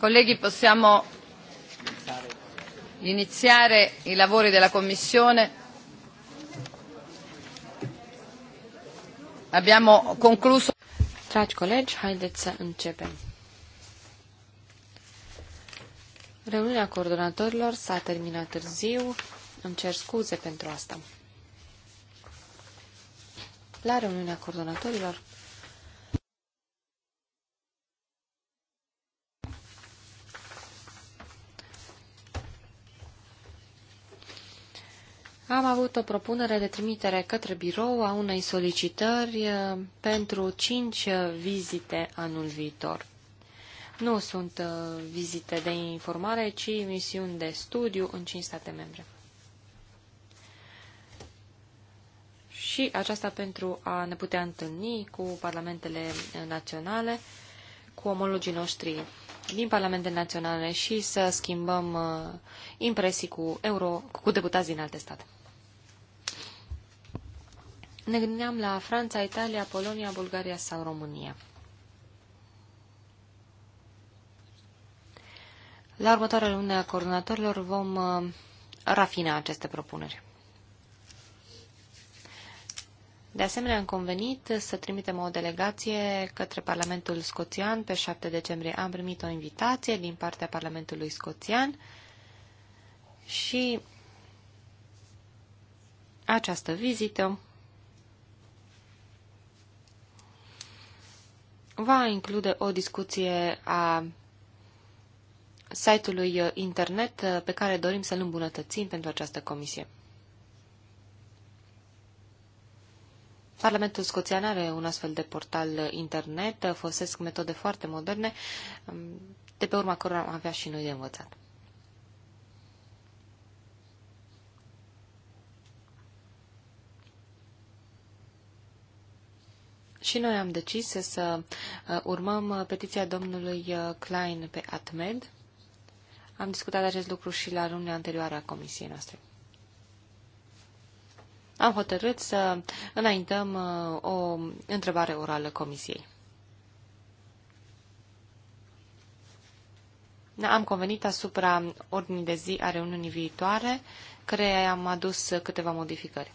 Colleghi, possiamo iniziare i lavori della Commissione. Abbiamo concluso. Dragi colleghi, haideți să începem. Reuniunea coordonatorilor s-a terminat târziu. Îmi cer scuze pentru asta. La reuniunea coordonatorilor Am avut o propunere de trimitere către birou a unei solicitări uh, pentru cinci uh, vizite anul viitor. Nu sunt uh, vizite de informare, ci misiuni de studiu în cinci state membre. Și aceasta pentru a ne putea întâlni cu parlamentele naționale, cu omologii noștri din parlamentele naționale și să schimbăm impresii cu, euro, cu deputați din alte state ne gândeam la Franța, Italia, Polonia, Bulgaria sau România. La următoarea lună a coordonatorilor vom uh, rafina aceste propuneri. De asemenea, am convenit să trimitem o delegație către Parlamentul Scoțian. Pe 7 decembrie am primit o invitație din partea Parlamentului Scoțian și această vizită va include o discuție a site-ului internet uh, pe care dorim să-l îmbunătățim pentru această comisie. Parlamentul Scoțian are un astfel de portal uh, internet, uh, folosesc metode foarte moderne, um, de pe urma cărora am avea și noi de învățat. Și noi am decis să uh, urmăm uh, petiția domnului uh, Klein pe ATMED. Am discutat acest lucru și la luna anterioară a comisiei noastre. Am hotărât să înaintăm o întrebare orală comisiei. Da, am convenit asupra ordinii de zi a reuniunii viitoare, care am adus câteva modificări.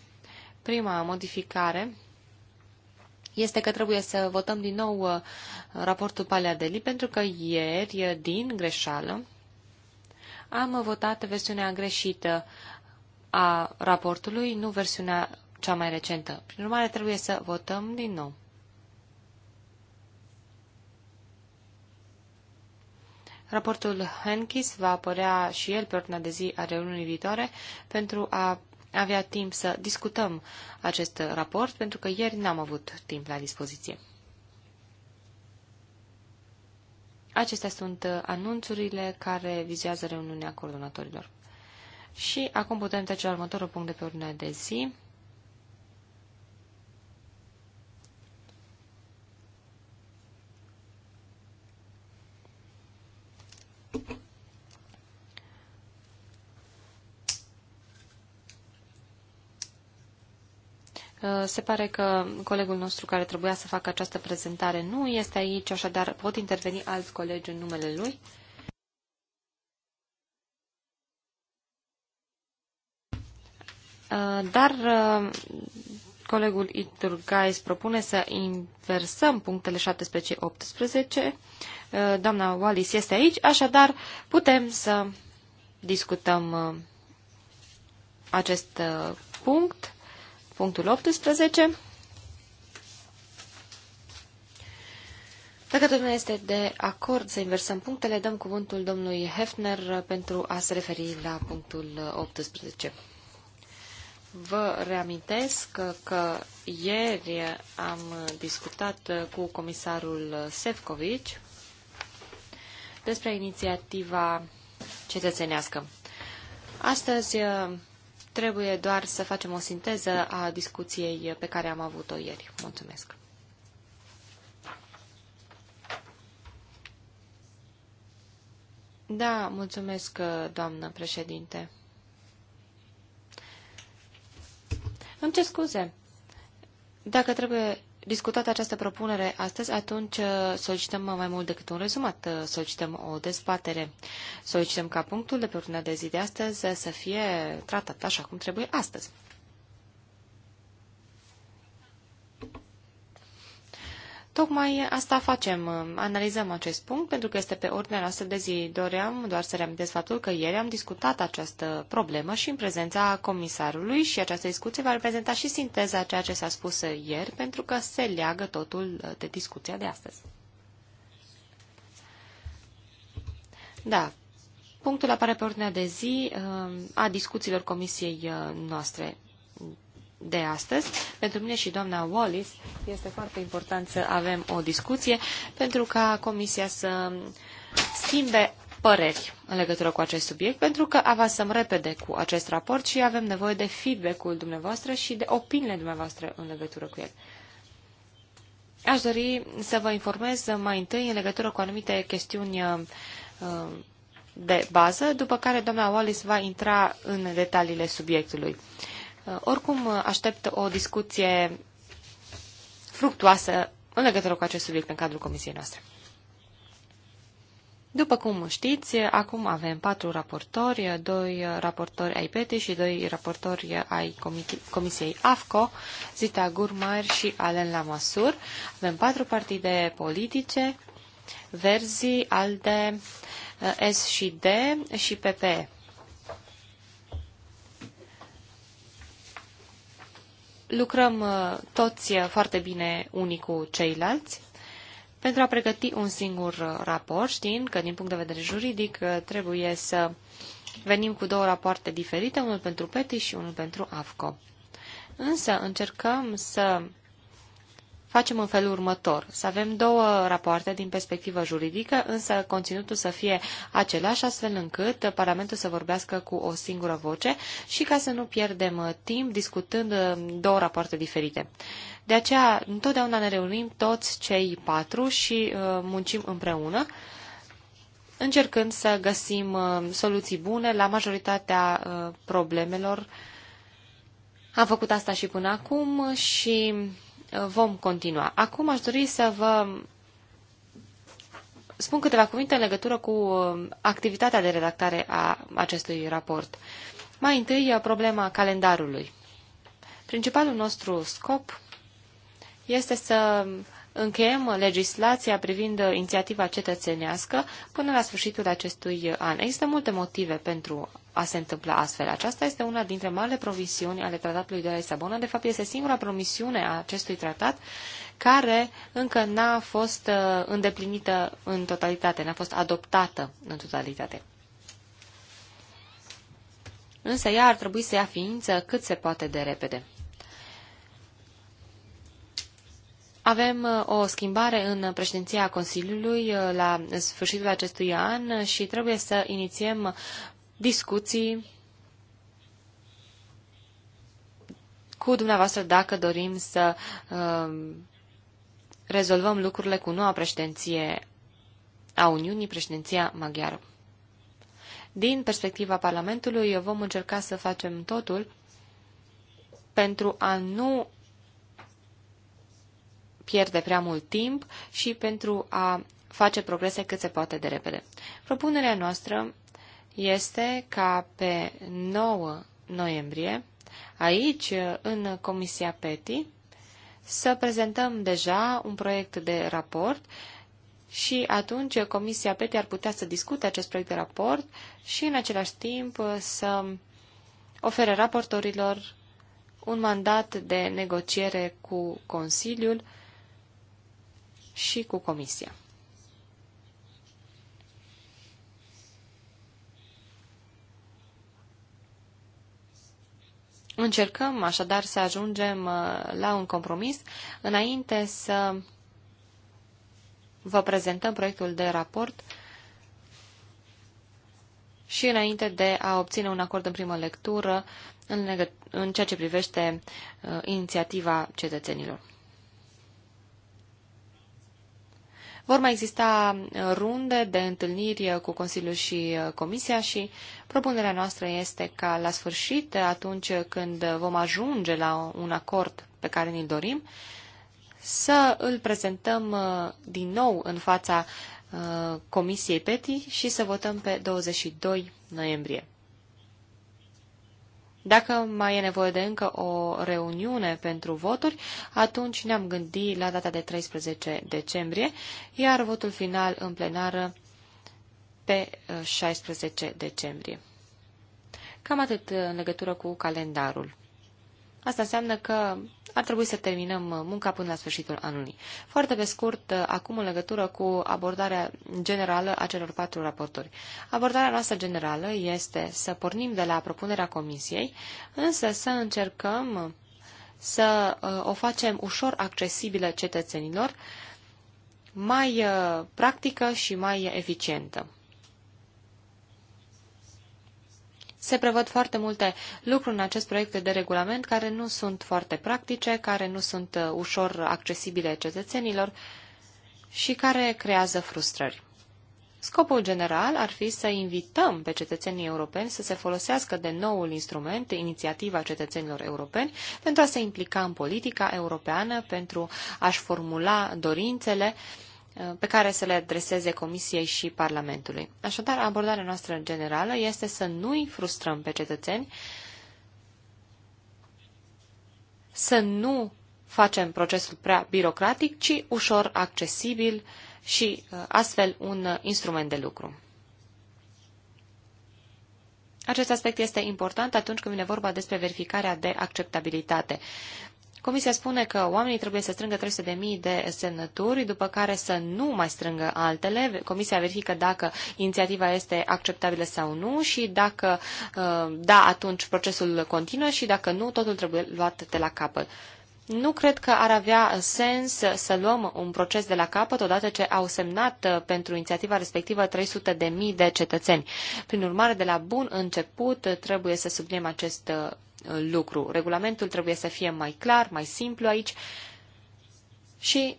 Prima modificare este că trebuie să votăm din nou uh, raportul Paleadeli, pentru că ieri, uh, din greșeală, am votat versiunea greșită a raportului, nu versiunea cea mai recentă. Prin urmare, trebuie să votăm din nou. Raportul Henkis va apărea și el pe ordinea de zi a reuniunii viitoare pentru a avea timp să discutăm acest raport, pentru că ieri n-am avut timp la dispoziție. Acestea sunt anunțurile care vizează reuniunea coordonatorilor. Și acum putem trece la următorul punct de pe ordinea de zi. Uh, se pare că colegul nostru care trebuia să facă această prezentare nu este aici, așadar pot interveni alți colegi în numele lui. Uh, dar uh, colegul Iturgais propune să inversăm punctele 17 18. Doamna Wallis este aici, așadar putem să discutăm acest punct punctul 18. Dacă nu este de acord să inversăm punctele, dăm cuvântul domnului Hefner pentru a se referi la punctul 18. Vă reamintesc că, că ieri am discutat cu comisarul Sefcovic despre inițiativa cetățenească. Astăzi Trebuie doar să facem o sinteză a discuției pe care am avut-o ieri. Mulțumesc! Da, mulțumesc, doamnă președinte. Îmi ce scuze. Dacă trebuie discutat această propunere astăzi, atunci uh, solicităm mai mult decât un rezumat, uh, solicităm o dezbatere, solicităm ca punctul de pe ordinea de zi de astăzi să fie tratat așa cum trebuie astăzi. Tocmai asta facem, analizăm acest punct, pentru că este pe ordinea noastră de zi. Doream doar să reamintesc faptul că ieri am discutat această problemă și în prezența comisarului și această discuție va reprezenta și sinteza ceea ce s-a spus ieri, pentru că se leagă totul de discuția de astăzi. Da, punctul apare pe ordinea de zi uh, a discuțiilor comisiei uh, noastre de astăzi. Pentru mine și doamna Wallis este foarte important să avem o discuție pentru ca Comisia să schimbe păreri în legătură cu acest subiect, pentru că avansăm repede cu acest raport și avem nevoie de feedback-ul dumneavoastră și de opiniile dumneavoastră în legătură cu el. Aș dori să vă informez mai întâi în legătură cu anumite chestiuni uh, de bază, după care doamna Wallis va intra în detaliile subiectului. Uh, oricum, uh, aștept o discuție fructuoasă în legătură cu acest subiect în cadrul comisiei noastre. După cum știți, acum avem patru raportori, doi raportori ai PETI și doi raportori ai Comisiei AFCO, Zita Gurmar și Alen Lamasur. Avem patru partide politice, Verzi, ALDE, S și D și PPE. lucrăm uh, toți uh, foarte bine unii cu ceilalți pentru a pregăti un singur uh, raport, știind că din punct de vedere juridic trebuie să venim cu două rapoarte diferite, unul pentru PETI și unul pentru AFCO. Însă încercăm să facem în felul următor. Să avem două rapoarte din perspectivă juridică, însă conținutul să fie același, astfel încât Parlamentul să vorbească cu o singură voce și ca să nu pierdem uh, timp discutând uh, două rapoarte diferite. De aceea, întotdeauna ne reunim toți cei patru și uh, muncim împreună încercând să găsim soluții bune la majoritatea problemelor. Am făcut asta și până acum și vom continua. Acum aș dori să vă spun câteva cuvinte în legătură cu uh, activitatea de redactare a acestui raport. Mai întâi, uh, problema calendarului. Principalul nostru scop este să încheiem legislația privind inițiativa cetățenească până la sfârșitul acestui an. Există multe motive pentru a se întâmpla astfel. Aceasta este una dintre marile provisiuni ale tratatului de la Lisabona. De fapt, este singura promisiune a acestui tratat care încă n-a fost uh, îndeplinită în totalitate, n-a fost adoptată în totalitate. Însă ea ar trebui să ia ființă cât se poate de repede. Avem uh, o schimbare în președinția Consiliului uh, la sfârșitul acestui an și trebuie să inițiem discuții cu dumneavoastră dacă dorim să uh, rezolvăm lucrurile cu noua președinție a Uniunii, președinția maghiară. Din perspectiva Parlamentului, vom încerca să facem totul pentru a nu pierde prea mult timp și pentru a face progrese cât se poate de repede. Propunerea noastră este ca pe 9 noiembrie, aici, în Comisia PETI, să prezentăm deja un proiect de raport și atunci Comisia PETI ar putea să discute acest proiect de raport și în același timp să ofere raportorilor un mandat de negociere cu Consiliul și cu Comisia. Încercăm așadar să ajungem uh, la un compromis înainte să vă prezentăm proiectul de raport și înainte de a obține un acord în primă lectură în, în ceea ce privește uh, inițiativa cetățenilor. Vor mai exista uh, runde de întâlniri uh, cu Consiliul și uh, Comisia și propunerea noastră este ca la sfârșit, atunci când vom ajunge la un acord pe care ni-l dorim, să îl prezentăm din nou în fața Comisiei PETI și să votăm pe 22 noiembrie. Dacă mai e nevoie de încă o reuniune pentru voturi, atunci ne-am gândit la data de 13 decembrie, iar votul final în plenară pe 16 uh, decembrie. Cam atât în legătură cu calendarul. Asta înseamnă că ar trebui să terminăm munca până la sfârșitul anului. Foarte pe scurt, acum în legătură cu abordarea generală a celor patru raportori. Abordarea noastră generală este să pornim de la propunerea comisiei, însă să încercăm să uh, o facem ușor accesibilă cetățenilor, mai uh, practică și mai eficientă. Se prevăd foarte multe lucruri în acest proiect de regulament care nu sunt foarte practice, care nu sunt uh, ușor accesibile cetățenilor și care creează frustrări. Scopul general ar fi să invităm pe cetățenii europeni să se folosească de noul instrument, inițiativa cetățenilor europeni, pentru a se implica în politica europeană, pentru a-și formula dorințele uh, pe care să le adreseze Comisiei și Parlamentului. Așadar, abordarea noastră generală este să nu-i frustrăm pe cetățeni, să nu facem procesul prea birocratic, ci ușor accesibil și uh, astfel un uh, instrument de lucru. Acest aspect este important atunci când vine vorba despre verificarea de acceptabilitate. Comisia spune că oamenii trebuie să strângă 300.000 de semnături, după care să nu mai strângă altele. Comisia verifică dacă inițiativa este acceptabilă sau nu și dacă uh, da, atunci procesul continuă și dacă nu, totul trebuie luat de la capăt. Nu cred că ar avea sens să luăm un proces de la capăt odată ce au semnat uh, pentru inițiativa respectivă 300.000 de de cetățeni. Prin urmare, de la bun început uh, trebuie să subliniem acest lucru. Regulamentul trebuie să fie mai clar, mai simplu aici și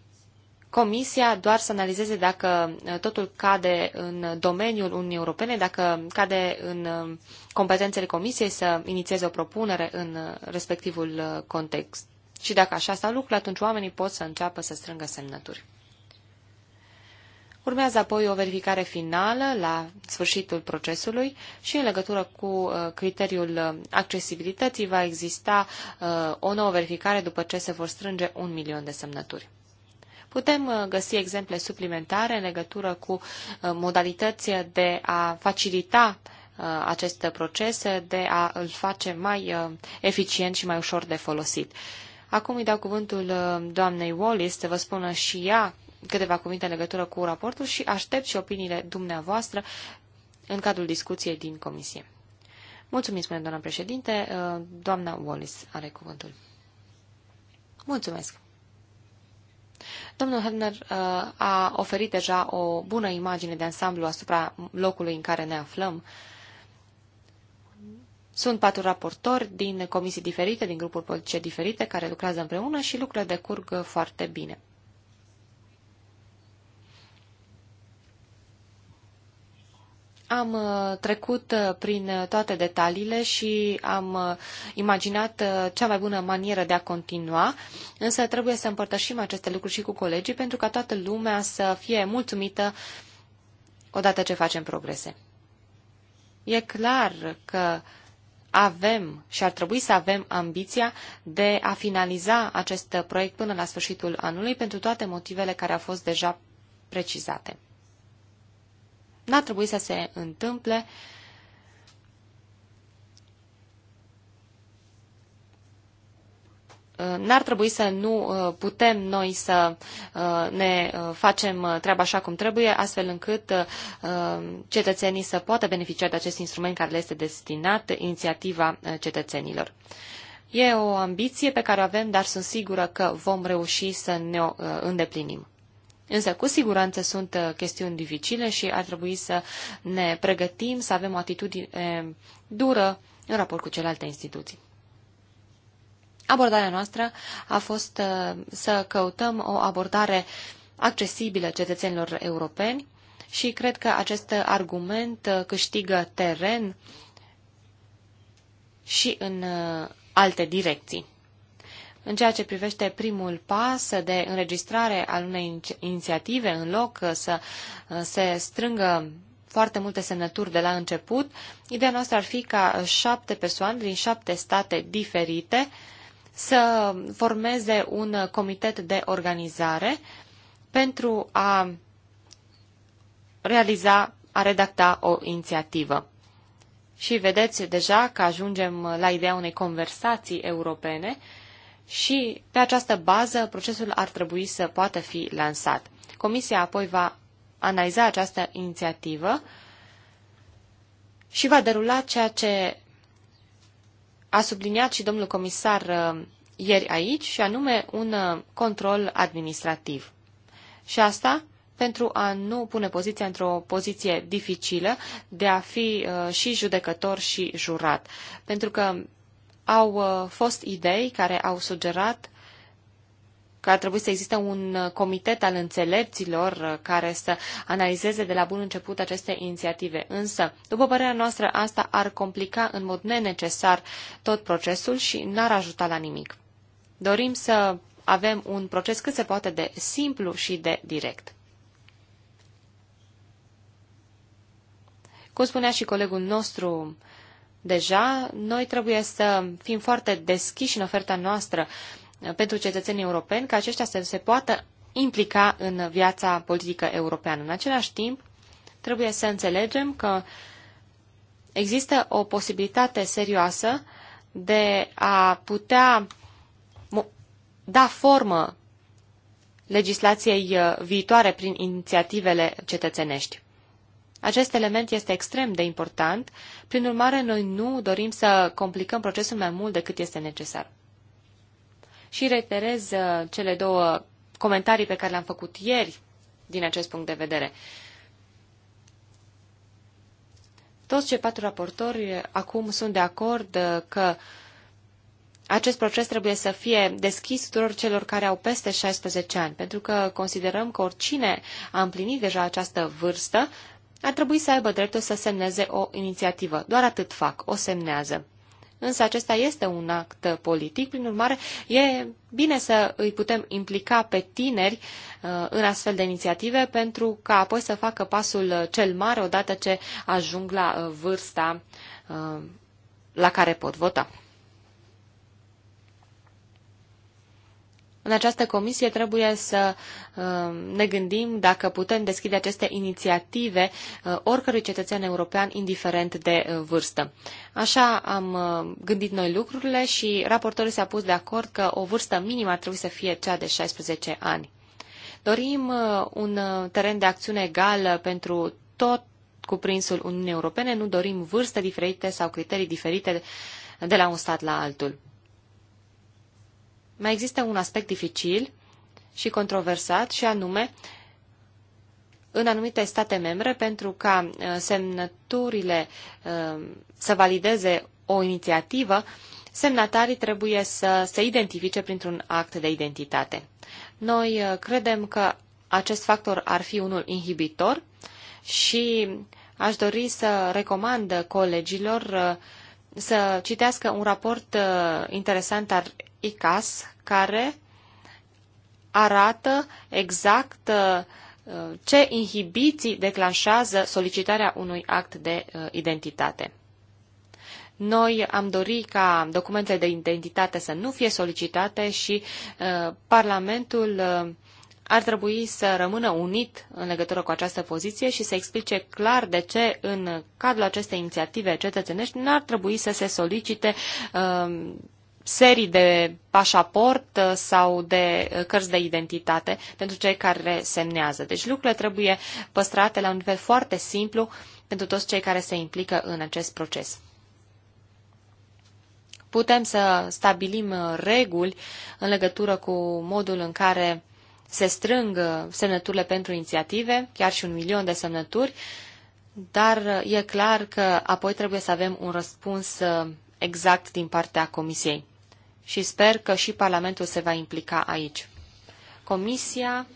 Comisia doar să analizeze dacă totul cade în domeniul Uniunii Europene, dacă cade în competențele Comisiei să inițieze o propunere în respectivul context. Și dacă așa stau lucrurile, atunci oamenii pot să înceapă să strângă semnături. Urmează apoi o verificare finală la sfârșitul procesului și în legătură cu uh, criteriul uh, accesibilității va exista uh, o nouă verificare după ce se vor strânge un milion de semnături. Putem găsi exemple suplimentare în legătură cu modalități de a facilita acest proces, de a îl face mai eficient și mai ușor de folosit. Acum îi dau cuvântul doamnei Wallis să vă spună și ea câteva cuvinte în legătură cu raportul și aștept și opiniile dumneavoastră în cadrul discuției din comisie. Mulțumim, spune doamna președinte. Uh, doamna Wallis are cuvântul. Mulțumesc. Domnul Hedner uh, a oferit deja o bună imagine de ansamblu asupra locului în care ne aflăm. Sunt patru raportori din comisii diferite, din grupuri politice diferite, care lucrează împreună și lucrurile decurg foarte bine. Am uh, trecut uh, prin uh, toate detaliile și am imaginat cea mai bună manieră de a continua, însă trebuie să împărtășim aceste lucruri și cu colegii pentru ca toată lumea să fie mulțumită odată ce facem progrese. E clar că avem și ar trebui să avem ambiția de a finaliza acest proiect până la sfârșitul anului pentru toate motivele care au fost deja precizate. N-ar trebui să se întâmple uh, n-ar trebui să nu uh, putem noi să uh, ne facem treaba așa cum trebuie, astfel încât cetățenii să poată beneficia de acest instrument care le este destinat, inițiativa cetățenilor. E o ambiție pe care o avem, dar sunt sigură că vom reuși să ne o îndeplinim. Însă, cu siguranță sunt uh, chestiuni dificile și ar trebui să ne pregătim, să avem o atitudine dură în raport cu celelalte instituții. Abordarea noastră a fost uh, să căutăm o abordare accesibilă cetățenilor europeni și cred că acest argument uh, câștigă teren și în alte direcții. În ceea ce privește primul pas de înregistrare al unei inițiative, în loc uh, să uh, se strângă foarte multe semnături de la început, ideea noastră ar fi ca uh, șapte persoane din șapte state diferite să formeze un comitet de organizare pentru a realiza, a redacta o inițiativă. Și vedeți deja că ajungem la ideea unei conversații europene și pe această bază procesul ar trebui să poată fi lansat. Comisia apoi va analiza această inițiativă și va derula ceea ce a subliniat și domnul comisar uh, ieri aici, și anume un uh, control administrativ. Și asta pentru a nu pune poziția într-o poziție dificilă de a fi uh, și judecător și jurat. Pentru că au uh, fost idei care au sugerat că ar trebui să existe un uh, comitet al înțelepților uh, care să analizeze de la bun început aceste inițiative. Însă, după părerea noastră, asta ar complica în mod nenecesar tot procesul și n-ar ajuta la nimic. Dorim să avem un proces cât se poate de simplu și de direct. Cum spunea și colegul nostru, deja, noi trebuie să fim foarte deschiși în oferta noastră uh, pentru cetățenii europeni, ca aceștia să se poată implica în viața politică europeană. În același timp, trebuie să înțelegem că există o posibilitate serioasă de a putea da formă legislației uh, viitoare prin inițiativele cetățenești. Acest element este extrem de important, prin urmare noi nu dorim să complicăm procesul mai mult decât este necesar. Și reiterez uh, cele două comentarii pe care le-am făcut ieri din acest punct de vedere. Toți cei patru raportori uh, acum sunt de acord uh, că acest proces trebuie să fie deschis tuturor celor care au peste 16 ani, pentru că considerăm că oricine a împlinit deja această vârstă ar trebui să aibă dreptul să semneze o inițiativă. Doar atât fac, o semnează. Însă acesta este un act politic, prin urmare e bine să îi putem implica pe tineri uh, în astfel de inițiative pentru ca apoi să facă pasul cel mare odată ce ajung la uh, vârsta uh, la care pot vota. În această comisie trebuie să uh, ne gândim dacă putem deschide aceste inițiative uh, oricărui cetățean european, indiferent de uh, vârstă. Așa am gândit noi lucrurile și raportorul s-a pus de acord că o vârstă minimă ar trebui să fie cea de 16 ani. Dorim un teren de acțiune egal pentru tot cuprinsul Uniunii Europene, nu dorim vârste diferite sau criterii diferite de la un stat la altul mai există un aspect dificil și controversat, și anume, în anumite state membre, pentru ca uh, semnăturile uh, să valideze o inițiativă, semnatarii trebuie să se identifice printr-un act de identitate. Noi uh, credem că acest factor ar fi unul inhibitor și aș dori să recomand colegilor să citească un raport interesant al ICAS care arată exact uh, ce inhibiții declanșează solicitarea unui act de uh, identitate. Noi am dorit ca documentele de identitate să nu fie solicitate și uh, Parlamentul uh, ar trebui să rămână unit în legătură cu această poziție și să explice clar de ce în cadrul acestei inițiative cetățenești n-ar trebui să se solicite uh, serii de pașaport uh, sau de uh, cărți de identitate pentru cei care semnează. Deci lucrurile trebuie păstrate la un nivel foarte simplu pentru toți cei care se implică în acest proces. Putem să stabilim uh, reguli în legătură cu modul în care se strâng semnăturile pentru inițiative, chiar și un milion de semnături, dar e clar că apoi trebuie să avem un răspuns exact din partea Comisiei și sper că și Parlamentul se va implica aici. Comisia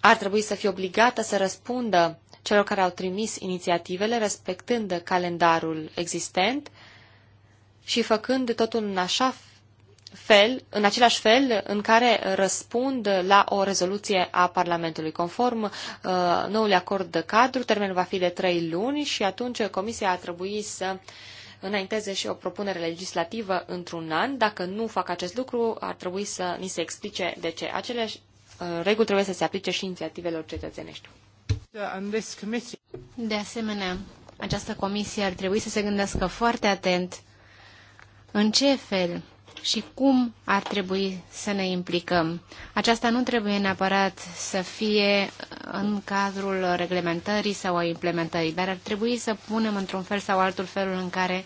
ar trebui să fie obligată să răspundă celor care au trimis inițiativele, respectând calendarul existent și făcând totul în așa fel, în același fel în care răspund la o rezoluție a Parlamentului. Conform uh, noului acord de cadru, termenul va fi de trei luni și atunci Comisia ar trebui să uh, înainteze și o propunere legislativă într-un an. Dacă nu fac acest lucru, ar trebui să ni se explice de ce. Aceleași uh, reguli trebuie să se aplice și inițiativelor cetățenești. De asemenea, această comisie ar trebui să se gândească foarte atent în ce fel și cum ar trebui să ne implicăm. Aceasta nu trebuie neapărat să fie în cadrul reglementării sau a implementării, dar ar trebui să punem într-un fel sau altul felul în care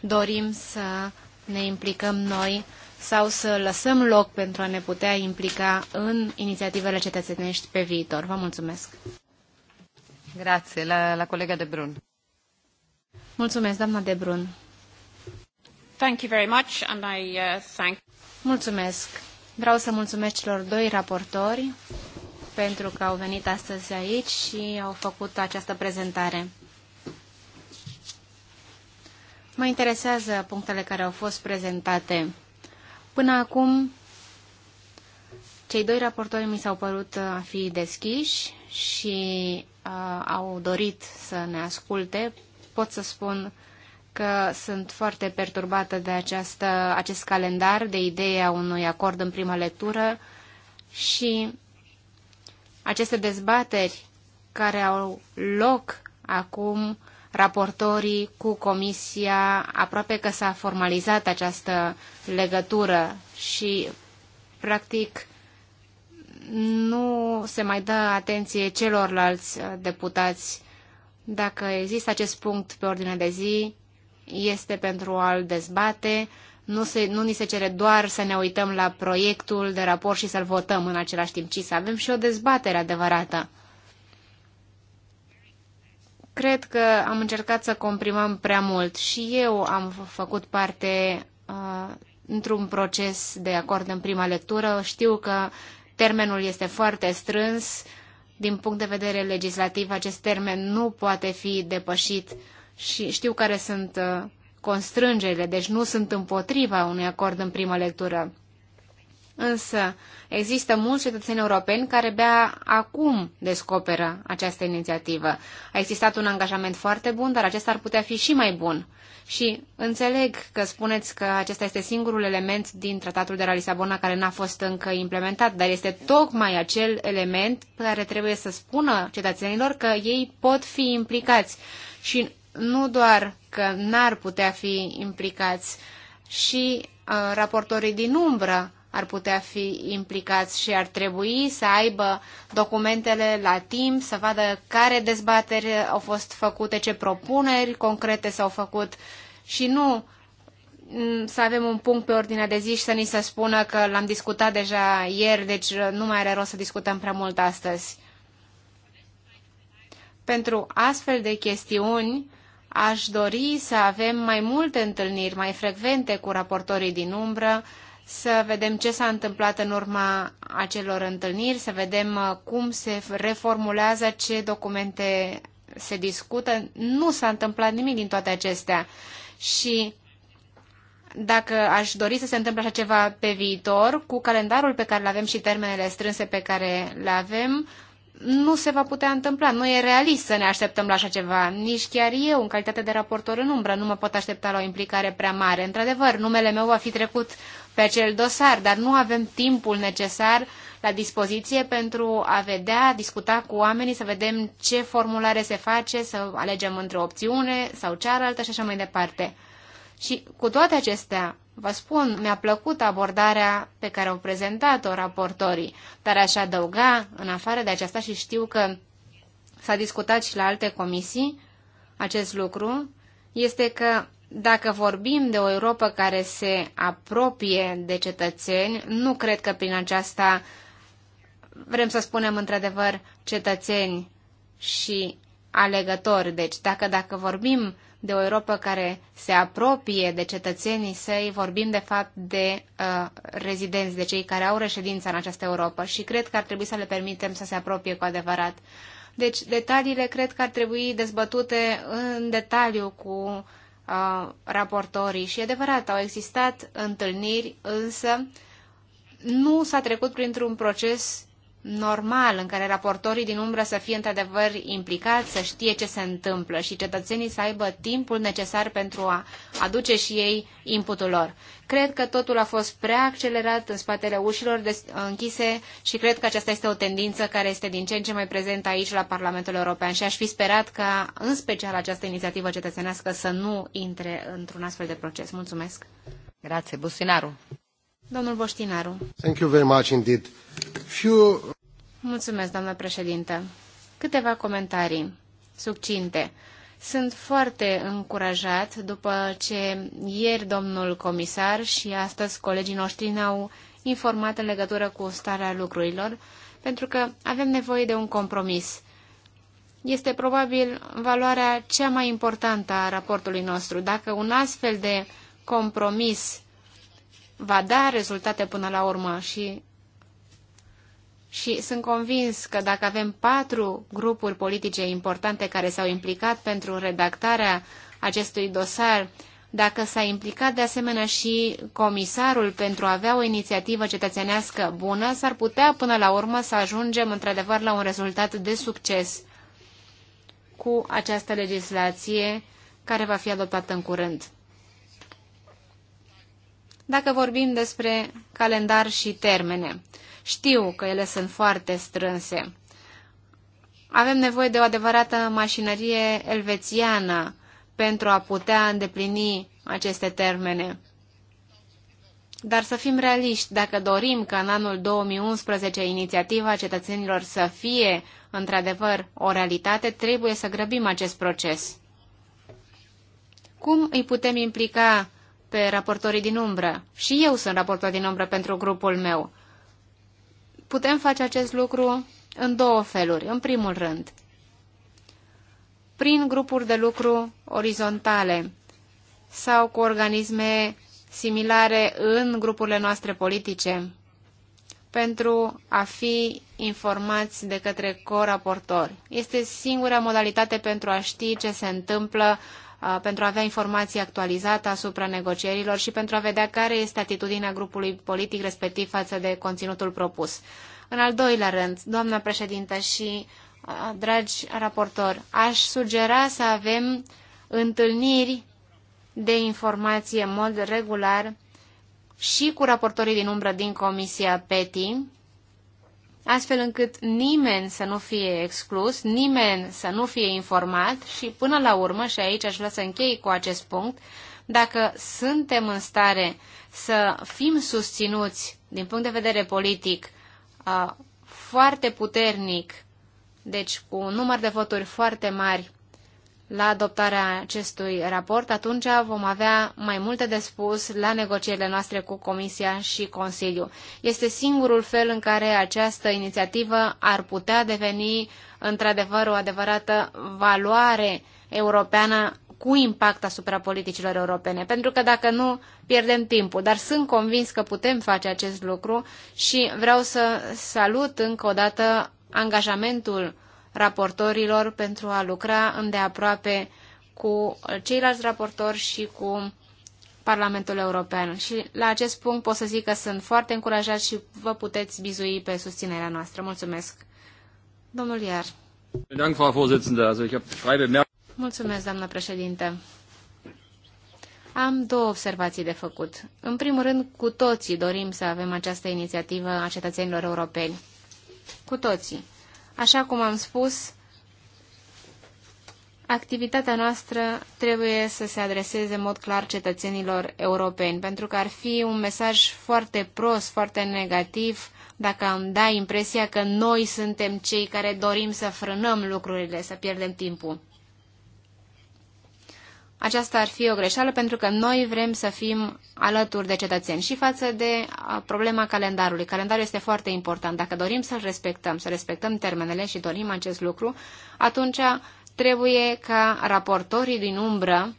dorim să ne implicăm noi sau să lăsăm loc pentru a ne putea implica în inițiativele cetățenești pe viitor. Vă mulțumesc! Grazie, la, la colega de Brun. Mulțumesc, doamna de Brun. Thank you very much and I uh, thank... Mulțumesc. Vreau să mulțumesc celor doi raportori pentru că au venit astăzi aici și au făcut această prezentare. Mă interesează punctele care au fost prezentate. Până acum, cei doi raportori mi s-au părut uh, a fi deschiși și uh, au dorit să ne asculte. Pot să spun că sunt foarte perturbată de această, acest calendar, de ideea unui acord în prima lectură și aceste dezbateri care au loc acum raportorii cu comisia, aproape că s-a formalizat această legătură și, practic, nu se mai dă atenție celorlalți uh, deputați. Dacă există acest punct pe ordine de zi, este pentru a-l dezbate. Nu, se, nu ni se cere doar să ne uităm la proiectul de raport și să-l votăm în același timp, ci să avem și o dezbatere adevărată. Cred că am încercat să comprimăm prea mult și eu am făcut parte uh, într-un proces de acord în prima lectură. Știu că termenul este foarte strâns. Din punct de vedere legislativ, acest termen nu poate fi depășit uh, și știu care sunt uh, constrângerile, deci nu sunt împotriva unui acord în primă lectură. Însă există mulți cetățeni europeni care bea acum descoperă această inițiativă. A existat un angajament foarte bun, dar acesta ar putea fi și mai bun. Și înțeleg că spuneți că acesta este singurul element din tratatul de la Lisabona care n-a fost încă implementat, dar este tocmai acel element care trebuie să spună cetățenilor că ei pot fi implicați. Și nu doar că n-ar putea fi implicați și uh, raportorii din umbră ar putea fi implicați și ar trebui să aibă documentele la timp, să vadă care dezbateri au fost făcute, ce propuneri concrete s-au făcut și nu mm, să avem un punct pe ordinea de zi și să ni se spună că l-am discutat deja ieri, deci uh, nu mai are rost să discutăm prea mult astăzi. Pentru astfel de chestiuni, Aș dori să avem mai multe întâlniri mai frecvente cu raportorii din umbră, să vedem ce s-a întâmplat în urma acelor întâlniri, să vedem uh, cum se reformulează, ce documente se discută. Nu s-a întâmplat nimic din toate acestea și dacă aș dori să se întâmple așa ceva pe viitor, cu calendarul pe care îl avem și termenele strânse pe care le avem, nu se va putea întâmpla. Nu e realist să ne așteptăm la așa ceva. Nici chiar eu, în calitate de raportor în umbră, nu mă pot aștepta la o implicare prea mare. Într-adevăr, numele meu va fi trecut pe acel dosar, dar nu avem timpul necesar la dispoziție pentru a vedea, discuta cu oamenii, să vedem ce formulare se face, să alegem între opțiune sau cealaltă și așa mai departe. Și cu toate acestea, Vă spun, mi-a plăcut abordarea pe care au prezentat-o raportorii, dar aș adăuga, în afară de aceasta, și știu că s-a discutat și la alte comisii acest lucru, este că dacă vorbim de o Europa care se apropie de cetățeni, nu cred că prin aceasta vrem să spunem într-adevăr cetățeni și alegători. Deci, dacă, dacă vorbim de o Europa care se apropie de cetățenii săi, vorbim de fapt de uh, rezidenți, de cei care au reședința în această Europa și cred că ar trebui să le permitem să se apropie cu adevărat. Deci detaliile cred că ar trebui dezbătute în detaliu cu uh, raportorii și adevărat au existat întâlniri, însă nu s-a trecut printr-un proces normal în care raportorii din umbră să fie într-adevăr implicați, să știe ce se întâmplă și cetățenii să aibă timpul necesar pentru a aduce și ei inputul lor. Cred că totul a fost prea accelerat în spatele ușilor închise și cred că aceasta este o tendință care este din ce în ce mai prezentă aici la Parlamentul European și aș fi sperat ca în special această inițiativă cetățenească să nu intre într-un astfel de proces. Mulțumesc! Grazie, Bustinaru! Domnul Boștinaru. Thank you very much indeed. Few... Mulțumesc, doamnă președinte. Câteva comentarii succinte. Sunt foarte încurajat după ce ieri domnul comisar și astăzi colegii noștri ne-au informat în legătură cu starea lucrurilor, pentru că avem nevoie de un compromis. Este probabil valoarea cea mai importantă a raportului nostru. Dacă un astfel de compromis va da rezultate până la urmă și, și sunt convins că dacă avem patru grupuri politice importante care s-au implicat pentru redactarea acestui dosar, dacă s-a implicat de asemenea și comisarul pentru a avea o inițiativă cetățenească bună, s-ar putea până la urmă să ajungem într-adevăr la un rezultat de succes cu această legislație care va fi adoptată în curând dacă vorbim despre calendar și termene. Știu că ele sunt foarte strânse. Avem nevoie de o adevărată mașinărie elvețiană pentru a putea îndeplini aceste termene. Dar să fim realiști, dacă dorim ca în anul 2011 inițiativa cetățenilor să fie într-adevăr o realitate, trebuie să grăbim acest proces. Cum îi putem implica pe raportorii din umbră. Și eu sunt raportor din umbră pentru grupul meu. Putem face acest lucru în două feluri. În primul rând, prin grupuri de lucru orizontale sau cu organisme similare în grupurile noastre politice pentru a fi informați de către coraportori. Este singura modalitate pentru a ști ce se întâmplă pentru a avea informații actualizate asupra negocierilor și pentru a vedea care este atitudinea grupului politic respectiv față de conținutul propus. În al doilea rând, doamna președintă și dragi raportori, aș sugera să avem întâlniri de informație în mod regular și cu raportorii din umbră din Comisia PETI astfel încât nimeni să nu fie exclus, nimeni să nu fie informat și până la urmă, și aici aș vrea să închei cu acest punct, dacă suntem în stare să fim susținuți din punct de vedere politic uh, foarte puternic, deci cu un număr de voturi foarte mari la adoptarea acestui raport, atunci vom avea mai multe de spus la negocierile noastre cu Comisia și Consiliu. Este singurul fel în care această inițiativă ar putea deveni într-adevăr o adevărată valoare europeană cu impact asupra politicilor europene, pentru că dacă nu, pierdem timpul. Dar sunt convins că putem face acest lucru și vreau să salut încă o dată angajamentul raportorilor pentru a lucra îndeaproape cu ceilalți raportori și cu Parlamentul European. Și la acest punct pot să zic că sunt foarte încurajat și vă puteți bizui pe susținerea noastră. Mulțumesc. Domnul Iar. Mulțumesc, doamnă președinte. Am două observații de făcut. În primul rând, cu toții dorim să avem această inițiativă a cetățenilor europeni. Cu toții. Așa cum am spus, activitatea noastră trebuie să se adreseze în mod clar cetățenilor europeni, pentru că ar fi un mesaj foarte prost, foarte negativ, dacă am da impresia că noi suntem cei care dorim să frânăm lucrurile, să pierdem timpul. Aceasta ar fi o greșeală pentru că noi vrem să fim alături de cetățeni și față de problema calendarului. Calendarul este foarte important. Dacă dorim să-l respectăm, să respectăm termenele și dorim acest lucru, atunci trebuie ca raportorii din umbră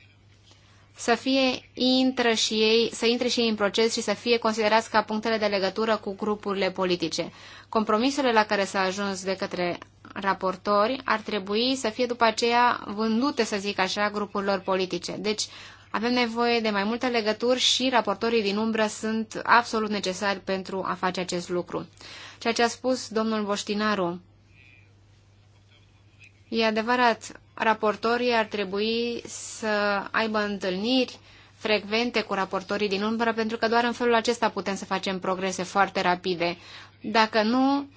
să fie intră și ei, să intre și ei în proces și să fie considerați ca punctele de legătură cu grupurile politice. Compromisurile la care s-a ajuns de către raportori ar trebui să fie după aceea vândute, să zic așa, grupurilor politice. Deci avem nevoie de mai multe legături și raportorii din umbră sunt absolut necesari pentru a face acest lucru. Ceea ce a spus domnul Voștinaru, e adevărat, raportorii ar trebui să aibă întâlniri frecvente cu raportorii din umbră, pentru că doar în felul acesta putem să facem progrese foarte rapide. Dacă nu,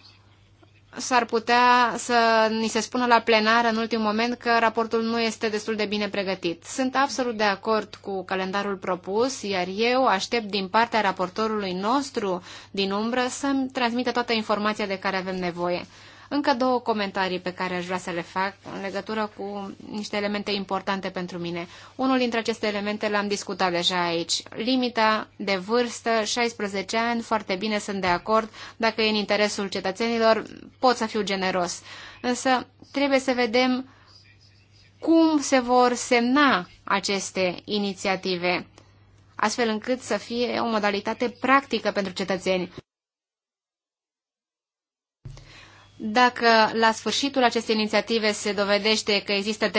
s-ar putea să ni se spună la plenar în ultimul moment că raportul nu este destul de bine pregătit. Sunt absolut de acord cu calendarul propus, iar eu aștept din partea raportorului nostru din umbră să-mi transmită toată informația de care avem nevoie. Încă două comentarii pe care aș vrea să le fac în legătură cu niște elemente importante pentru mine. Unul dintre aceste elemente l-am discutat deja aici. Limita de vârstă, 16 ani, foarte bine sunt de acord. Dacă e în interesul cetățenilor, pot să fiu generos. Însă trebuie să vedem cum se vor semna aceste inițiative, astfel încât să fie o modalitate practică pentru cetățeni. Dacă la sfârșitul acestei inițiative se dovedește că există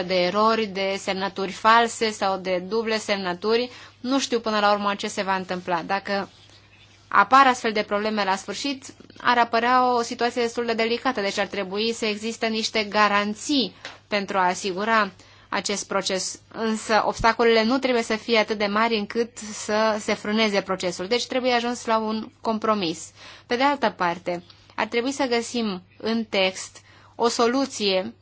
30-40% de erori, de semnături false sau de duble semnături, nu știu până la urmă ce se va întâmpla. Dacă apar astfel de probleme la sfârșit, ar apărea o situație destul de delicată, deci ar trebui să există niște garanții pentru a asigura acest proces. Însă obstacolele nu trebuie să fie atât de mari încât să se frâneze procesul. Deci trebuie ajuns la un compromis. Pe de altă parte, ar trebui să găsim în text o soluție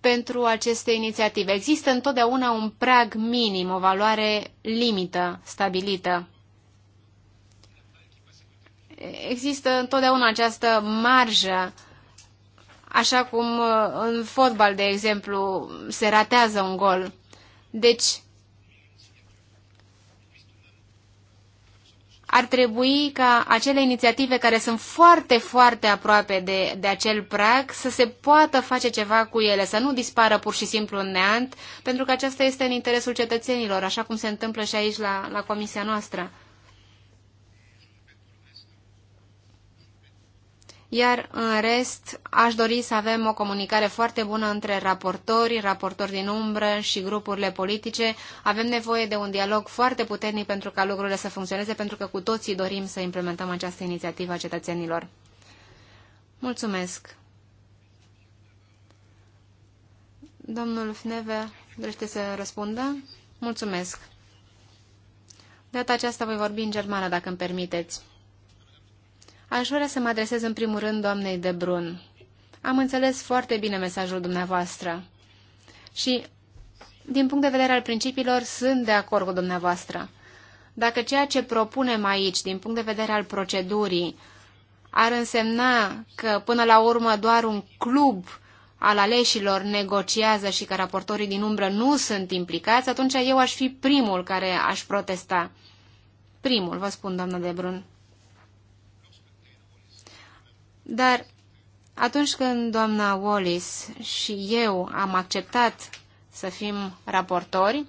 pentru aceste inițiative. Există întotdeauna un prag minim, o valoare limită stabilită. Există întotdeauna această marjă, așa cum uh, în fotbal, de exemplu, se ratează un gol. Deci, ar trebui ca acele inițiative care sunt foarte, foarte aproape de, de acel prag să se poată face ceva cu ele, să nu dispară pur și simplu în neant, pentru că aceasta este în interesul cetățenilor, așa cum se întâmplă și aici la, la comisia noastră. iar în rest aș dori să avem o comunicare foarte bună între raportori, raportori din umbră și grupurile politice. Avem nevoie de un dialog foarte puternic pentru ca lucrurile să funcționeze, pentru că cu toții dorim să implementăm această inițiativă a cetățenilor. Mulțumesc! Domnul Fneve dorește să răspundă? Mulțumesc! De data aceasta voi vorbi în germană, dacă îmi permiteți. Aș vrea să mă adresez în primul rând doamnei de Brun. Am înțeles foarte bine mesajul dumneavoastră și, din punct de vedere al principiilor, sunt de acord cu dumneavoastră. Dacă ceea ce propunem aici, din punct de vedere al procedurii, ar însemna că, până la urmă, doar un club al aleșilor negociază și că raportorii din umbră nu sunt implicați, atunci eu aș fi primul care aș protesta. Primul, vă spun, doamnă Debrun. Dar atunci când doamna Wallis și eu am acceptat să fim raportori,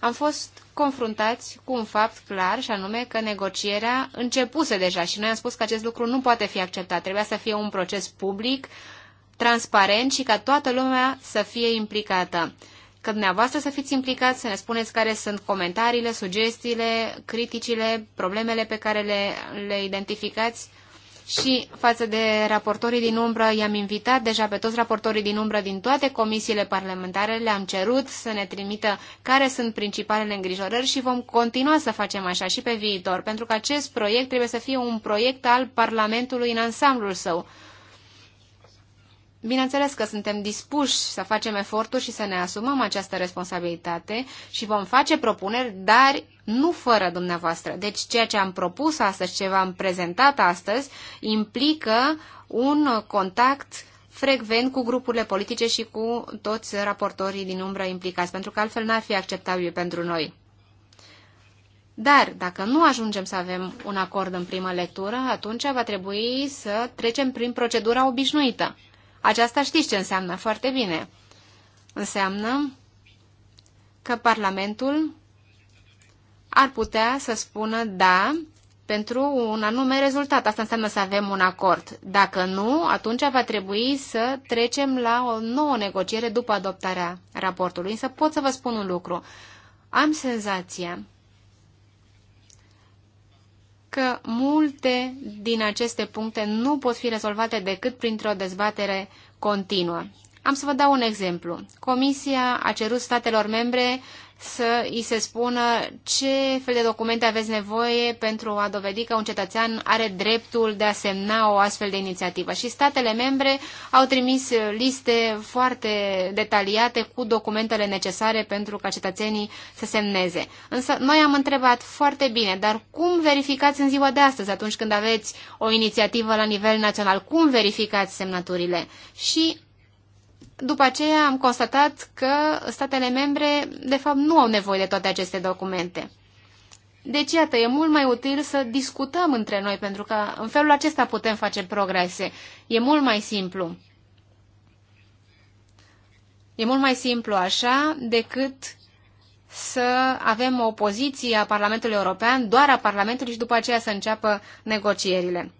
am fost confruntați cu un fapt clar și anume că negocierea începuse deja și noi am spus că acest lucru nu poate fi acceptat. Trebuia să fie un proces public, transparent și ca toată lumea să fie implicată. Că dumneavoastră să fiți implicați, să ne spuneți care sunt comentariile, sugestiile, criticile, problemele pe care le, le identificați și față de raportorii din umbră i-am invitat deja pe toți raportorii din umbră din toate comisiile parlamentare, le-am cerut să ne trimită care sunt principalele îngrijorări și vom continua să facem așa și pe viitor, pentru că acest proiect trebuie să fie un proiect al Parlamentului în ansamblul său. Bineînțeles că suntem dispuși să facem eforturi și să ne asumăm această responsabilitate și vom face propuneri, dar nu fără dumneavoastră. Deci ceea ce am propus astăzi, ce v-am prezentat astăzi, implică un contact frecvent cu grupurile politice și cu toți raportorii din umbră implicați, pentru că altfel n-ar fi acceptabil pentru noi. Dar dacă nu ajungem să avem un acord în primă lectură, atunci va trebui să trecem prin procedura obișnuită. Aceasta știți ce înseamnă foarte bine. Înseamnă că Parlamentul ar putea să spună da pentru un anume rezultat. Asta înseamnă să avem un acord. Dacă nu, atunci va trebui să trecem la o nouă negociere după adoptarea raportului. Însă pot să vă spun un lucru. Am senzația că multe din aceste puncte nu pot fi rezolvate decât printr-o dezbatere continuă. Am să vă dau un exemplu. Comisia a cerut statelor membre să îi se spună ce fel de documente aveți nevoie pentru a dovedi că un cetățean are dreptul de a semna o astfel de inițiativă. Și statele membre au trimis liste foarte detaliate cu documentele necesare pentru ca cetățenii să semneze. Însă noi am întrebat foarte bine, dar cum verificați în ziua de astăzi atunci când aveți o inițiativă la nivel național? Cum verificați semnăturile? Și după aceea am constatat că statele membre, de fapt, nu au nevoie de toate aceste documente. Deci, iată, e mult mai util să discutăm între noi, pentru că în felul acesta putem face progrese. E mult mai simplu. E mult mai simplu așa decât să avem o poziție a Parlamentului European, doar a Parlamentului și după aceea să înceapă negocierile.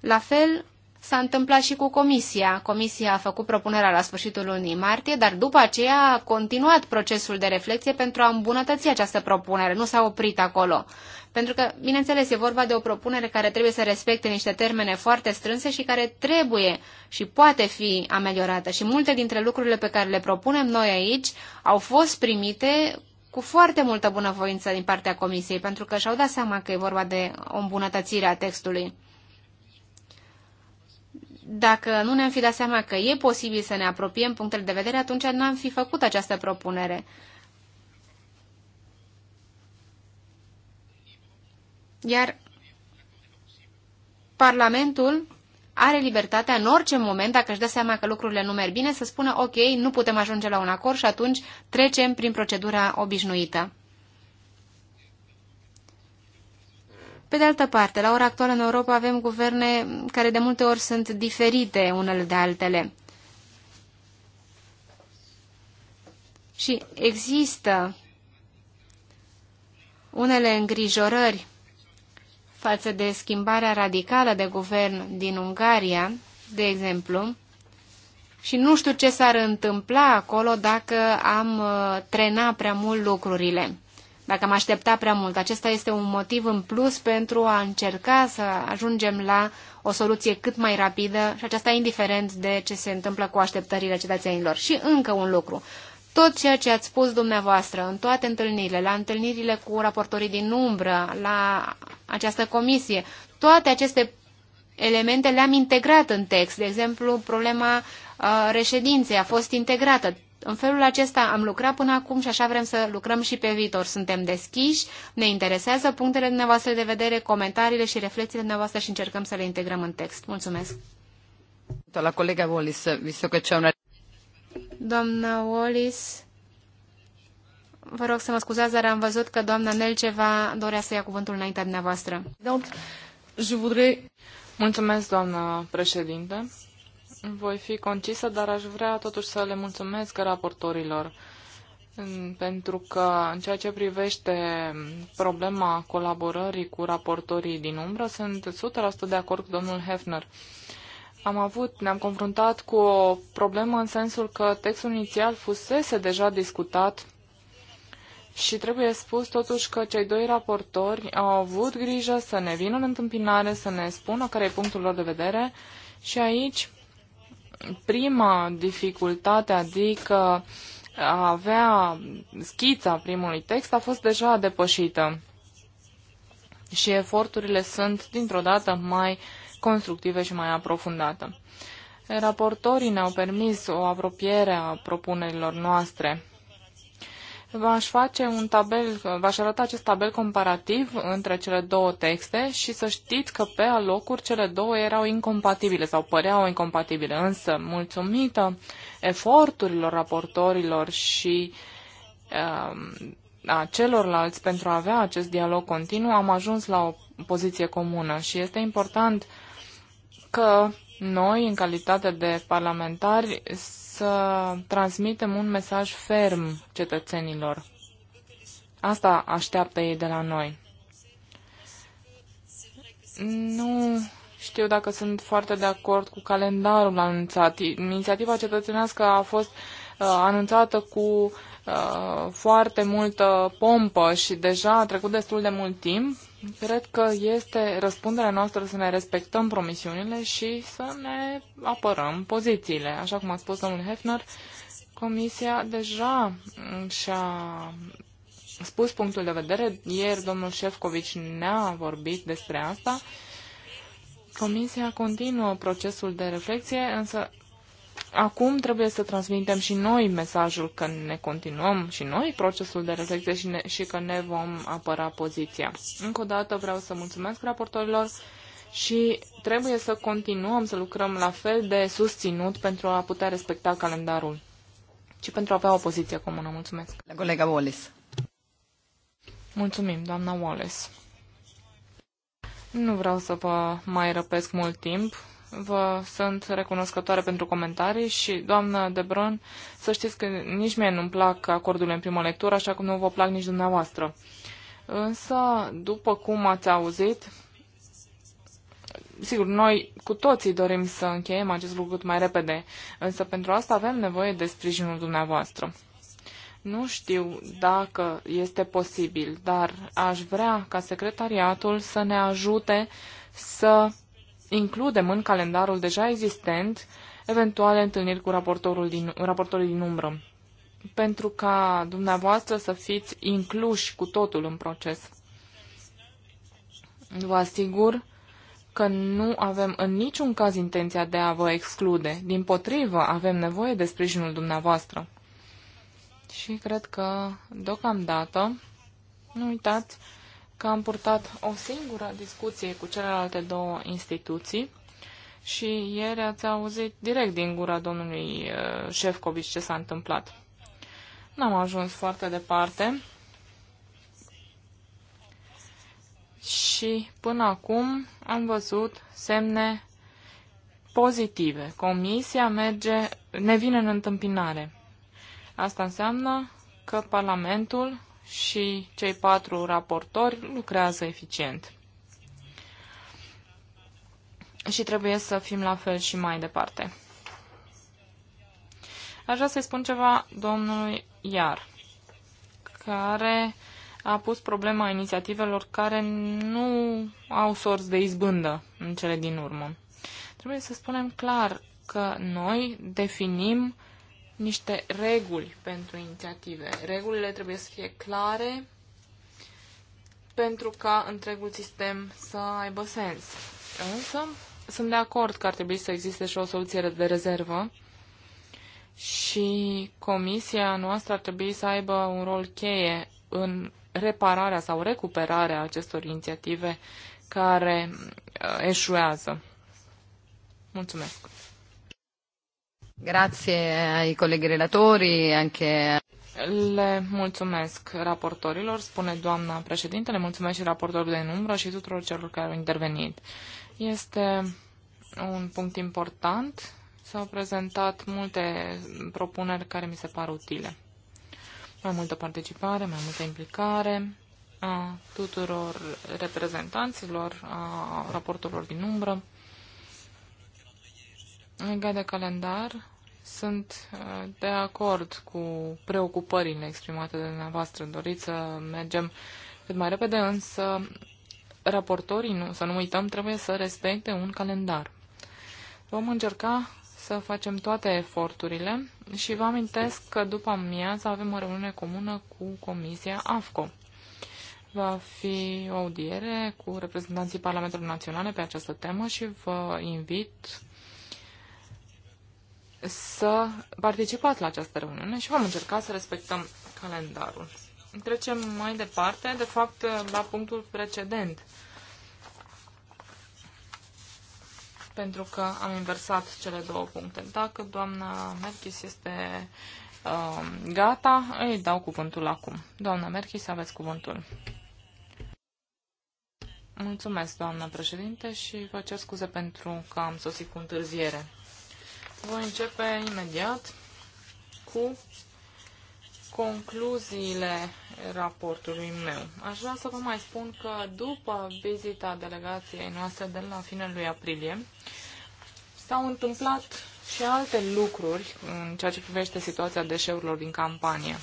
La fel, S-a întâmplat și cu comisia. Comisia a făcut propunerea la sfârșitul lunii martie, dar după aceea a continuat procesul de reflexie pentru a îmbunătăți această propunere. Nu s-a oprit acolo. Pentru că, bineînțeles, e vorba de o propunere care trebuie să respecte niște termene foarte strânse și care trebuie și poate fi ameliorată. Și multe dintre lucrurile pe care le propunem noi aici au fost primite cu foarte multă bunăvoință din partea Comisiei, pentru că și-au dat seama că e vorba de o îmbunătățire a textului. Dacă nu ne-am fi dat seama că e posibil să ne apropiem punctele de vedere, atunci n-am fi făcut această propunere. Iar Parlamentul are libertatea în orice moment, dacă își dă seama că lucrurile nu merg bine, să spună ok, nu putem ajunge la un acord și atunci trecem prin procedura obișnuită. Pe de altă parte, la ora actuală în Europa avem guverne care de multe ori sunt diferite unele de altele. Și există unele îngrijorări față de schimbarea radicală de guvern din Ungaria, de exemplu, și nu știu ce s-ar întâmpla acolo dacă am uh, trena prea mult lucrurile dacă am aștepta prea mult. Acesta este un motiv în plus pentru a încerca să ajungem la o soluție cât mai rapidă și aceasta indiferent de ce se întâmplă cu așteptările cetățenilor. Și încă un lucru. Tot ceea ce ați spus dumneavoastră în toate întâlnirile, la întâlnirile cu raportorii din umbră, la această comisie, toate aceste elemente le-am integrat în text. De exemplu, problema uh, reședinței a fost integrată. În felul acesta am lucrat până acum și așa vrem să lucrăm și pe viitor. Suntem deschiși, ne interesează punctele dumneavoastră de vedere, comentariile și reflexiile dumneavoastră și încercăm să le integrăm în text. Mulțumesc! La colega Wallis, visto că una... Doamna Wallis, vă rog să mă scuzați, dar am văzut că doamna Nelceva dorea să ia cuvântul înaintea dumneavoastră. Mulțumesc, doamna președinte. Voi fi concisă, dar aș vrea totuși să le mulțumesc raportorilor pentru că în ceea ce privește problema colaborării cu raportorii din umbră, sunt 100% de acord cu domnul Hefner. Am avut, ne-am confruntat cu o problemă în sensul că textul inițial fusese deja discutat și trebuie spus totuși că cei doi raportori au avut grijă să ne vină în întâmpinare, să ne spună care e punctul lor de vedere și aici prima dificultate, adică a avea schița primului text, a fost deja depășită și eforturile sunt dintr-o dată mai constructive și mai aprofundate. Raportorii ne-au permis o apropiere a propunerilor noastre. V-aș face un tabel, v-aș arăta acest tabel comparativ între cele două texte și să știți că pe alocuri cele două erau incompatibile sau păreau incompatibile, însă mulțumită eforturilor raportorilor și uh, a celorlalți pentru a avea acest dialog continuu, am ajuns la o poziție comună și este important că noi, în calitate de parlamentari, să transmitem un mesaj ferm cetățenilor. Asta așteaptă ei de la noi. Nu știu dacă sunt foarte de acord cu calendarul anunțat. Inițiativa cetățenească a fost uh, anunțată cu uh, foarte multă pompă și deja a trecut destul de mult timp Cred că este răspunderea noastră să ne respectăm promisiunile și să ne apărăm pozițiile. Așa cum a spus domnul Hefner, Comisia deja și-a spus punctul de vedere. Ieri domnul Șefcovici ne-a vorbit despre asta. Comisia continuă procesul de reflexie, însă acum trebuie să transmitem și noi mesajul că ne continuăm și noi procesul de reflecție și, ne, și că ne vom apăra poziția. Încă o dată vreau să mulțumesc raportorilor și trebuie să continuăm să lucrăm la fel de susținut pentru a putea respecta calendarul și pentru a avea o poziție comună. Mulțumesc. La colega Wallace. Mulțumim, doamna Wallace. Nu vreau să vă mai răpesc mult timp vă sunt recunoscătoare pentru comentarii și, doamnă Debron, să știți că nici mie nu-mi plac acordurile în primă lectură, așa cum nu vă plac nici dumneavoastră. Însă, după cum ați auzit, sigur, noi cu toții dorim să încheiem acest lucru cât mai repede, însă pentru asta avem nevoie de sprijinul dumneavoastră. Nu știu dacă este posibil, dar aș vrea ca secretariatul să ne ajute să includem în calendarul deja existent eventuale întâlniri cu raportorul din, raportorii din umbră, pentru ca dumneavoastră să fiți incluși cu totul în proces. Vă asigur că nu avem în niciun caz intenția de a vă exclude. Din potrivă, avem nevoie de sprijinul dumneavoastră. Și cred că, deocamdată, nu uitați, că am purtat o singură discuție cu celelalte două instituții și ieri ați auzit direct din gura domnului uh, Șefcovic ce s-a întâmplat. N-am ajuns foarte departe și până acum am văzut semne pozitive. Comisia merge, ne vine în întâmpinare. Asta înseamnă că Parlamentul și cei patru raportori lucrează eficient. Și trebuie să fim la fel și mai departe. Aș vrea să-i spun ceva domnului Iar, care a pus problema inițiativelor care nu au sorți de izbândă în cele din urmă. Trebuie să spunem clar că noi definim niște reguli pentru inițiative. Regulile trebuie să fie clare pentru ca întregul sistem să aibă sens. Însă, sunt de acord că ar trebui să existe și o soluție de rezervă și comisia noastră ar trebui să aibă un rol cheie în repararea sau recuperarea acestor inițiative care uh, eșuează. Mulțumesc! Grazie ai colegi relatori, anche... Le mulțumesc raportorilor, spune doamna președinte, le mulțumesc și raportorului din umbră și tuturor celor care au intervenit. Este un punct important. S-au prezentat multe propuneri care mi se par utile. Mai multă participare, mai multă implicare a tuturor reprezentanților, a raportorilor din umbră. Legat de calendar, sunt uh, de acord cu preocupările exprimate de dumneavoastră. Doriți să mergem cât mai repede, însă raportorii, nu, să nu uităm, trebuie să respecte un calendar. Vom încerca să facem toate eforturile și vă amintesc că după amiază avem o reuniune comună cu Comisia AFCO. Va fi o audiere cu reprezentanții Parlamentului Naționale pe această temă și vă invit să participați la această reuniune și vom încerca să respectăm calendarul. Trecem mai departe, de fapt, la punctul precedent. Pentru că am inversat cele două puncte. Dacă doamna Merchis este uh, gata, îi dau cuvântul acum. Doamna Merchis, aveți cuvântul. Mulțumesc, doamna președinte, și vă cer scuze pentru că am sosit cu întârziere. Voi începe imediat cu concluziile raportului meu. Aș vrea să vă mai spun că după vizita delegației noastre de la finele lui aprilie, s-au întâmplat și alte lucruri în ceea ce privește situația deșeurilor din campanie.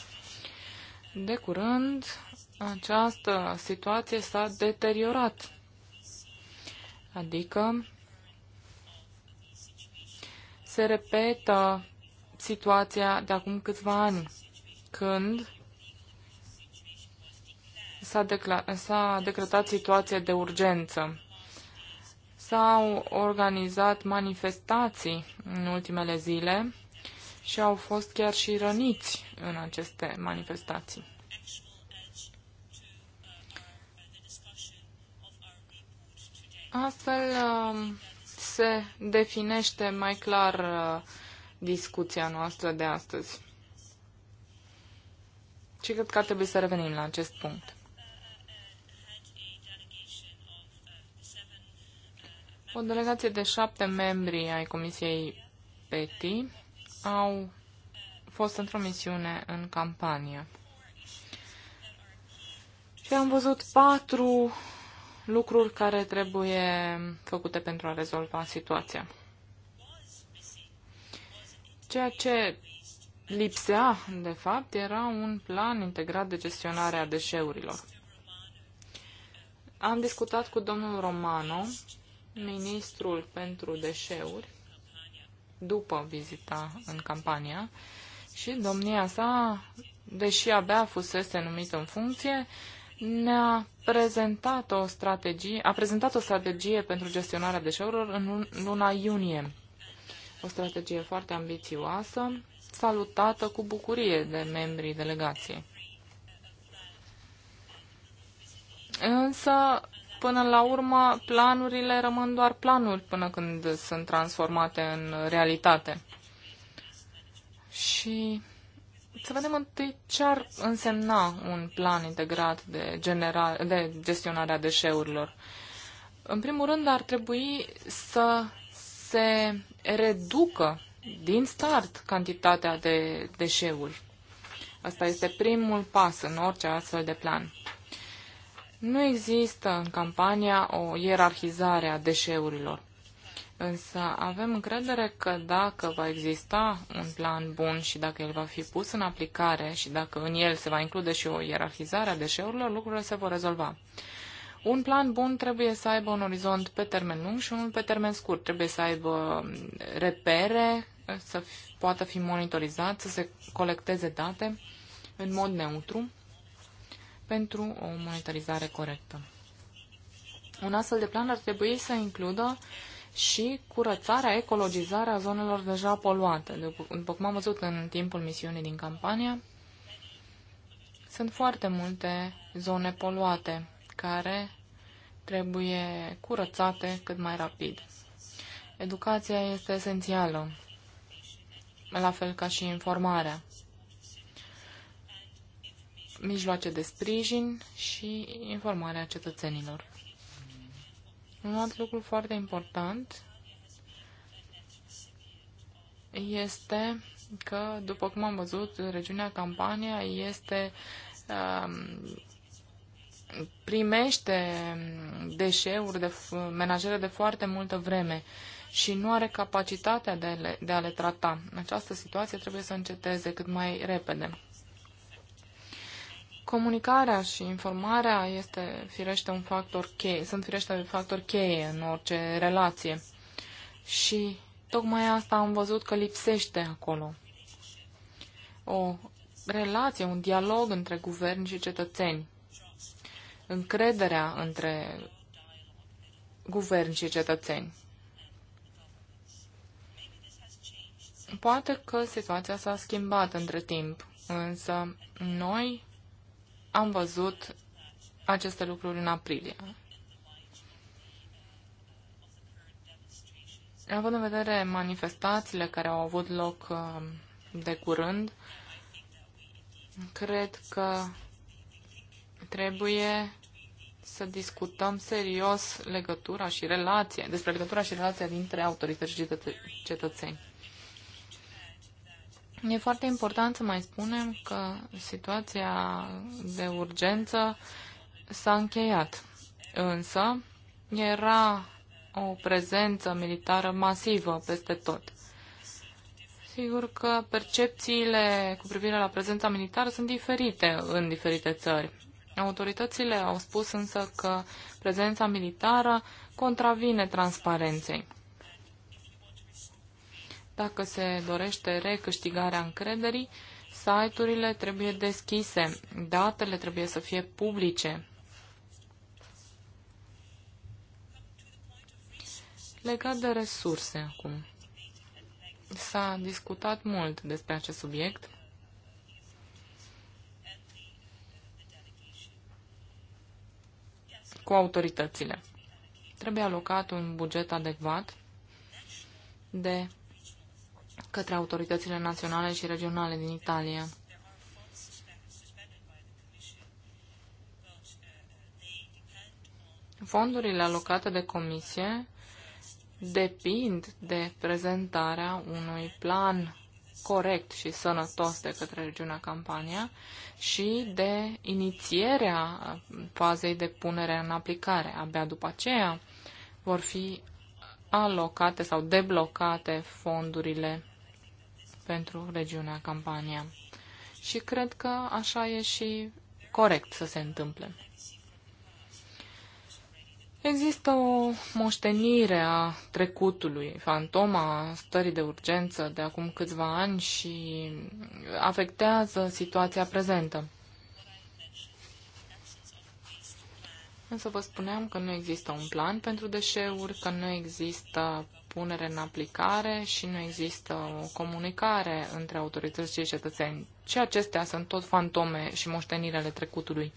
De curând, această situație s-a deteriorat. Adică se repetă situația de acum câțiva ani, când s-a, decla- decretat situație de urgență. S-au organizat manifestații în ultimele zile și au fost chiar și răniți în aceste manifestații. Astfel, um, se definește mai clar uh, discuția noastră de astăzi. Și cred că ar trebui să revenim la acest punct. O delegație de șapte membri ai Comisiei PETI au fost într-o misiune în campania. Și am văzut patru lucruri care trebuie făcute pentru a rezolva situația. Ceea ce lipsea, de fapt, era un plan integrat de gestionare a deșeurilor. Am discutat cu domnul Romano, ministrul pentru deșeuri, după vizita în campania, și domnia sa, deși abia fusese numită în funcție, ne-a prezentat o strategie, a prezentat o strategie pentru gestionarea deșeurilor în luna iunie. O strategie foarte ambițioasă, salutată cu bucurie de membrii delegației. Însă, până la urmă, planurile rămân doar planuri până când sunt transformate în realitate. Și să vedem întâi ce ar însemna un plan integrat de, genera- de gestionarea deșeurilor. În primul rând, ar trebui să se reducă din start cantitatea de deșeuri. Asta este primul pas în orice astfel de plan. Nu există în campania o ierarhizare a deșeurilor. Însă avem încredere că dacă va exista un plan bun și dacă el va fi pus în aplicare și dacă în el se va include și o ierarhizare a deșeurilor, lucrurile se vor rezolva. Un plan bun trebuie să aibă un orizont pe termen lung și unul pe termen scurt. Trebuie să aibă repere, să poată fi monitorizat, să se colecteze date în mod neutru pentru o monitorizare corectă. Un astfel de plan ar trebui să includă uh, și curățarea, ecologizarea zonelor deja poluate. După cum am văzut în timpul misiunii din campania, sunt foarte multe zone poluate care trebuie curățate cât mai rapid. Educația este esențială, la fel ca și informarea. Mijloace de sprijin și informarea cetățenilor. Un alt lucru foarte important este că, după cum am văzut, regiunea Campania este um, primește deșeuri de menajere de foarte multă vreme și nu are capacitatea de, le, de a le trata. Această situație trebuie să înceteze cât mai repede. Comunicarea și informarea este firește un factor cheie, sunt firește un factor cheie în orice relație. Și tocmai asta am văzut că lipsește acolo. O relație, un dialog între guvern și cetățeni. Încrederea între guvern și cetățeni. Poate că situația s-a schimbat între timp, însă noi am văzut aceste lucruri în aprilie. Având în vedere manifestațiile care au avut loc uh, de curând, cred că trebuie să discutăm serios legătura și relația, despre legătura și relația dintre autorități și cetățeni. E foarte important să mai spunem că situația de urgență s-a încheiat, însă era o prezență militară masivă peste tot. Sigur că percepțiile cu privire la prezența militară sunt diferite în diferite țări. Autoritățile au spus însă că prezența militară contravine transparenței. Dacă se dorește recâștigarea încrederii, site-urile trebuie deschise, datele trebuie să fie publice. Legat de resurse acum. S-a discutat mult despre acest subiect. cu autoritățile. Trebuie alocat un buget adecvat de către autoritățile naționale și regionale din Italia. Fondurile alocate de comisie depind de prezentarea unui plan corect și sănătos de către regiunea Campania și de inițierea fazei de punere în aplicare. Abia după aceea vor fi alocate sau deblocate fondurile pentru regiunea Campania. Și cred că așa e și corect să se întâmple. Există o moștenire a trecutului, fantoma stării de urgență de acum câțiva ani și afectează situația prezentă. Însă vă spuneam că nu există un plan pentru deșeuri, că nu există punere în aplicare și nu există o comunicare între autorități și cetățeni. Și acestea sunt tot fantome și ale trecutului.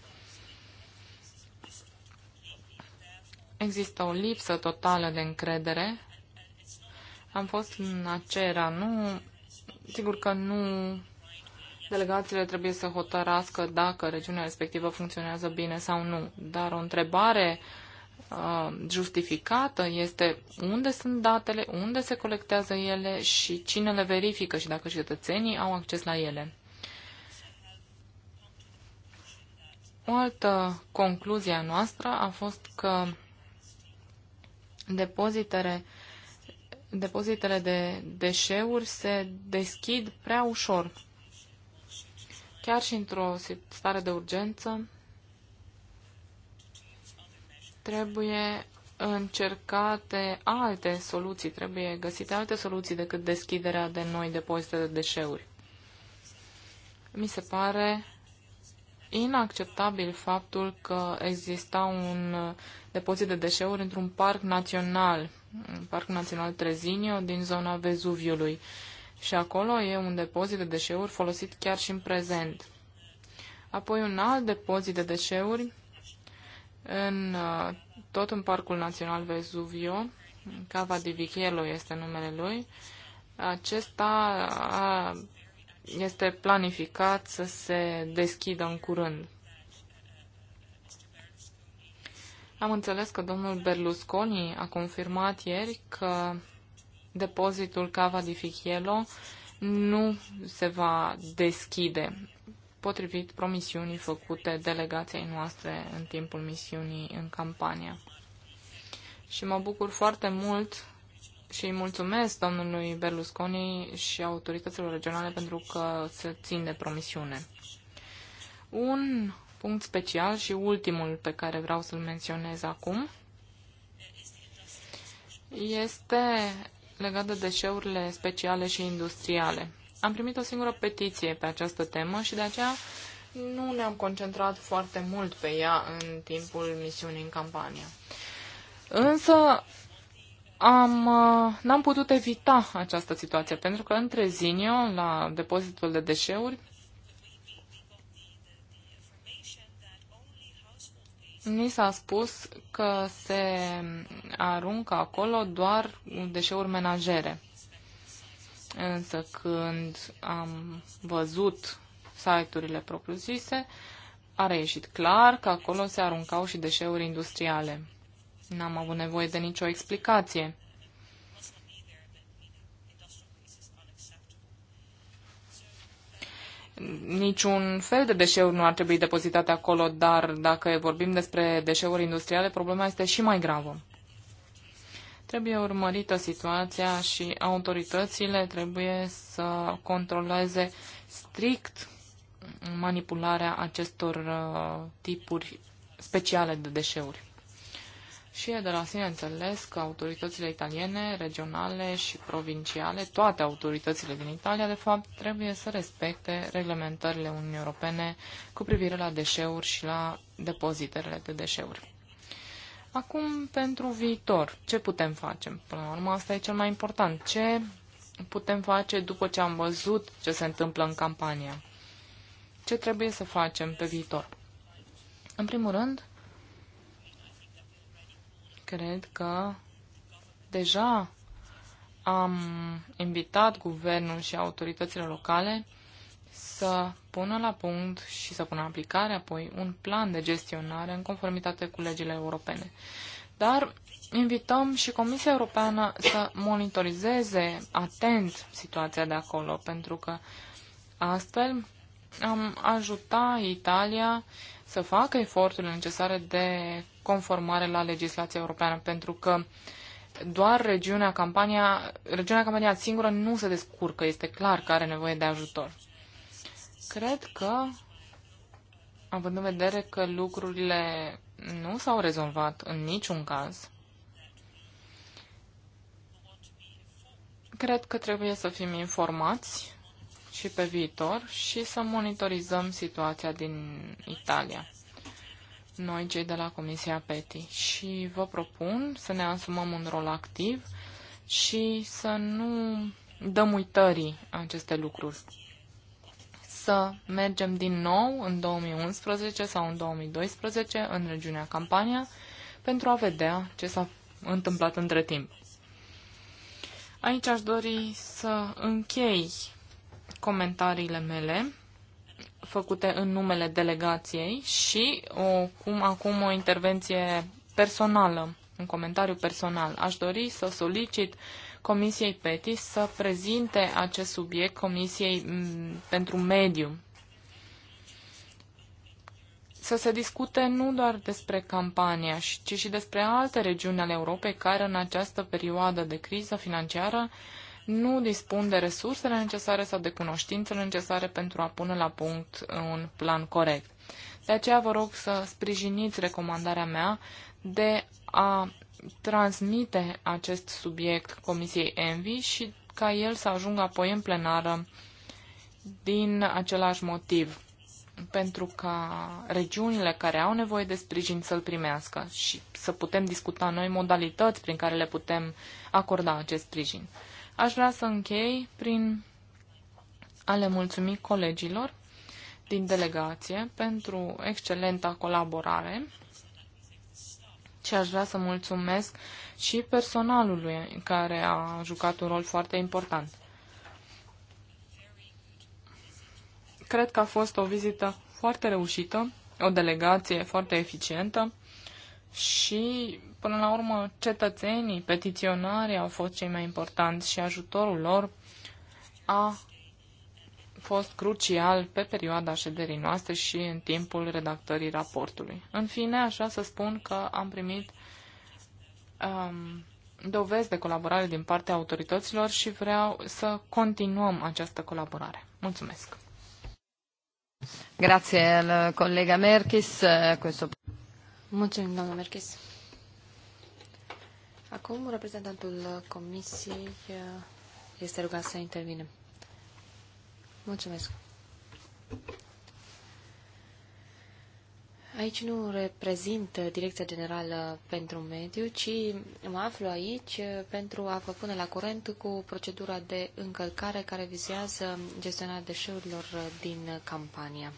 Există o lipsă totală de încredere. Am fost în acera, nu... Sigur că nu Delegațiile trebuie să hotărască dacă regiunea respectivă funcționează bine sau nu, dar o întrebare uh, Uh, justificată este unde sunt datele, unde se colectează ele și cine le verifică și dacă cetățenii au acces la ele. O altă concluzie a noastră a fost că depozitele, depozitele de deșeuri se deschid prea ușor. Chiar și într-o stare de urgență, Trebuie încercate alte soluții, trebuie găsite alte soluții decât deschiderea de noi depozite de deșeuri. Mi se pare inacceptabil faptul că exista un depozit de deșeuri într-un parc național, un parc național Trezinio din zona Vezuviului. Și acolo e un depozit de deșeuri folosit chiar și în prezent. Apoi un alt depozit de deșeuri în, uh, tot în Parcul Național Vesuvio, Cava di Vichello este numele lui, acesta a, uh, este planificat să se deschidă în curând. Am înțeles că domnul Berlusconi a confirmat ieri că depozitul Cava di Ficchiello nu se va deschide potrivit promisiunii făcute delegației noastre în timpul misiunii în campania. Și mă bucur foarte mult și îi mulțumesc domnului Berlusconi și autorităților regionale pentru că se țin de promisiune. Un punct special și ultimul pe care vreau să-l menționez acum este legat de deșeurile speciale și industriale. Am primit o singură petiție pe această temă și de aceea nu ne-am concentrat foarte mult pe ea în timpul misiunii în campania. Însă am, uh, n-am putut evita această situație, pentru că între Zinio, la depozitul de deșeuri, Ni s-a spus că se aruncă acolo doar deșeuri menajere. Însă când am văzut site-urile propriu-zise, a reieșit clar că acolo se aruncau și deșeuri industriale. N-am avut nevoie de nicio explicație. Niciun fel de deșeuri nu ar trebui depozitate acolo, dar dacă vorbim despre deșeuri industriale, problema este și mai gravă. Trebuie urmărită situația și autoritățile trebuie să controleze strict manipularea acestor uh, tipuri speciale de deșeuri. Și e de la sine înțeles că autoritățile italiene, regionale și provinciale, toate autoritățile din Italia, de fapt, trebuie să respecte reglementările Uniunii Europene cu privire la deșeuri și la depozitele de deșeuri. Acum, pentru viitor, ce putem face? Până la urmă, asta e cel mai important. Ce putem face după ce am văzut ce se întâmplă în campania? Ce trebuie să facem pe viitor? În primul rând, cred că deja am invitat guvernul și autoritățile locale să pună la punct și să pună în aplicare apoi un plan de gestionare în conformitate cu legile europene. Dar invităm și Comisia Europeană să monitorizeze atent situația de acolo, pentru că astfel am ajuta Italia să facă eforturile necesare de conformare la legislația europeană, pentru că doar regiunea Campania, regiunea Campania singură nu se descurcă, este clar că are nevoie de ajutor. Cred că, având în vedere că lucrurile nu s-au rezolvat în niciun caz, cred că trebuie să fim informați și pe viitor și să monitorizăm situația din Italia. Noi, cei de la Comisia PETI. Și vă propun să ne asumăm un rol activ și să nu dăm uitării aceste lucruri să mergem din nou în 2011 sau în 2012 în regiunea Campania pentru a vedea ce s-a întâmplat între timp. Aici aș dori să închei comentariile mele făcute în numele delegației și o, cum, acum o intervenție personală, un comentariu personal. Aș dori să solicit uh, Comisiei PETI să prezinte acest subiect Comisiei pentru Mediu. Să se discute nu doar despre campania, ci și despre alte regiuni ale Europei care în această perioadă de criză financiară nu dispun de resursele necesare sau de cunoștințele necesare pentru a pune la punct un plan corect. De aceea vă rog să sprijiniți recomandarea mea de a transmite acest subiect Comisiei Envi și ca el să ajungă apoi în plenară din același motiv, pentru ca regiunile care au nevoie de sprijin să-l primească și să putem discuta noi modalități prin care le putem acorda acest sprijin. Aș vrea să închei prin a le mulțumi colegilor din delegație pentru excelenta colaborare și aș vrea să mulțumesc și personalului care a jucat un rol foarte important. Cred că a fost o vizită foarte reușită, o delegație foarte eficientă și, până la urmă, cetățenii, petiționarii au fost cei mai importanti și ajutorul lor a fost crucial pe perioada șederii noastre și în timpul redactării raportului. În fine, aș vrea să spun că am primit um, dovezi de colaborare din partea autorităților și vreau să continuăm această colaborare. Mulțumesc! Grazie al collega Merkis. Eh, questo... Mulțumim, doamna Merkis. Acum, reprezentantul Comisiei eh, este rugat să intervine. Mulțumesc. Aici nu reprezint Direcția Generală pentru Mediu, ci mă aflu aici pentru a vă pune la curent cu procedura de încălcare care vizează gestionarea deșeurilor din campania.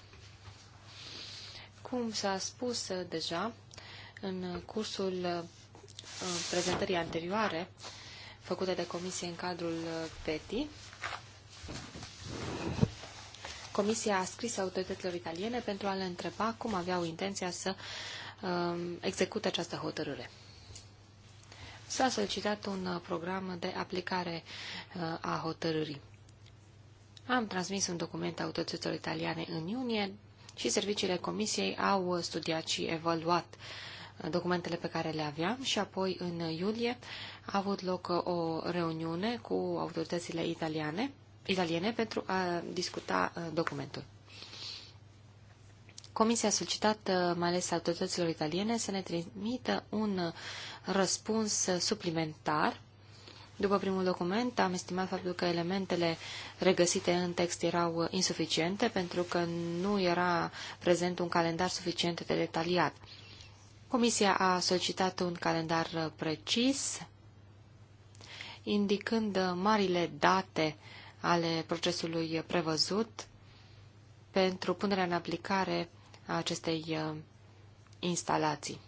Cum s-a spus deja în cursul uh, prezentării anterioare făcute de comisie în cadrul uh, PETI, Comisia a scris autorităților italiene pentru a le întreba cum aveau intenția să uh, execute această hotărâre. S-a solicitat un uh, program de aplicare uh, a hotărârii. Am transmis un document autorităților italiane în iunie și serviciile Comisiei au uh, studiat și evaluat uh, documentele pe care le aveam și apoi în iulie a avut loc o reuniune cu autoritățile italiane italiene pentru a discuta uh, documentul. Comisia a solicitat uh, mai ales autorităților italiene să ne trimită un uh, răspuns suplimentar. După primul document, am estimat faptul că elementele regăsite în text erau insuficiente pentru că nu era prezent un calendar suficient de detaliat. Comisia a solicitat un calendar precis, indicând marile date uh, ale procesului prevăzut pentru punerea în aplicare a acestei uh, instalații.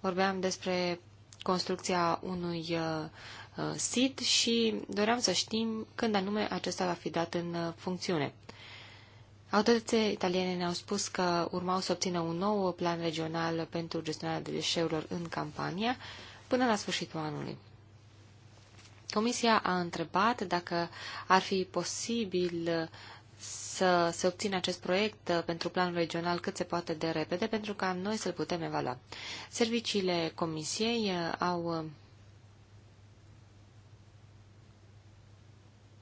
Vorbeam despre construcția unui uh, uh, SID și doream să știm când anume acesta va fi dat în funcțiune. Autoritățile italiene ne-au spus că urmau să obțină un nou plan regional pentru gestionarea de deșeurilor în campania până la sfârșitul anului. Comisia a întrebat dacă ar fi posibil uh, să se obțină acest proiect uh, pentru planul regional cât se poate de repede, pentru ca noi să-l putem evalua. Serviciile Comisiei uh, au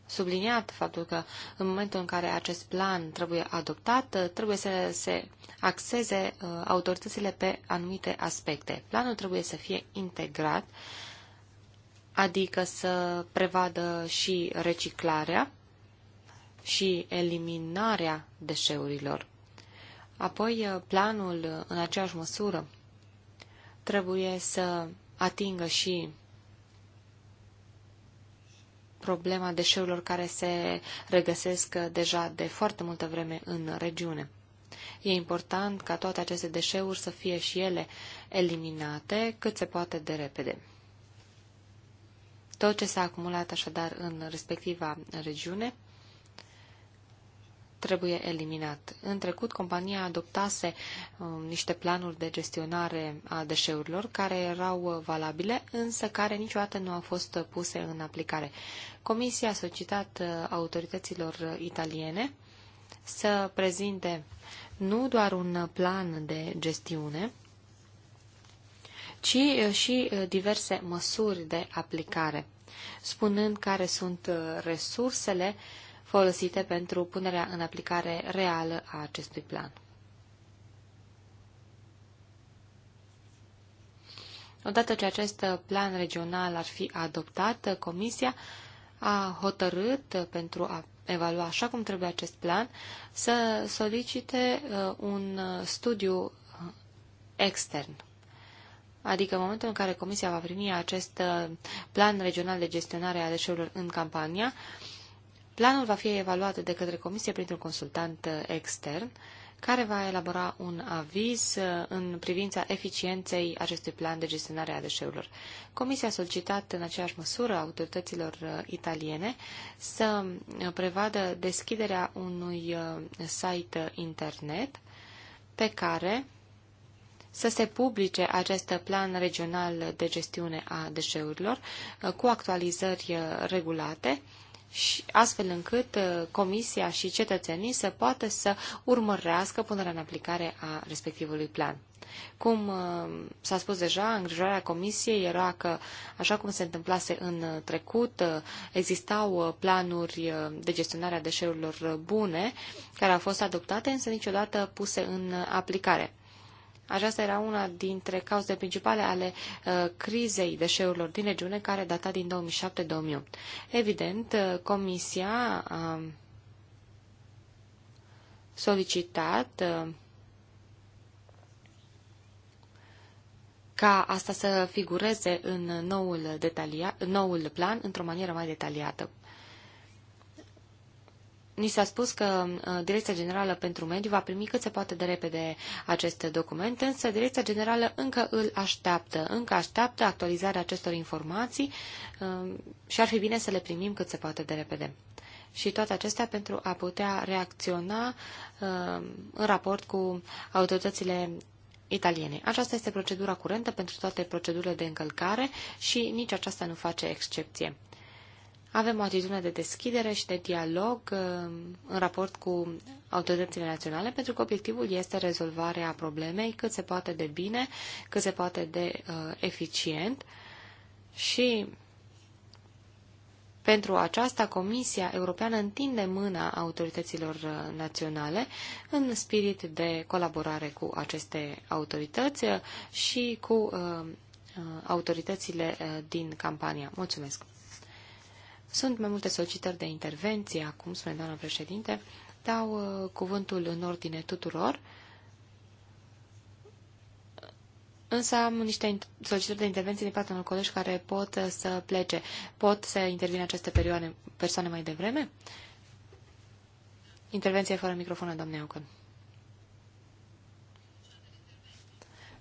subliniat faptul că în momentul în care acest plan trebuie adoptat, trebuie să se axeze autoritățile pe anumite aspecte. Planul trebuie să fie integrat uh, adică să prevadă și reciclarea și eliminarea deșeurilor. Apoi, eh, planul, eh, în aceeași măsură, trebuie să atingă și problema deșeurilor care se regăsesc eh, deja de foarte multă vreme în regiune. E important ca toate aceste deșeuri să fie și ele eliminate cât se poate de repede. Tot ce s-a acumulat așadar în respectiva regiune trebuie eliminat. În trecut, compania adoptase um, niște planuri de gestionare a deșeurilor care erau uh, valabile, însă care niciodată nu au fost uh, puse în aplicare. Comisia a solicitat uh, autorităților italiene să prezinte nu doar un plan de gestiune, ci eh, și eh, diverse măsuri de aplicare, spunând care sunt eh, resursele folosite pentru punerea în aplicare reală a acestui plan. Odată ce acest plan regional ar fi adoptat, Comisia a hotărât pentru a evalua așa cum trebuie acest plan să solicite un studiu extern. Adică în momentul în care Comisia va primi acest uh, plan regional de gestionare a deșeurilor în campania, planul va fi evaluat de către Comisie printr-un consultant uh, extern care va elabora un aviz uh, în privința eficienței acestui plan de gestionare a deșeurilor. Comisia a solicitat în aceeași măsură autorităților italiene să prevadă deschiderea unui site internet pe care să se publice acest plan regional de gestiune a deșeurilor uh, cu actualizări uh, regulate și astfel încât uh, Comisia și cetățenii să poată să urmărească punerea în aplicare a respectivului plan. Cum s-a spus deja, îngrijorarea Comisiei era că, așa cum se întâmplase în trecut, existau planuri de gestionare a deșeurilor bune care au fost adoptate, însă niciodată puse în aplicare. Aceasta era una dintre cauzele principale ale uh, crizei deșeurilor din regiune, care data din 2007-2008. Evident, uh, Comisia a solicitat uh, ca asta să figureze în noul, detalia, noul plan într-o manieră mai detaliată. Ni s-a spus că uh, Direcția Generală pentru Mediu va primi cât se poate de repede acest document, însă Direcția Generală încă îl așteaptă, încă așteaptă actualizarea acestor informații uh, și ar fi bine să le primim cât se poate de repede. Și toate acestea pentru a putea reacționa uh, în raport cu autoritățile italiene. Aceasta este procedura curentă pentru toate procedurile de încălcare și nici aceasta nu face excepție. Avem o atitudine de deschidere și de dialog uh, în raport cu autoritățile naționale, pentru că obiectivul este rezolvarea problemei cât se poate de bine, cât se poate de uh, eficient și pentru aceasta, Comisia Europeană întinde mâna autorităților uh, naționale în spirit de colaborare cu aceste autorități uh, și cu autoritățile din campania. Mulțumesc! Sunt mai multe solicitări de intervenție acum, spune doamna președinte. Dau uh, cuvântul în ordine tuturor. Însă am niște solicitări de intervenție din partea unor colegi care pot uh, să plece. Pot să intervină aceste perioane, persoane mai devreme? Intervenție fără microfon doamne Aucă.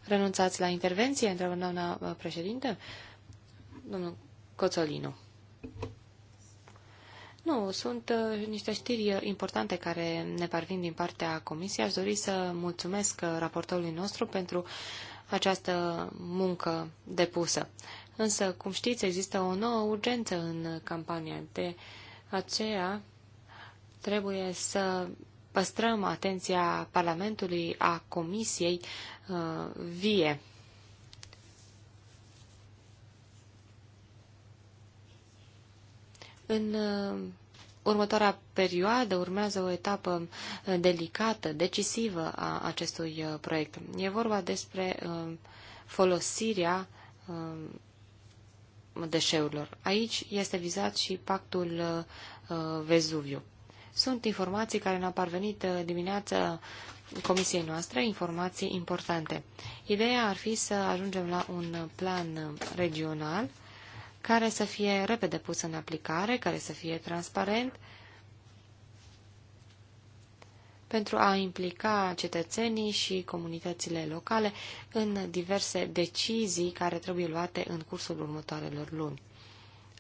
Renunțați la intervenție, întreabă doamna uh, președinte? Domnul Coțolino. Nu, sunt uh, niște știri importante care ne parvin din partea Comisiei. Aș dori să mulțumesc uh, raportorului nostru pentru această muncă depusă. Însă, cum știți, există o nouă urgență în campania. De aceea trebuie să păstrăm atenția Parlamentului, a Comisiei uh, vie În uh, următoarea perioadă urmează o etapă uh, delicată, decisivă a acestui uh, proiect. E vorba despre folosirea deșeurilor. Aici este vizat și pactul Vezuviu. Sunt informații care ne-au parvenit dimineața comisiei noastre, informații importante. Ideea ar fi să ajungem la un plan regional care să fie repede pus în aplicare, care să fie transparent, pentru a implica cetățenii și comunitățile locale în diverse decizii care trebuie luate în cursul următoarelor luni.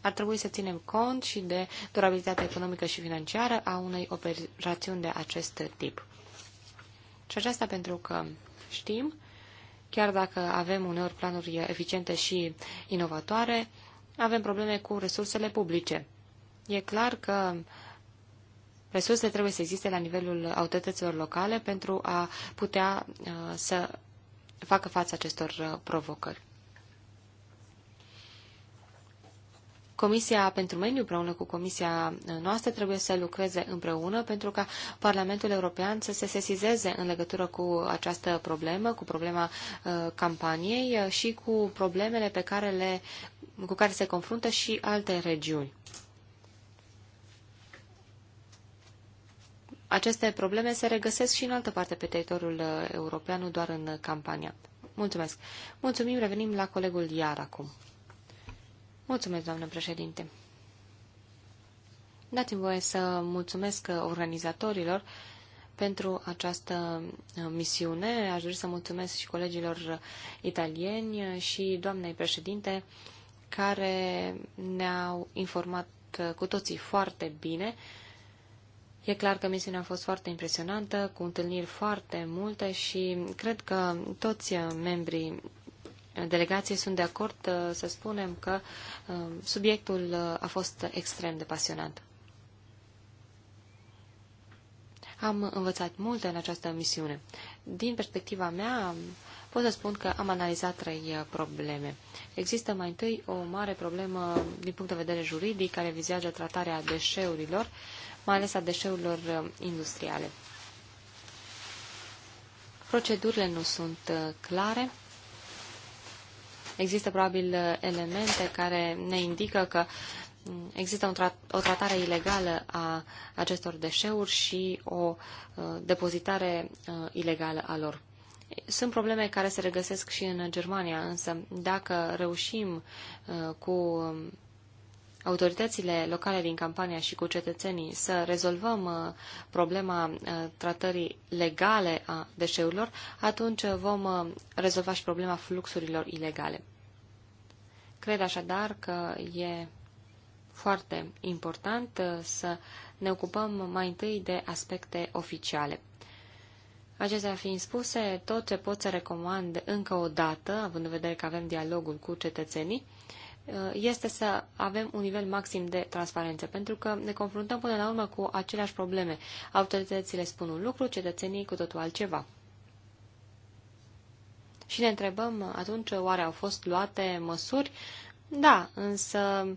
Ar trebui să ținem cont și de durabilitatea economică și financiară a unei operațiuni de acest tip. Și aceasta pentru că știm, chiar dacă avem uneori planuri eficiente și inovatoare, avem probleme cu resursele publice. E clar că resursele trebuie să existe la nivelul autorităților locale pentru a putea uh, să facă față acestor uh, provocări. Comisia pentru Mediu împreună cu Comisia uh, noastră trebuie să lucreze împreună pentru ca Parlamentul European să se sesizeze în legătură cu această problemă, cu problema uh, campaniei uh, și cu problemele pe care le, cu care se confruntă și alte regiuni. Aceste probleme se regăsesc și în altă parte pe teritoriul european, nu doar în campania. Mulțumesc. Mulțumim, revenim la colegul Iar acum. Mulțumesc, doamnă președinte. Dați-mi voie să mulțumesc organizatorilor pentru această uh, misiune. Aș dori să mulțumesc și colegilor italieni și doamnei președinte care ne-au informat uh, cu toții foarte bine. E clar că misiunea a fost foarte impresionantă, cu întâlniri foarte multe și cred că toți membrii delegației sunt de acord uh, să spunem că uh, subiectul uh, a fost extrem de pasionant. Am învățat multe în această misiune. Din perspectiva mea, pot să spun că am analizat trei probleme. Există mai întâi o mare problemă din punct de vedere juridic care vizează tratarea deșeurilor, mai ales a deșeurilor industriale. Procedurile nu sunt clare Există probabil uh, elemente care ne indică că mm, există o, tra o tratare ilegală a acestor deșeuri și o uh, depozitare uh, ilegală a lor. Sunt probleme care se regăsesc și în Germania, însă dacă reușim uh, cu um, autoritățile locale din campania și cu cetățenii să rezolvăm uh, problema uh, tratării legale a deșeurilor, atunci vom uh, rezolva și problema fluxurilor ilegale. Cred așadar că e foarte important uh, să ne ocupăm mai întâi de aspecte oficiale. Acestea fiind spuse, tot ce pot să recomand încă o dată, având în vedere că avem dialogul cu cetățenii, uh, este să avem un nivel maxim de transparență, pentru că ne confruntăm până la urmă cu aceleași probleme. Autoritățile spun un lucru, cetățenii cu totul altceva și ne întrebăm uh, atunci oare au fost luate măsuri? Da, însă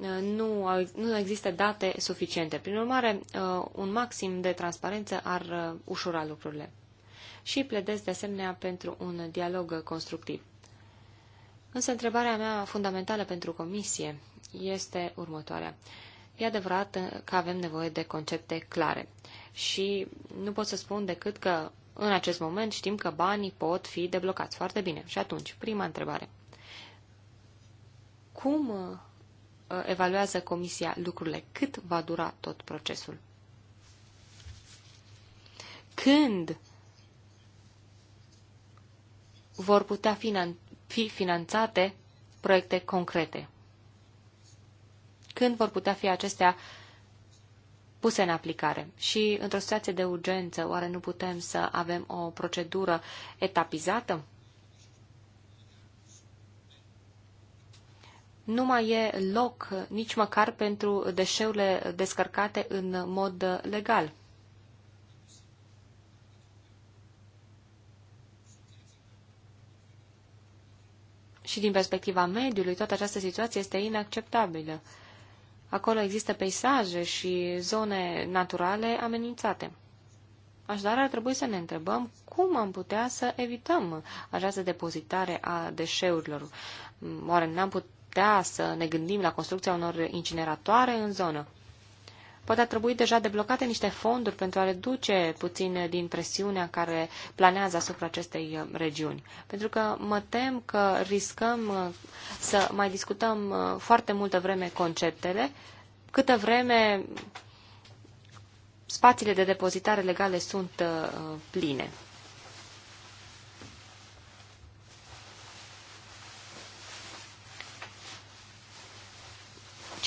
uh, nu, au, nu există date suficiente. Prin urmare, uh, un maxim de transparență ar ușura lucrurile. Și pledez de asemenea pentru un dialog constructiv. Însă întrebarea mea fundamentală pentru comisie este următoarea. E adevărat că avem nevoie de concepte clare și nu pot să spun decât că în acest moment știm că banii pot fi deblocați foarte bine. Și atunci, prima întrebare. Cum uh, evaluează comisia lucrurile? Cât va dura tot procesul? Când vor putea finan fi finanțate proiecte concrete? Când vor putea fi acestea uh, puse în aplicare. Și într-o situație de urgență, oare nu putem să avem o procedură etapizată? Nu mai e loc nici măcar pentru deșeurile descărcate în mod legal. Și din perspectiva mediului, toată această situație este inacceptabilă. Acolo există peisaje și zone naturale amenințate. Așadar, ar trebui să ne întrebăm cum am putea să evităm această depozitare a deșeurilor. Oare n-am putea să ne gândim la construcția unor incineratoare în zonă? Poate ar trebui deja deblocate niște fonduri pentru a reduce puțin din presiunea care planează asupra acestei uh, regiuni. Pentru că mă tem că riscăm uh, să mai discutăm uh, foarte multă vreme conceptele, câtă vreme spațiile de depozitare legale sunt pline.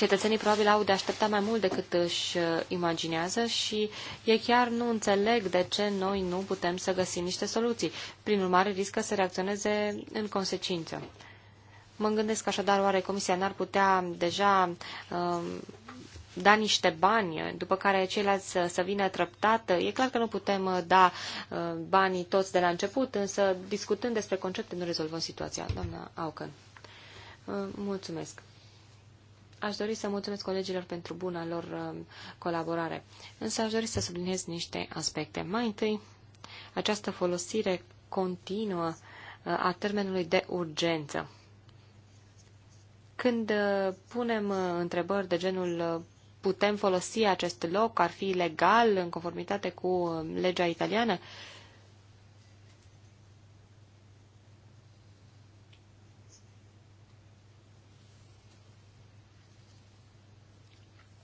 cetățenii probabil au de așteptat mai mult decât își uh, imaginează și ei chiar nu înțeleg de ce noi nu putem să găsim niște soluții. Prin urmare, riscă să reacționeze în consecință. Mă gândesc așadar, oare Comisia n-ar putea deja um, da niște bani, după care ceilalți să, vină trăptat. E clar că nu putem uh, da uh, banii toți de la început, însă discutând despre concepte nu rezolvăm situația. Doamna Aucăn, mulțumesc. Aș dori să mulțumesc colegilor pentru buna lor um, colaborare, însă aș dori să subliniez niște aspecte. Mai întâi, această folosire continuă uh, a termenului de urgență. Când uh, punem uh, întrebări de genul putem folosi acest loc, ar fi legal în conformitate cu legea italiană,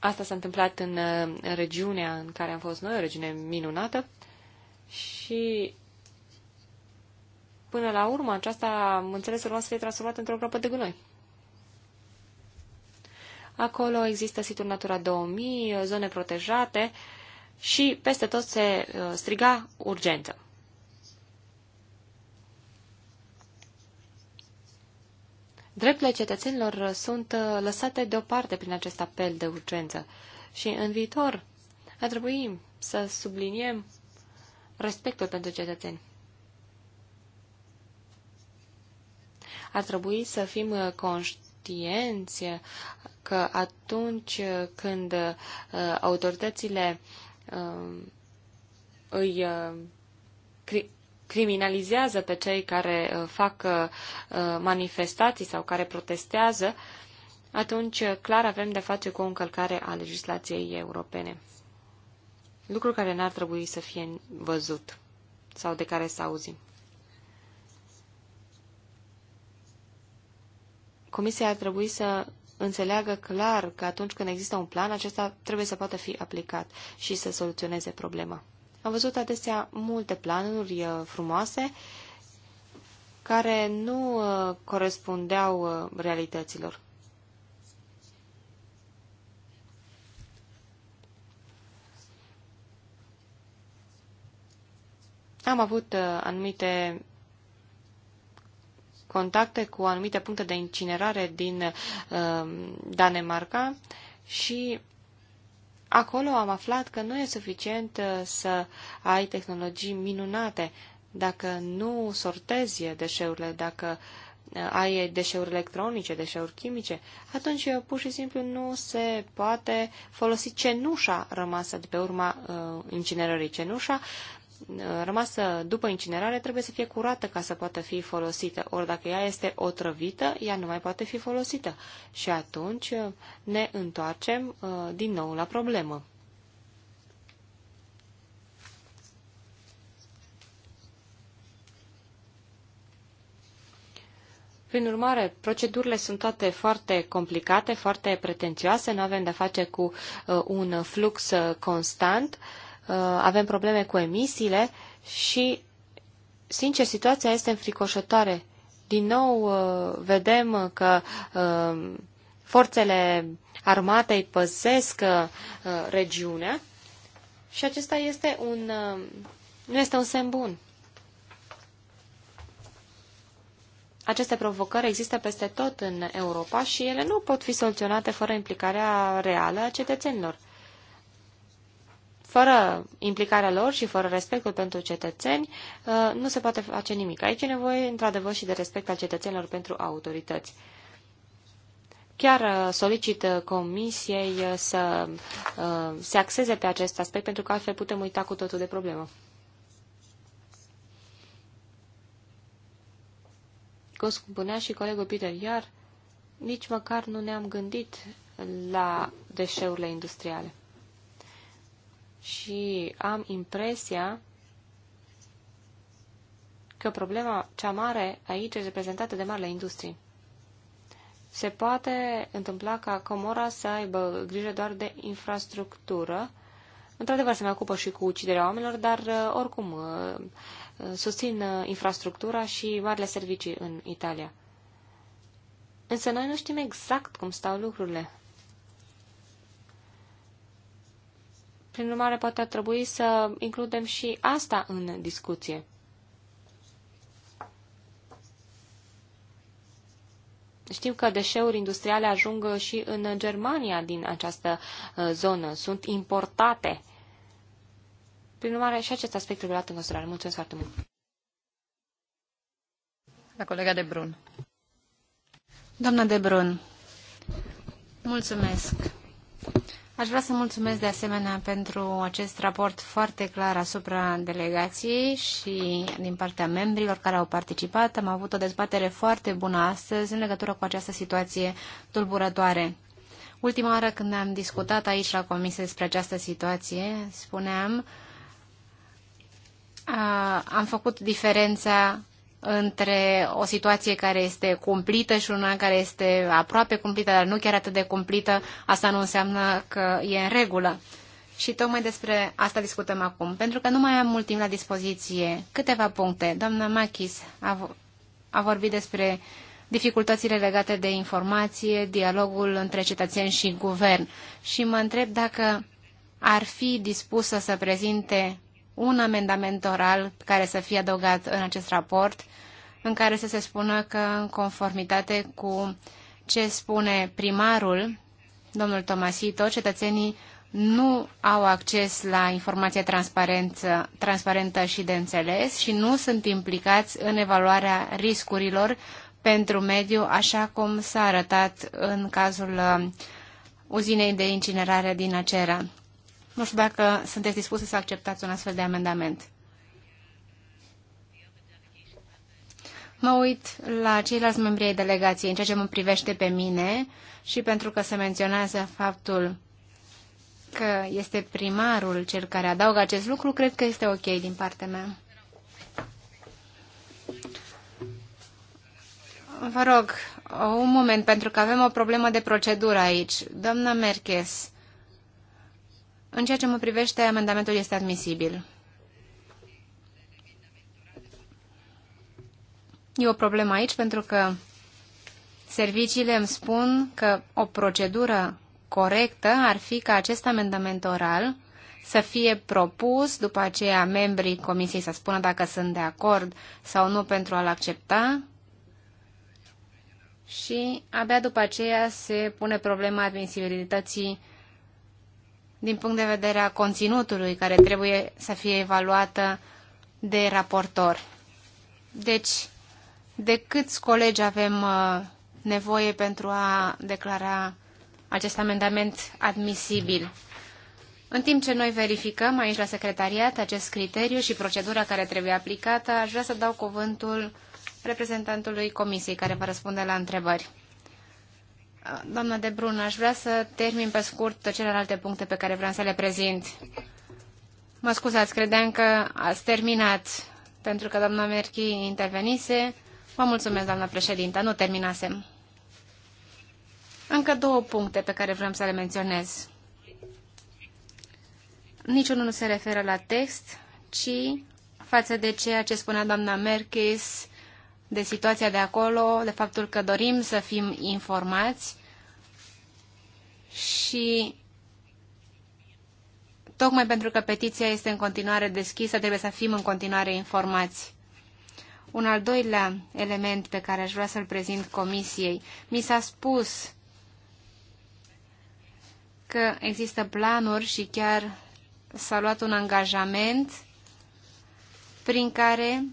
Asta s-a întâmplat uh, în regiunea în care am fost noi, o regiune minunată și până la urmă aceasta, am înțeles, urma să fie transformat într-o groapă de gunoi. Acolo există situri Natura 2000, zone protejate și peste tot se uh, striga urgență. Drepturile cetățenilor sunt uh, lăsate deoparte prin acest apel de urgență și în viitor ar trebui să subliniem respectul pentru cetățeni. Ar trebui să fim uh, conștienți uh, că atunci când autoritățile îi criminalizează pe cei care uh, fac uh, manifestații sau care protestează, atunci uh, clar avem de face cu o încălcare a legislației europene. Lucru care n-ar trebui să fie văzut sau de care să auzim. Comisia ar trebui să înțeleagă clar că atunci când există un plan, acesta trebuie să poată fi aplicat și să soluționeze problema. Am văzut adesea multe planuri uh, frumoase care nu uh, corespundeau uh, realităților. Am avut anumite contacte cu anumite puncte de incinerare din Danemarca și Acolo am aflat că nu e suficient uh, să ai tehnologii minunate dacă nu sortezi deșeurile, dacă uh, ai deșeuri electronice, deșeuri chimice, atunci uh, pur și simplu nu se poate folosi cenușa rămasă de pe urma uh, incinerării. Cenușa rămasă după incinerare trebuie să fie curată ca să poată fi folosită. Ori dacă ea este otrăvită, ea nu mai poate fi folosită. Și atunci ne întoarcem uh, din nou la problemă. Prin urmare, procedurile sunt toate foarte complicate, foarte pretențioase, nu avem de-a face cu uh, un flux uh, constant. Uh, Uh, avem probleme cu emisiile și, sincer, situația este înfricoșătoare. Din nou uh, vedem că uh, forțele armatei păzesc regiunea și acesta este un, nu este un semn bun. Aceste provocări există peste tot în Europa și ele nu pot fi soluționate fără implicarea reală a cetățenilor. Fără implicarea lor și fără respectul pentru cetățeni, uh, nu se poate face nimic. Aici e nevoie, într-adevăr, și de respect al cetățenilor pentru autorități. Chiar uh, solicit uh, Comisiei să se axeze pe acest aspect, pentru că altfel putem uita cu totul de problemă. Cum spunea și colegul Peter Iar, nici măcar nu ne-am gândit la deșeurile industriale și am impresia că problema cea mare aici e reprezentată de marile industrii. Se poate întâmpla ca Comora să aibă grijă doar de infrastructură. Într-adevăr, se mai ocupă și cu uciderea oamenilor, dar uh, oricum uh, uh, susțin infrastructura și marile servicii în Italia. Însă noi nu știm exact cum stau lucrurile. Prin urmare, poate ar trebui să includem și asta în discuție. Știm că deșeuri industriale ajung și în Germania din această uh, zonă. Sunt importate. Prin urmare, și acest aspect trebuie luat în considerare. Mulțumesc foarte mult. La colega de Brun. Doamna de Brun, mulțumesc. Aș vrea să mulțumesc de asemenea pentru acest raport foarte clar asupra delegației și din partea membrilor care au participat. Am avut o dezbatere foarte bună astăzi în legătură cu această situație tulburătoare. Ultima oară când am discutat aici la comisie despre această situație, spuneam, a, am făcut diferența între o situație care este cumplită și una care este aproape cumplită, dar nu chiar atât de cumplită, asta nu înseamnă că e în regulă. Și tocmai despre asta discutăm acum, pentru că nu mai am mult timp la dispoziție. Câteva puncte. Doamna Machis a, a vorbit despre dificultățile legate de informație, dialogul între cetățeni și guvern. Și mă întreb dacă ar fi dispusă să prezinte un amendament oral care să fie adăugat în acest raport, în care să se spună că, în conformitate cu ce spune primarul, domnul Tomasito, cetățenii nu au acces la informație transparentă, transparentă și de înțeles și nu sunt implicați în evaluarea riscurilor pentru mediu, așa cum s-a arătat în cazul uh, uzinei de incinerare din Acera. Nu știu dacă sunteți dispuse să acceptați un astfel de amendament. Mă uit la ceilalți membri ai delegației în ceea ce mă privește pe mine și pentru că se menționează faptul că este primarul cel care adaugă acest lucru, cred că este ok din partea mea. Vă rog, un moment, pentru că avem o problemă de procedură aici. Doamna Merkes, în ceea ce mă privește, amendamentul este admisibil. E o problemă aici pentru că serviciile îmi spun că o procedură corectă ar fi ca acest amendament oral să fie propus, după aceea membrii comisiei să spună dacă sunt de acord sau nu pentru a-l accepta și abia după aceea se pune problema admisibilității din punct de vedere a conținutului care trebuie să fie evaluată de raportor. Deci, de câți colegi avem uh, nevoie pentru a declara acest amendament admisibil? În timp ce noi verificăm aici la secretariat acest criteriu și procedura care trebuie aplicată, aș vrea să dau cuvântul reprezentantului comisiei care va răspunde la întrebări. Doamna de Brun, aș vrea să termin pe scurt celelalte puncte pe care vreau să le prezint. Mă scuzați, credeam că ați terminat, pentru că doamna Merchi intervenise. Vă mulțumesc, doamna președintă, nu terminasem. Încă două puncte pe care vreau să le menționez. Niciunul nu se referă la text, ci față de ceea ce spunea doamna Merkis de situația de acolo, de faptul că dorim să fim informați și tocmai pentru că petiția este în continuare deschisă, trebuie să fim în continuare informați. Un al doilea element pe care aș vrea să-l prezint comisiei. Mi s-a spus că există planuri și chiar s-a luat un angajament prin care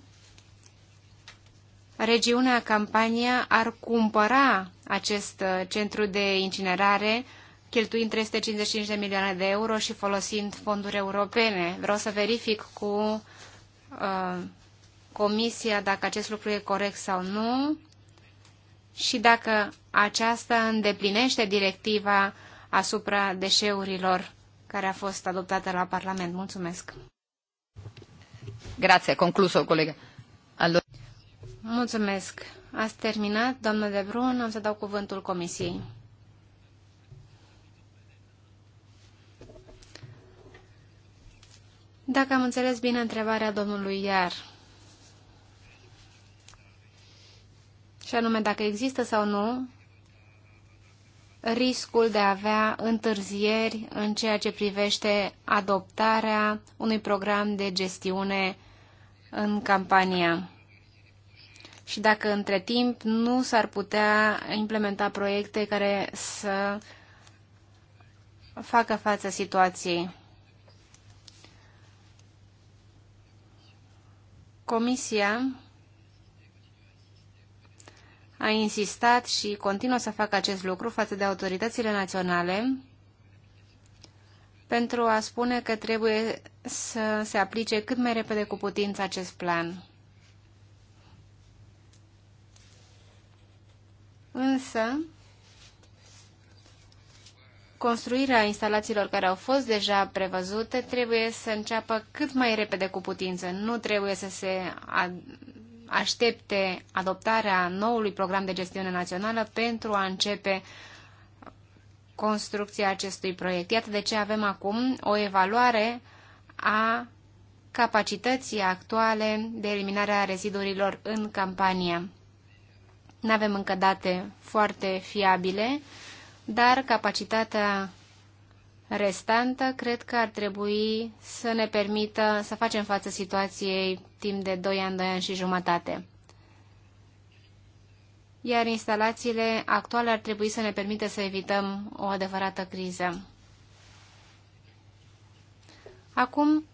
regiunea Campania ar cumpăra acest uh, centru de incinerare cheltuind 355 de milioane de euro și folosind fonduri europene. Vreau să verific cu uh, comisia dacă acest lucru e corect sau nu și dacă aceasta îndeplinește directiva asupra deșeurilor care a fost adoptată la Parlament. Mulțumesc. Grazie, concluso, colega. Mulțumesc. Ați terminat, doamnă de Brun, am să dau cuvântul comisiei. Dacă am înțeles bine întrebarea domnului Iar, și anume dacă există sau nu riscul de a avea întârzieri în ceea ce privește adoptarea unui program de gestiune în campania și dacă între timp nu s-ar putea implementa proiecte care să facă față situației. Comisia a insistat și continuă să facă acest lucru față de autoritățile naționale pentru a spune că trebuie să se aplice cât mai repede cu putință acest plan. Însă, construirea instalațiilor care au fost deja prevăzute trebuie să înceapă cât mai repede cu putință. Nu trebuie să se aștepte adoptarea noului program de gestiune națională pentru a începe construcția acestui proiect. Iată de ce avem acum o evaluare a capacității actuale de eliminare a rezidurilor în campania. Nu avem încă date foarte fiabile, dar capacitatea restantă cred că ar trebui să ne permită să facem față situației timp de 2 ani, 2 ani și jumătate. Iar instalațiile actuale ar trebui să ne permită să evităm o adevărată criză. Acum,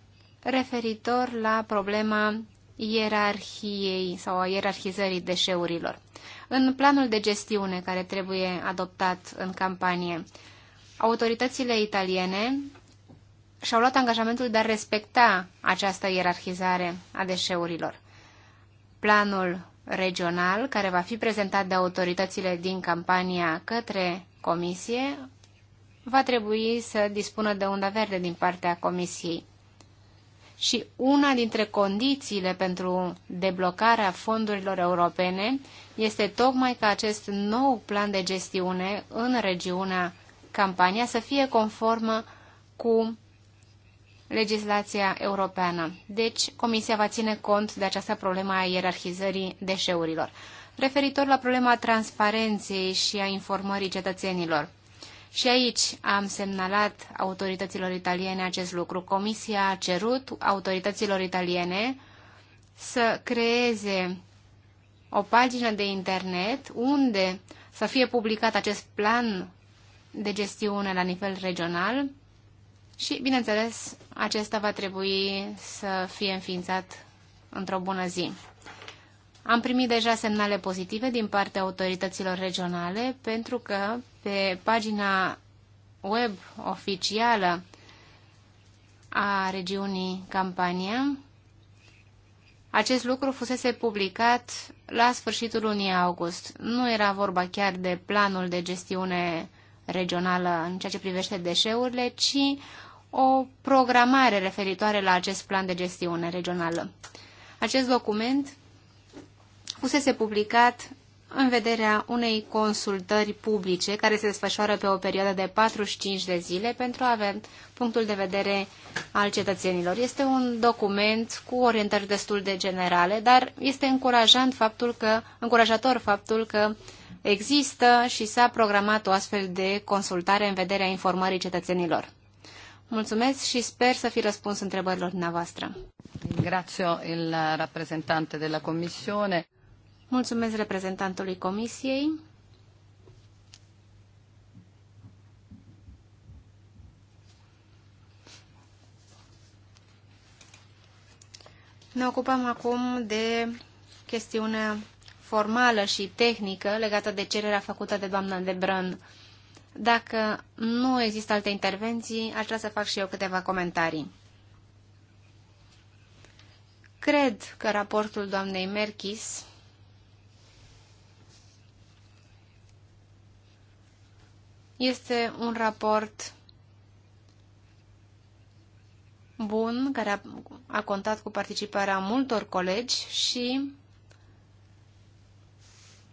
referitor la problema ierarhiei sau a ierarhizării deșeurilor. În planul de gestiune care trebuie adoptat în campanie, autoritățile italiene și-au luat angajamentul de a respecta această ierarhizare a deșeurilor. Planul regional, care va fi prezentat de autoritățile din campania către comisie, va trebui să dispună de unda verde din partea comisiei și una dintre condițiile pentru deblocarea fondurilor europene este tocmai ca acest nou plan de gestiune în regiunea Campania să fie conformă cu legislația europeană. Deci, Comisia va ține cont de această problemă a ierarhizării deșeurilor. Referitor la problema transparenței și a informării cetățenilor, și aici am semnalat autorităților italiene acest lucru. Comisia a cerut autorităților italiene să creeze o pagină de internet unde să fie publicat acest plan de gestiune la nivel regional și, bineînțeles, acesta va trebui să fie înființat într-o bună zi. Am primit deja semnale pozitive din partea autorităților regionale pentru că pe pagina web oficială a regiunii Campania. Acest lucru fusese publicat la sfârșitul lunii august. Nu era vorba chiar de planul de gestiune regională în ceea ce privește deșeurile, ci o programare referitoare la acest plan de gestiune regională. Acest document fusese publicat în vederea unei consultări publice care se desfășoară pe o perioadă de 45 de zile pentru a avea punctul de vedere al cetățenilor. Este un document cu orientări destul de generale, dar este încurajant faptul că, încurajator faptul că există și s-a programat o astfel de consultare în vederea informării cetățenilor. Mulțumesc și sper să fi răspuns întrebărilor dumneavoastră. Grazie il rappresentante della Commissione. Mulțumesc reprezentantului Comisiei. Ne ocupăm acum de chestiunea formală și tehnică legată de cererea făcută de doamna Brân. Dacă nu există alte intervenții, aș vrea să fac și eu câteva comentarii. Cred că raportul doamnei Merkis Este un raport bun, care a, a contat cu participarea multor colegi și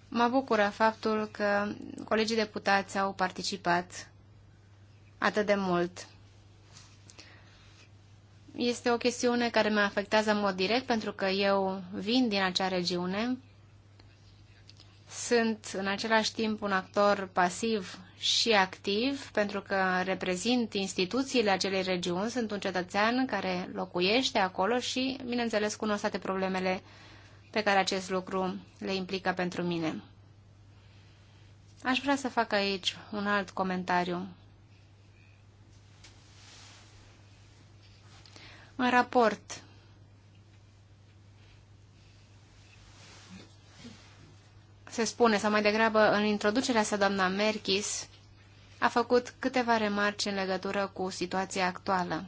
mă bucură faptul că colegii deputați au participat atât de mult. Este o chestiune care mă afectează în mod direct pentru că eu vin din acea regiune sunt în același timp un actor pasiv și activ, pentru că reprezint instituțiile acelei regiuni, sunt un cetățean care locuiește acolo și, bineînțeles, cunosc toate problemele pe care acest lucru le implică pentru mine. Aș vrea să fac aici un alt comentariu. În raport se spune, sau mai degrabă în introducerea sa doamna Merkis, a făcut câteva remarci în legătură cu situația actuală.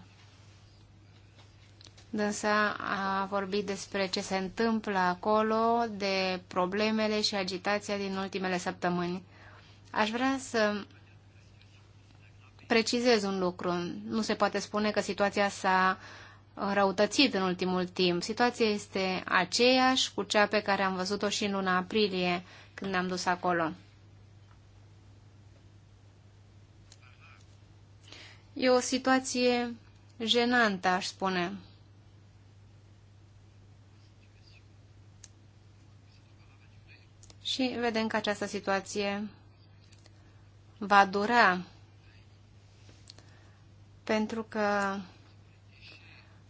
Dânsa a vorbit despre ce se întâmplă acolo, de problemele și agitația din ultimele săptămâni. Aș vrea să precizez un lucru. Nu se poate spune că situația s-a uh, răutățit în ultimul timp. Situația este aceeași cu cea pe care am văzut-o și în luna aprilie când ne-am dus acolo. E o situație jenantă, aș spune. Și vedem că această situație va dura pentru că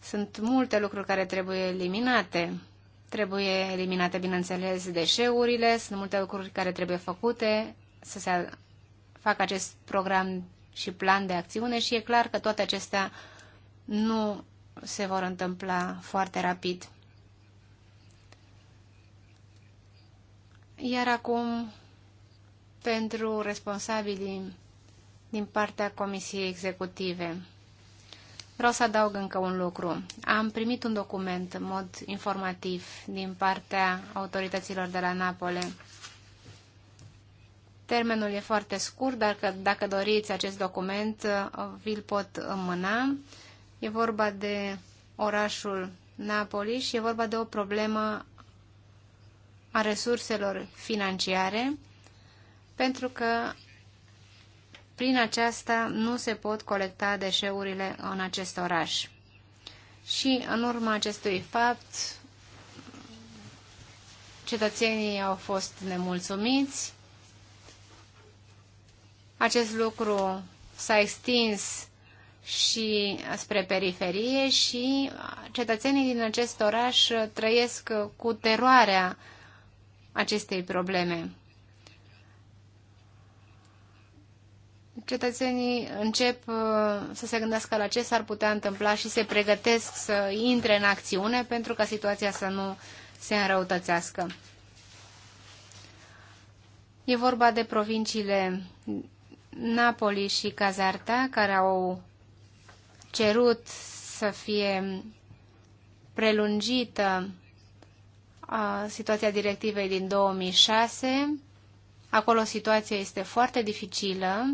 sunt multe lucruri care trebuie eliminate. Trebuie eliminate, bineînțeles, deșeurile, sunt multe lucruri care trebuie făcute să se facă acest program și plan de acțiune și e clar că toate acestea nu se vor întâmpla foarte rapid. Iar acum, pentru responsabilii din partea Comisiei Executive. Vreau să adaug încă un lucru. Am primit un document în mod informativ din partea autorităților de la Napole. Termenul e foarte scurt, dar că, dacă doriți acest document, vi-l pot înmâna. E vorba de orașul Napoli și e vorba de o problemă a resurselor financiare, pentru că prin aceasta nu se pot colecta deșeurile în acest oraș. Și în urma acestui fapt, cetățenii au fost nemulțumiți. Acest lucru s-a extins și spre periferie și cetățenii din acest oraș trăiesc cu teroarea acestei probleme. cetățenii încep uh, să se gândească la ce s-ar putea întâmpla și se pregătesc să intre în acțiune pentru ca situația să nu se înrăutățească. E vorba de provinciile Napoli și Cazarta, care au cerut să fie prelungită a, situația directivei din 2006. Acolo situația este foarte dificilă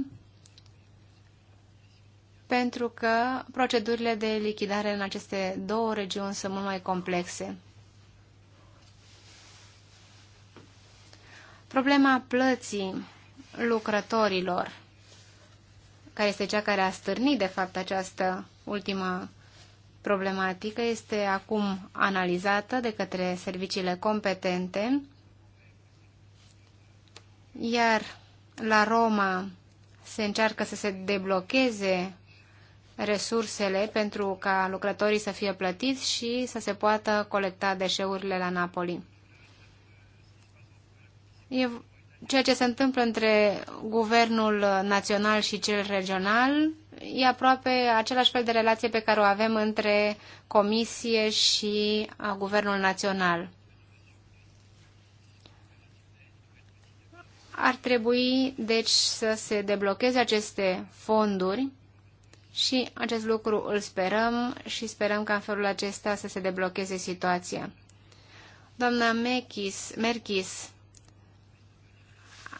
pentru că procedurile de lichidare în aceste două regiuni sunt mult mai complexe. Problema plății lucrătorilor, care este cea care a stârnit, de fapt, această ultimă problematică, este acum analizată de către serviciile competente, iar la Roma se încearcă să se deblocheze resursele pentru ca lucrătorii să fie plătiți și să se poată colecta deșeurile la Napoli. E ceea ce se întâmplă între guvernul național și cel regional e aproape același fel de relație pe care o avem între comisie și guvernul național. Ar trebui, deci, să se deblocheze aceste fonduri și acest lucru îl sperăm și sperăm ca în felul acesta să se deblocheze situația. Doamna Mechis, Merkis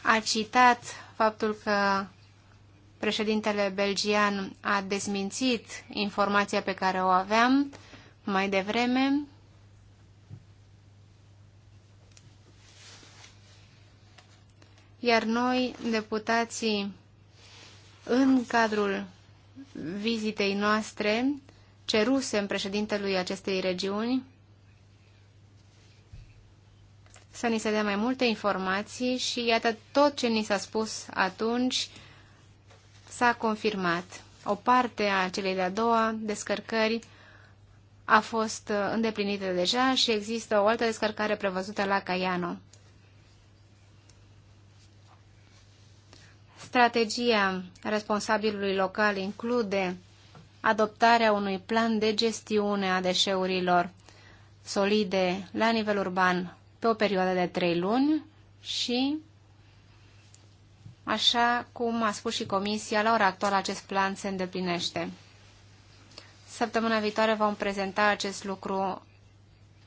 a citat faptul că președintele belgian a dezmințit informația pe care o aveam mai devreme. Iar noi, deputații, în cadrul vizitei noastre cerusem președintelui acestei regiuni să ni se dea mai multe informații și iată tot ce ni s-a spus atunci s-a confirmat. O parte a celei de-a doua descărcări a fost îndeplinită deja și există o altă descărcare prevăzută la Caiano. Strategia responsabilului local include adoptarea unui plan de gestiune a deșeurilor solide la nivel urban pe o perioadă de trei luni și, așa cum a spus și Comisia, la ora actuală acest plan se îndeplinește. Săptămâna viitoare vom prezenta acest lucru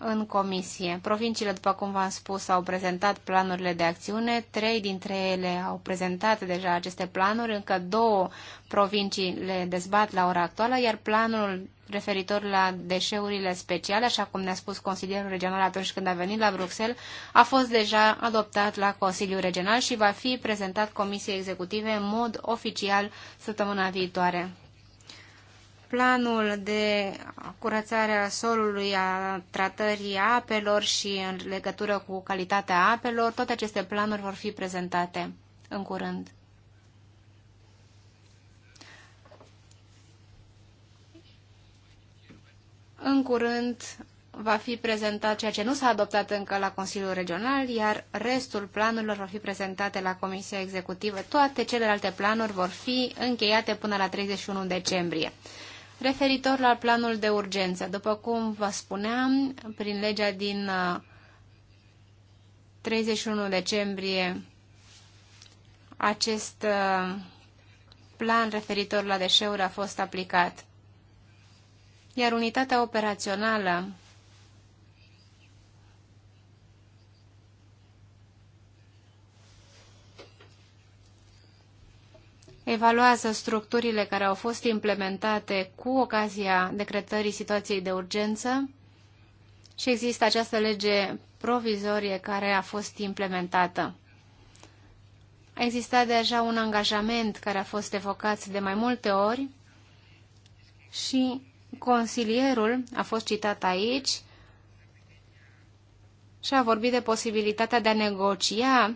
în comisie. Provinciile, după cum v-am spus, au prezentat planurile de acțiune, trei dintre ele au prezentat deja aceste planuri, încă două provincii le dezbat la ora actuală, iar planul referitor la deșeurile speciale, așa cum ne-a spus Consiliul Regional atunci când a venit la Bruxelles, a fost deja adoptat la Consiliul Regional și va fi prezentat Comisiei Executive în mod oficial săptămâna viitoare planul de curățare a solului, a tratării apelor și în legătură cu calitatea apelor, toate aceste planuri vor fi prezentate în curând. În curând va fi prezentat ceea ce nu s-a adoptat încă la Consiliul Regional, iar restul planurilor vor fi prezentate la Comisia Executivă. Toate celelalte planuri vor fi încheiate până la 31 decembrie. Referitor la planul de urgență, după cum vă spuneam, prin legea din 31 uh, decembrie, acest uh, plan referitor la deșeuri a fost aplicat. Iar unitatea operațională evaluează structurile care au fost implementate cu ocazia decretării situației de urgență și există această lege provizorie care a fost implementată. A existat deja un angajament care a fost evocat de mai multe ori și consilierul a fost citat aici și a vorbit de posibilitatea de a negocia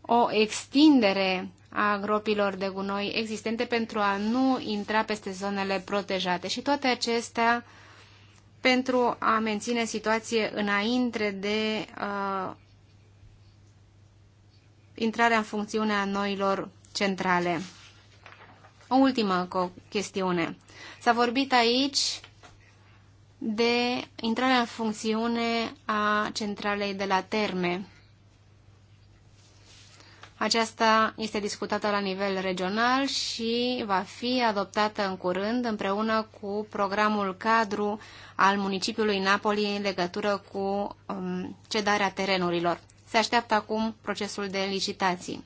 o extindere a gropilor de gunoi existente pentru a nu intra peste zonele protejate. Și toate acestea pentru a menține situație înainte de uh, intrarea în funcțiune a noilor centrale. O ultimă chestiune. S-a vorbit aici de intrarea în funcțiune a centralei de la Terme. Aceasta este discutată la nivel regional și va fi adoptată în curând împreună cu programul cadru al municipiului Napoli în legătură cu um, cedarea terenurilor. Se așteaptă acum procesul de licitații.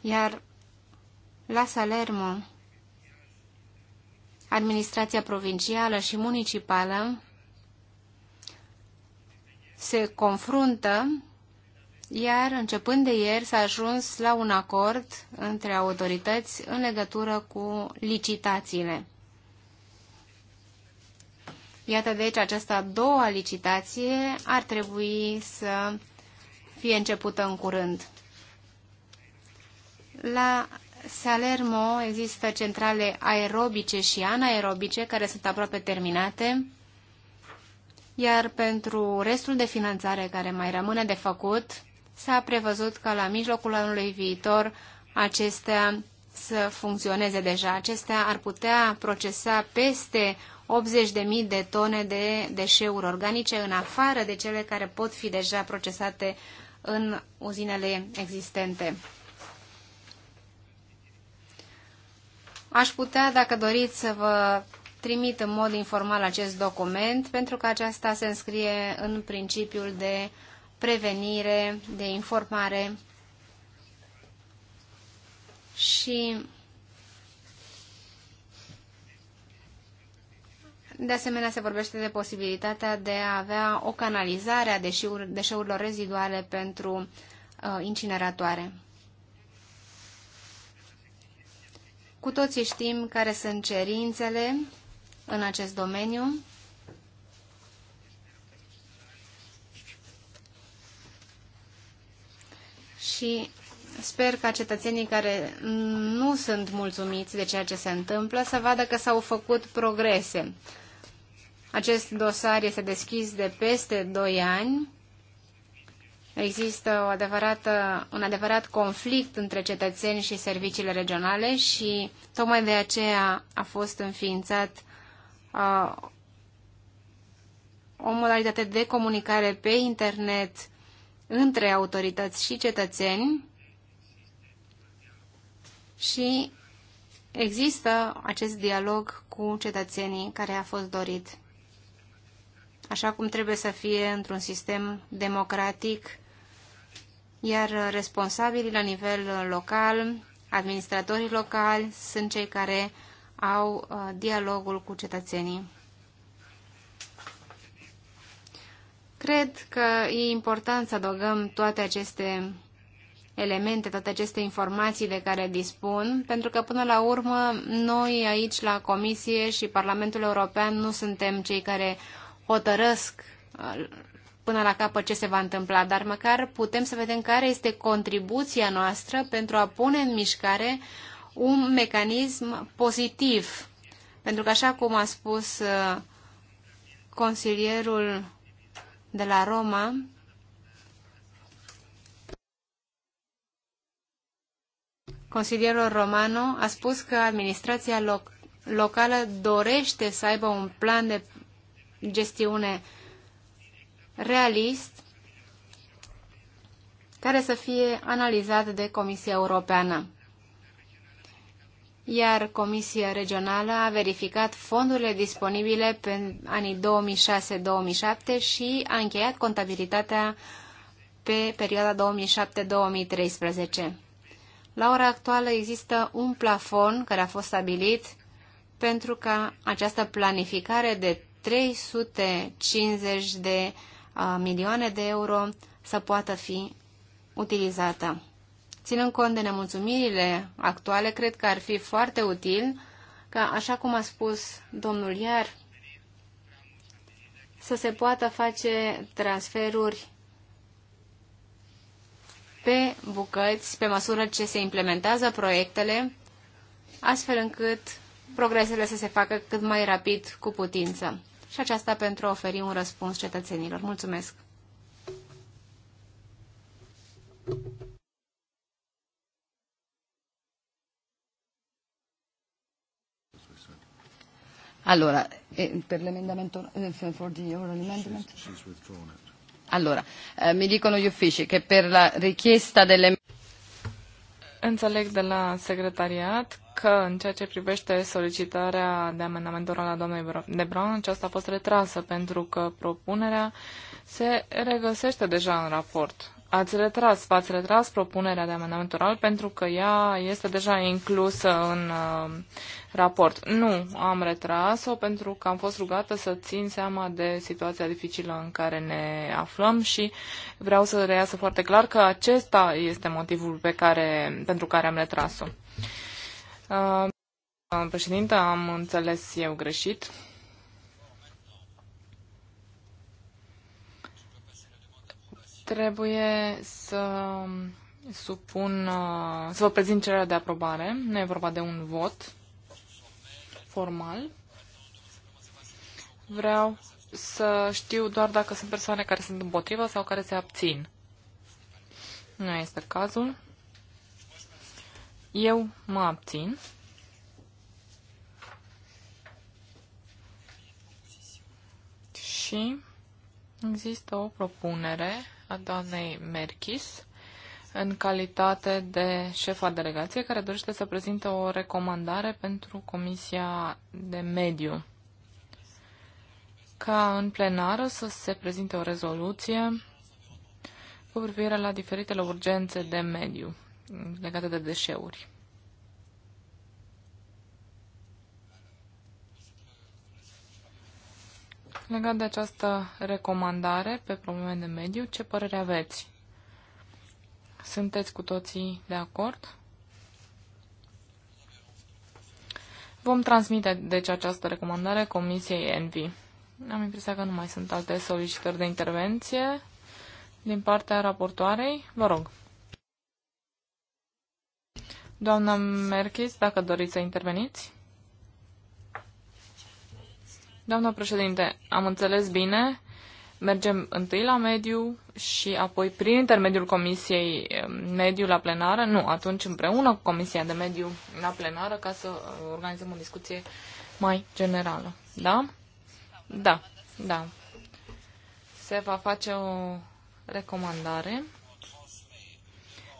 Iar la Salermo, administrația provincială și municipală se confruntă iar începând de ieri s-a ajuns la un acord între autorități în legătură cu licitațiile. Iată deci această a doua licitație ar trebui să fie începută în curând. La Salermo există centrale aerobice și anaerobice care sunt aproape terminate, iar pentru restul de finanțare care mai rămâne de făcut, s-a prevăzut că la mijlocul anului viitor acestea să funcționeze deja. Acestea ar putea procesa peste 80.000 de tone de deșeuri organice în afară de cele care pot fi deja procesate în uzinele existente. Aș putea, dacă doriți, să vă trimit în mod informal acest document, pentru că aceasta se înscrie în principiul de prevenire, de informare și De asemenea, se vorbește de posibilitatea de a avea o canalizare a deșeurilor reziduale pentru uh, incineratoare. Cu toții știm care sunt cerințele în acest domeniu. și sper ca cetățenii care nu sunt mulțumiți de ceea ce se întâmplă să vadă că s-au făcut progrese. Acest dosar este deschis de peste 2 ani. Există o adevărată, un adevărat conflict între cetățeni și serviciile regionale și tocmai de aceea a fost înființat uh, o modalitate de comunicare pe internet între autorități și cetățeni și există acest dialog cu cetățenii care a fost dorit, așa cum trebuie să fie într-un sistem democratic, iar responsabilii la nivel local, administratorii locali, sunt cei care au uh, dialogul cu cetățenii. Cred că e important să adăugăm toate aceste elemente, toate aceste informații de care dispun, pentru că până la urmă noi aici la Comisie și Parlamentul European nu suntem cei care hotărăsc uh, până la capăt ce se va întâmpla, dar măcar putem să vedem care este contribuția noastră pentru a pune în mișcare un mecanism pozitiv. Pentru că așa cum a spus uh, consilierul de la Roma Consilierul Romano a spus că administrația loc locală dorește să aibă un plan de gestiune realist care să fie analizat de Comisia Europeană iar Comisia Regională a verificat fondurile disponibile pe anii 2006-2007 și a încheiat contabilitatea pe perioada 2007-2013. La ora actuală există un plafon care a fost stabilit pentru ca această planificare de 350 de uh, milioane de euro să poată fi utilizată. Ținând cont de nemulțumirile actuale, cred că ar fi foarte util ca, așa cum a spus domnul Iar, să se poată face transferuri pe bucăți, pe măsură ce se implementează proiectele, astfel încât progresele să se facă cât mai rapid cu putință. Și aceasta pentru a oferi un răspuns cetățenilor. Mulțumesc! Allora, eh, per l'emendamento, eh, for the oral amendment? She's, she's withdrawn it. Allora, eh, mi dicono gli uffici che per la richiesta delle... Înțeleg de la secretariat că în ceea ce privește solicitarea de amendament la doamnei de Brown, aceasta a fost retrasă pentru că propunerea se regăsește deja în raport. Ați retras, v-ați retras propunerea de amendament oral pentru că ea este deja inclusă în uh, raport. Nu, am retras-o pentru că am fost rugată să țin seama de situația dificilă în care ne aflăm și vreau să reiasă foarte clar că acesta este motivul pe care, pentru care am retras-o. Uh, președinte, am înțeles eu greșit. Trebuie să supun, uh, să vă prezint cererea de aprobare. Nu e vorba de un vot formal. Vreau să știu doar dacă sunt persoane care sunt împotrivă sau care se abțin. Nu este cazul. Eu mă abțin. Și există o propunere a doamnei Merkis în calitate de șefa delegației care dorește să prezinte o recomandare pentru Comisia de Mediu ca în plenară să se prezinte o rezoluție cu privire la diferitele urgențe de mediu legate de deșeuri. legat de această recomandare pe probleme de mediu, ce părere aveți? Sunteți cu toții de acord? Vom transmite, deci, această recomandare Comisiei Envi. Am impresia că nu mai sunt alte solicitări de intervenție din partea raportoarei. Vă rog. Doamna Merchis, dacă doriți să interveniți. Doamna președinte, am înțeles bine. Mergem întâi la mediu și apoi prin intermediul Comisiei um, Mediu la plenară, nu, atunci împreună cu Comisia de Mediu la plenară ca să uh, organizăm o discuție mai generală. Da? Da, da. Se va face o recomandare.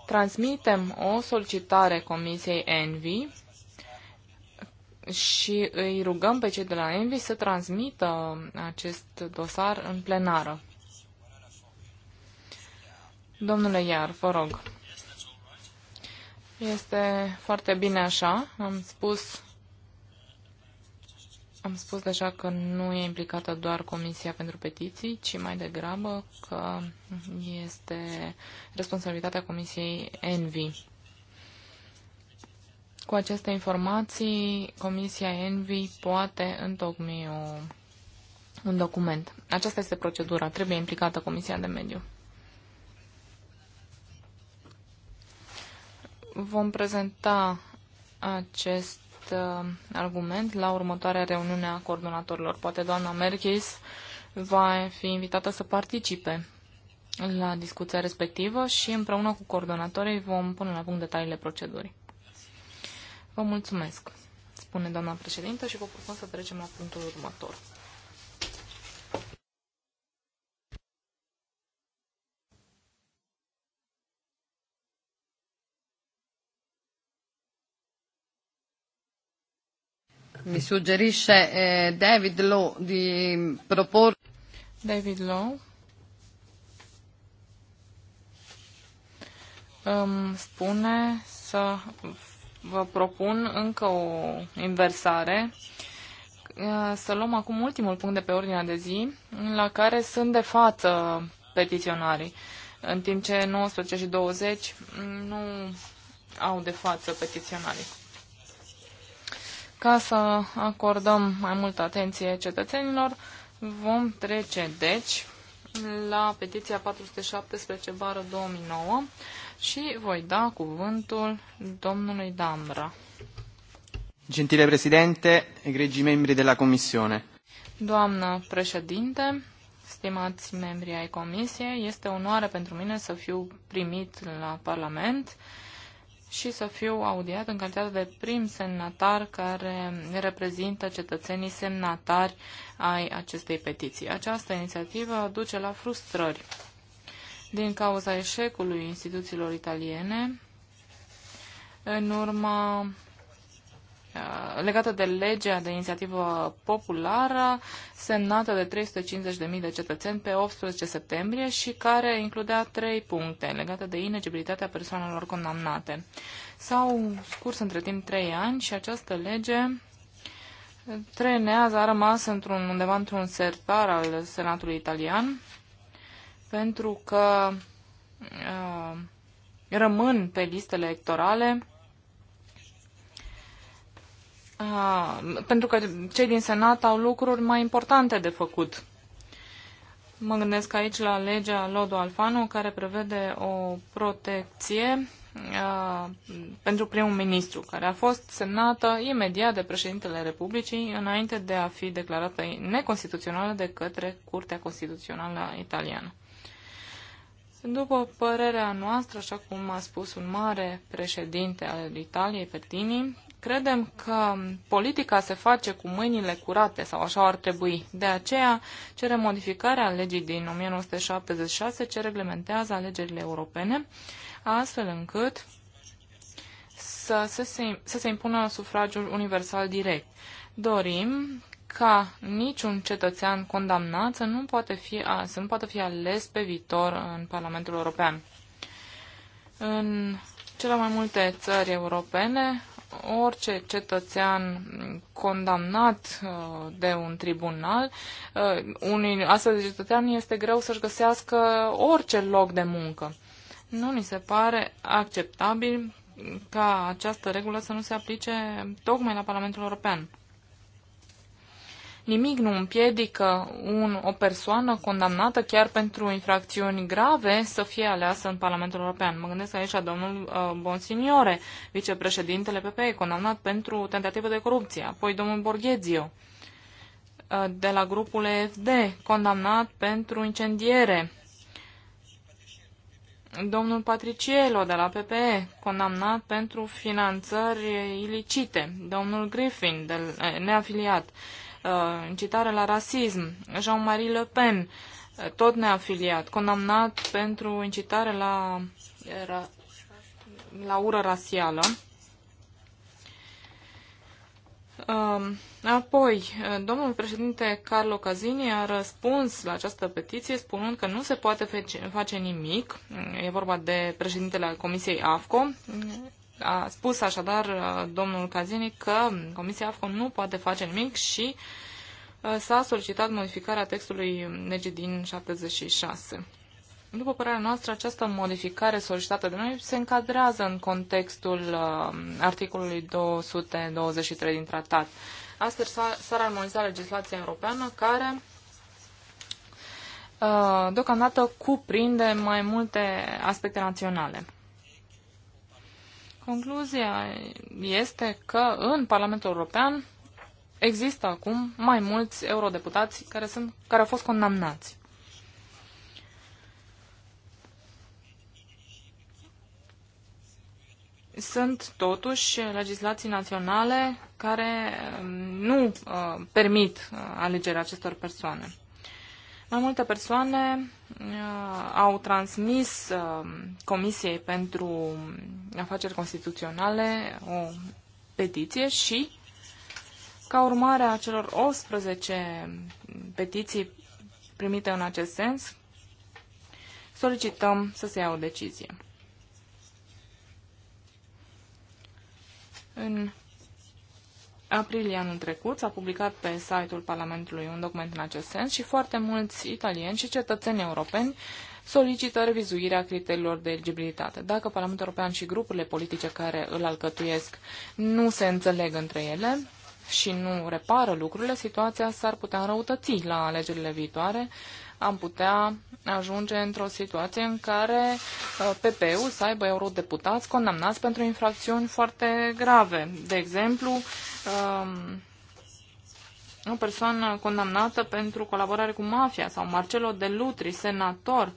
Transmitem o solicitare Comisiei Envi și îi rugăm pe cei de la Envi să transmită acest dosar în plenară. Domnule Iar, vă rog. Este foarte bine așa. Am spus, am spus deja că nu e implicată doar Comisia pentru Petiții, ci mai degrabă că este responsabilitatea Comisiei Envi. Cu aceste informații, Comisia Envi poate întocmi o, un document. Aceasta este procedura. Trebuie implicată Comisia de Mediu. Vom prezenta acest uh, argument la următoarea reuniune a coordonatorilor. Poate doamna Merkis va fi invitată să participe la discuția respectivă și împreună cu coordonatorii vom pune la punct detaliile procedurii. Vă mulțumesc, spune doamna președintă și vă propun să trecem la punctul următor. Mi suggerisce eh, David Law di proporre. David Law îmi spune să vă propun încă o inversare. Uh, să luăm acum ultimul punct de pe ordinea de zi, la care sunt de față petiționarii, în timp ce 19 și 20 nu au de față petiționarii. Ca să acordăm mai multă atenție cetățenilor, vom trece, deci, la petiția 417 bară 2009, și voi da cuvântul domnului Dambra. Gentile președinte, egregi membri la comisiune. Doamnă președinte, stimați membri ai Comisiei, este onoare pentru mine să fiu primit la Parlament și să fiu audiat în calitate de prim semnatar care reprezintă cetățenii semnatari ai acestei petiții. Această inițiativă duce la frustrări din cauza eșecului instituțiilor italiene, în urma uh, legată de legea de inițiativă populară semnată de 350.000 de cetățeni pe 18 septembrie și care includea trei puncte legate de inegibilitatea persoanelor condamnate. S-au scurs între timp trei ani și această lege trenează, a rămas într-un, undeva într-un sertar al Senatului italian pentru că uh, rămân pe listele electorale uh, pentru că cei din Senat au lucruri mai importante de făcut. Mă gândesc aici la legea Lodo Alfano care prevede o protecție uh, pentru primul ministru, care a fost semnată imediat de președintele Republicii înainte de a fi declarată neconstituțională de către Curtea Constituțională Italiană. După părerea noastră, așa cum a spus un mare președinte al Italiei, Pertini, credem că politica se face cu mâinile curate sau așa ar trebui. De aceea cere modificarea legii din 1976 ce reglementează alegerile europene, astfel încât să se, să se impună sufragiul universal direct. Dorim ca niciun cetățean condamnat să nu, poate fi, să nu poate fi ales pe viitor în Parlamentul European. În cele mai multe țări europene, orice cetățean condamnat uh, de un tribunal, uh, unui astfel de cetățean este greu să-și găsească orice loc de muncă. Nu ni se pare acceptabil ca această regulă să nu se aplice tocmai la Parlamentul European. Nimic nu împiedică un, o persoană condamnată chiar pentru infracțiuni grave să fie aleasă în Parlamentul European. Mă gândesc aici la domnul uh, Bonsignore, vicepreședintele PPE, condamnat pentru tentativă de corupție, apoi domnul Borghezio uh, de la grupul EFD, condamnat pentru incendiere, domnul Patricielo, de la PPE, condamnat pentru finanțări ilicite, domnul Griffin, de, uh, neafiliat, Uh, incitare la rasism, Jean-Marie Le Pen, uh, tot neafiliat, condamnat pentru incitare la, era, la ură rasială. Um, apoi, uh, domnul președinte Carlo Casini a răspuns la această petiție spunând că nu se poate face nimic, e vorba de președintele Comisiei AFCO, a spus așadar uh, domnul Cazini că Comisia AFCO nu poate face nimic și uh, s-a solicitat modificarea textului legii din 76. După părerea noastră, această modificare solicitată de noi se încadrează în contextul uh, articolului 223 din tratat. Astăzi s-ar armoniza legislația europeană care deocamdată cuprinde mai multe aspecte naționale. Concluzia este că în Parlamentul European există acum mai mulți eurodeputați care, sunt, care au fost condamnați. Sunt totuși legislații naționale care mm, nu uh, permit uh, alegerea acestor persoane. Mai multe persoane uh, au transmis uh, Comisiei pentru Afaceri Constituționale o petiție și, ca urmare a celor 18 petiții primite în acest sens, solicităm să se ia o decizie. În aprilie anul trecut s-a publicat pe site-ul Parlamentului un document în acest sens și foarte mulți italieni și cetățeni europeni solicită revizuirea criteriilor de eligibilitate. Dacă Parlamentul European și grupurile politice care îl alcătuiesc nu se înțeleg între ele, și nu repară lucrurile, situația s-ar putea răutăți la alegerile viitoare. Am putea ajunge într-o situație în care uh, PP-ul să aibă eurodeputați condamnați pentru infracțiuni foarte grave. De exemplu, um, o persoană condamnată pentru colaborare cu mafia sau Marcelo de Lutri, senator,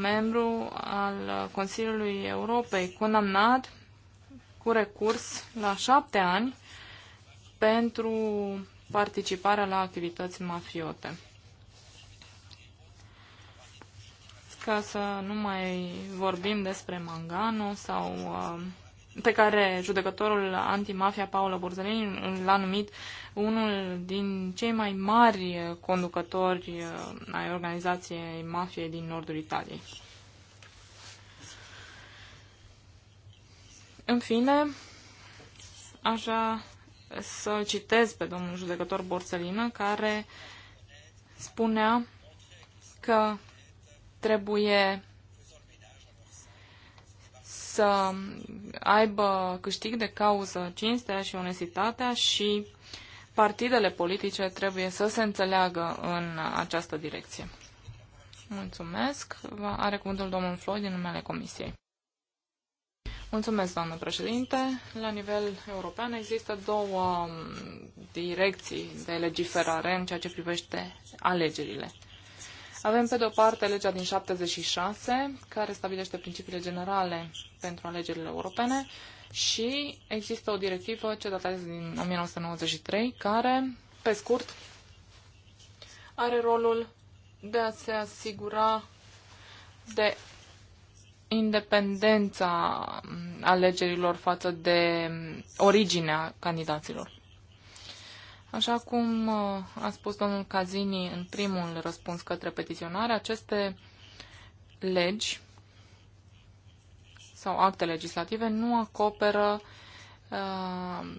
membru al Consiliului Europei, condamnat cu recurs la șapte ani pentru participarea la activități mafiote. Ca să nu mai vorbim despre Mangano sau uh, pe care judecătorul antimafia Paolo Borzolini l-a numit unul din cei mai mari conducători uh, ai organizației mafiei din nordul Italiei. În fine, așa să citez pe domnul judecător Borțelină, care spunea că trebuie să aibă câștig de cauză cinstea și onestitatea și partidele politice trebuie să se înțeleagă în această direcție. Mulțumesc. Are cuvântul domnul Floyd din numele Comisiei. Mulțumesc, doamnă președinte. La nivel european există două um, direcții de legiferare în ceea ce privește alegerile. Avem, pe de-o parte, legea din 76, care stabilește principiile generale pentru alegerile europene și există o directivă ce datează din 1993, care, pe scurt, are rolul de a se asigura de independența mm, alegerilor față de mm, originea candidaților. Așa cum uh, a spus domnul Cazini în primul răspuns către petiționare, aceste legi sau acte legislative nu acoperă uh,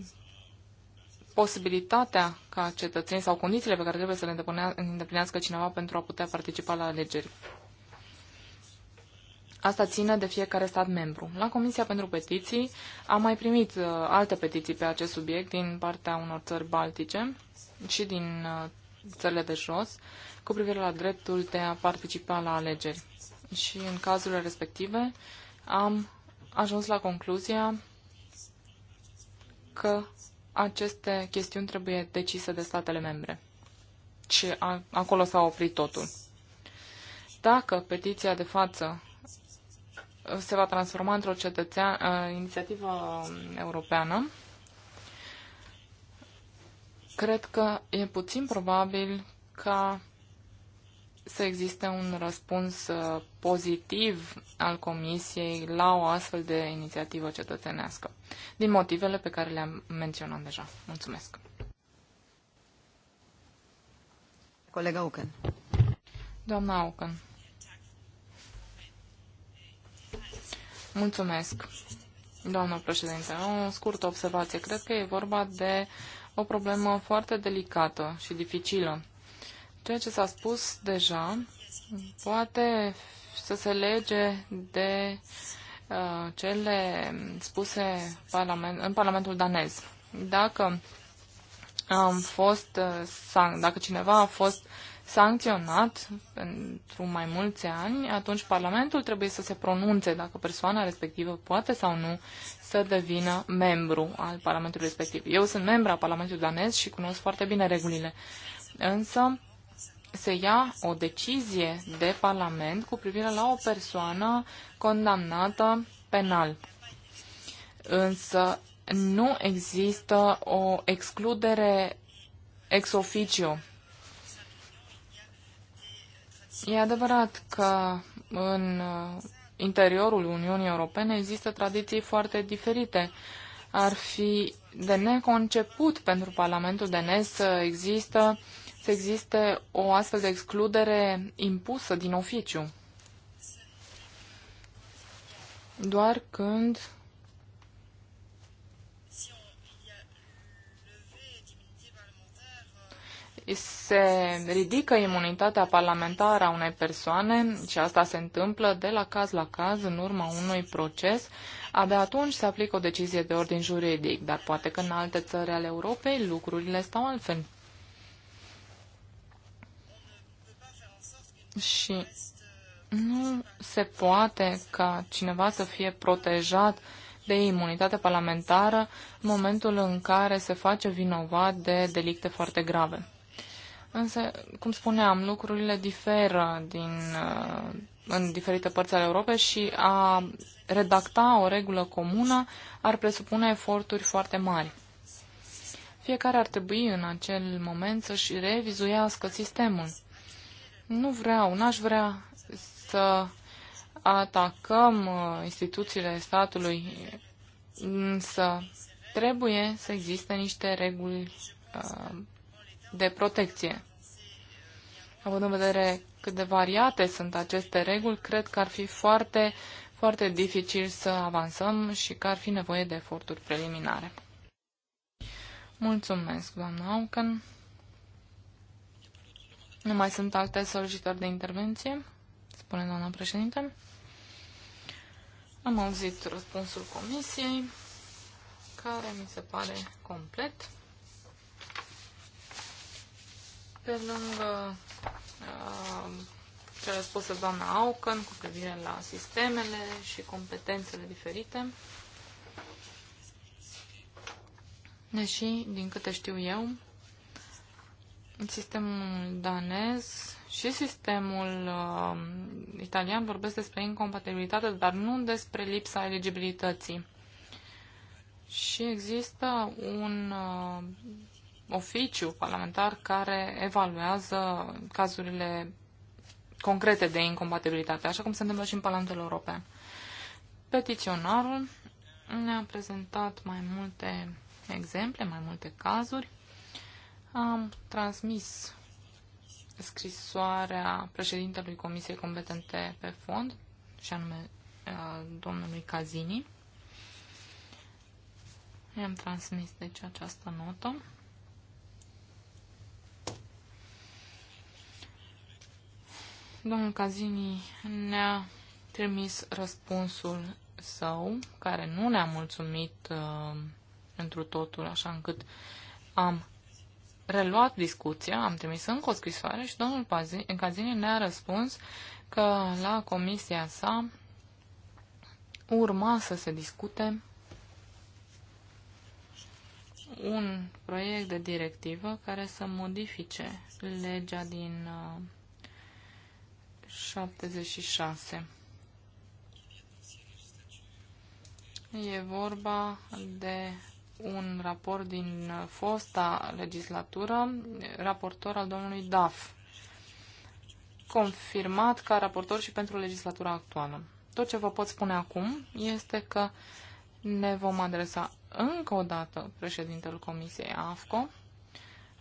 posibilitatea ca cetățenii sau condițiile pe care trebuie să le îndeplinească cineva pentru a putea participa la alegeri. Asta ține de fiecare stat membru. La Comisia pentru Petiții am mai primit uh, alte petiții pe acest subiect din partea unor țări baltice și din uh, țările de jos cu privire la dreptul de a participa la alegeri. Și în cazurile respective am ajuns la concluzia că aceste chestiuni trebuie decise de statele membre. Și acolo s-a oprit totul. Dacă petiția de față se va transforma într-o cetățean, uh, inițiativă um, europeană. Cred că e puțin probabil ca să existe un răspuns uh, pozitiv al Comisiei la o astfel de inițiativă cetățenească, din motivele pe care le-am menționat deja. Mulțumesc. Colega Auken. Doamna Auken. Mulțumesc, doamnă președinte. O scurtă observație. Cred că e vorba de o problemă foarte delicată și dificilă. Ceea ce s-a spus deja poate să se lege de uh, cele spuse parlament, în Parlamentul danez. Dacă am fost, uh, dacă cineva a fost sancționat pentru mai mulți ani, atunci Parlamentul trebuie să se pronunțe dacă persoana respectivă poate sau nu să devină membru al Parlamentului respectiv. Eu sunt membru al Parlamentului danez și cunosc foarte bine regulile. Însă se ia o decizie de Parlament cu privire la o persoană condamnată penal. Însă nu există o excludere ex officio E adevărat că în uh, interiorul Uniunii Europene există tradiții foarte diferite. Ar fi de neconceput pentru Parlamentul Danez să există să existe o astfel de excludere impusă din oficiu. Doar când se ridică imunitatea parlamentară a unei persoane și asta se întâmplă de la caz la caz în urma unui proces, abia atunci se aplică o decizie de ordin juridic, dar poate că în alte țări ale Europei lucrurile stau altfel. Și nu se poate ca cineva să fie protejat de imunitate parlamentară în momentul în care se face vinovat de delicte foarte grave. Însă, cum spuneam, lucrurile diferă din, uh, în diferite părți ale Europei și a redacta o regulă comună ar presupune eforturi foarte mari. Fiecare ar trebui în acel moment să-și revizuiască sistemul. Nu vreau, n-aș vrea să atacăm uh, instituțiile statului, însă trebuie să existe niște reguli uh, de protecție. Având în vedere cât de variate sunt aceste reguli, cred că ar fi foarte, foarte dificil să avansăm și că ar fi nevoie de eforturi preliminare. Mulțumesc, doamna Auken. Nu mai sunt alte solicitări de intervenție, spune doamna președinte. Am auzit răspunsul comisiei, care mi se pare complet. Pe lângă uh, ce a spus doamna Auken cu privire la sistemele și competențele diferite, deși, din câte știu eu, sistemul danez și sistemul uh, italian vorbesc despre incompatibilitate, dar nu despre lipsa eligibilității. Și există un uh, oficiu parlamentar care evaluează cazurile concrete de incompatibilitate, așa cum se întâmplă și în Parlamentul European. Petiționarul ne-a prezentat mai multe exemple, mai multe cazuri. Am transmis scrisoarea președintelui Comisiei Competente pe fond, și anume domnului Cazini. I-am transmis deci această notă. Domnul Cazini ne-a trimis răspunsul său, care nu ne-a mulțumit uh, întru totul, așa încât am reluat discuția, am trimis încă o scrisoare și domnul Cazini ne-a răspuns că la comisia sa urma să se discute un proiect de directivă care să modifice legea din uh, 76. E vorba de un raport din fosta legislatură, raportor al domnului Daf, confirmat ca raportor și pentru legislatura actuală. Tot ce vă pot spune acum este că ne vom adresa încă o dată președintele Comisiei AFCO,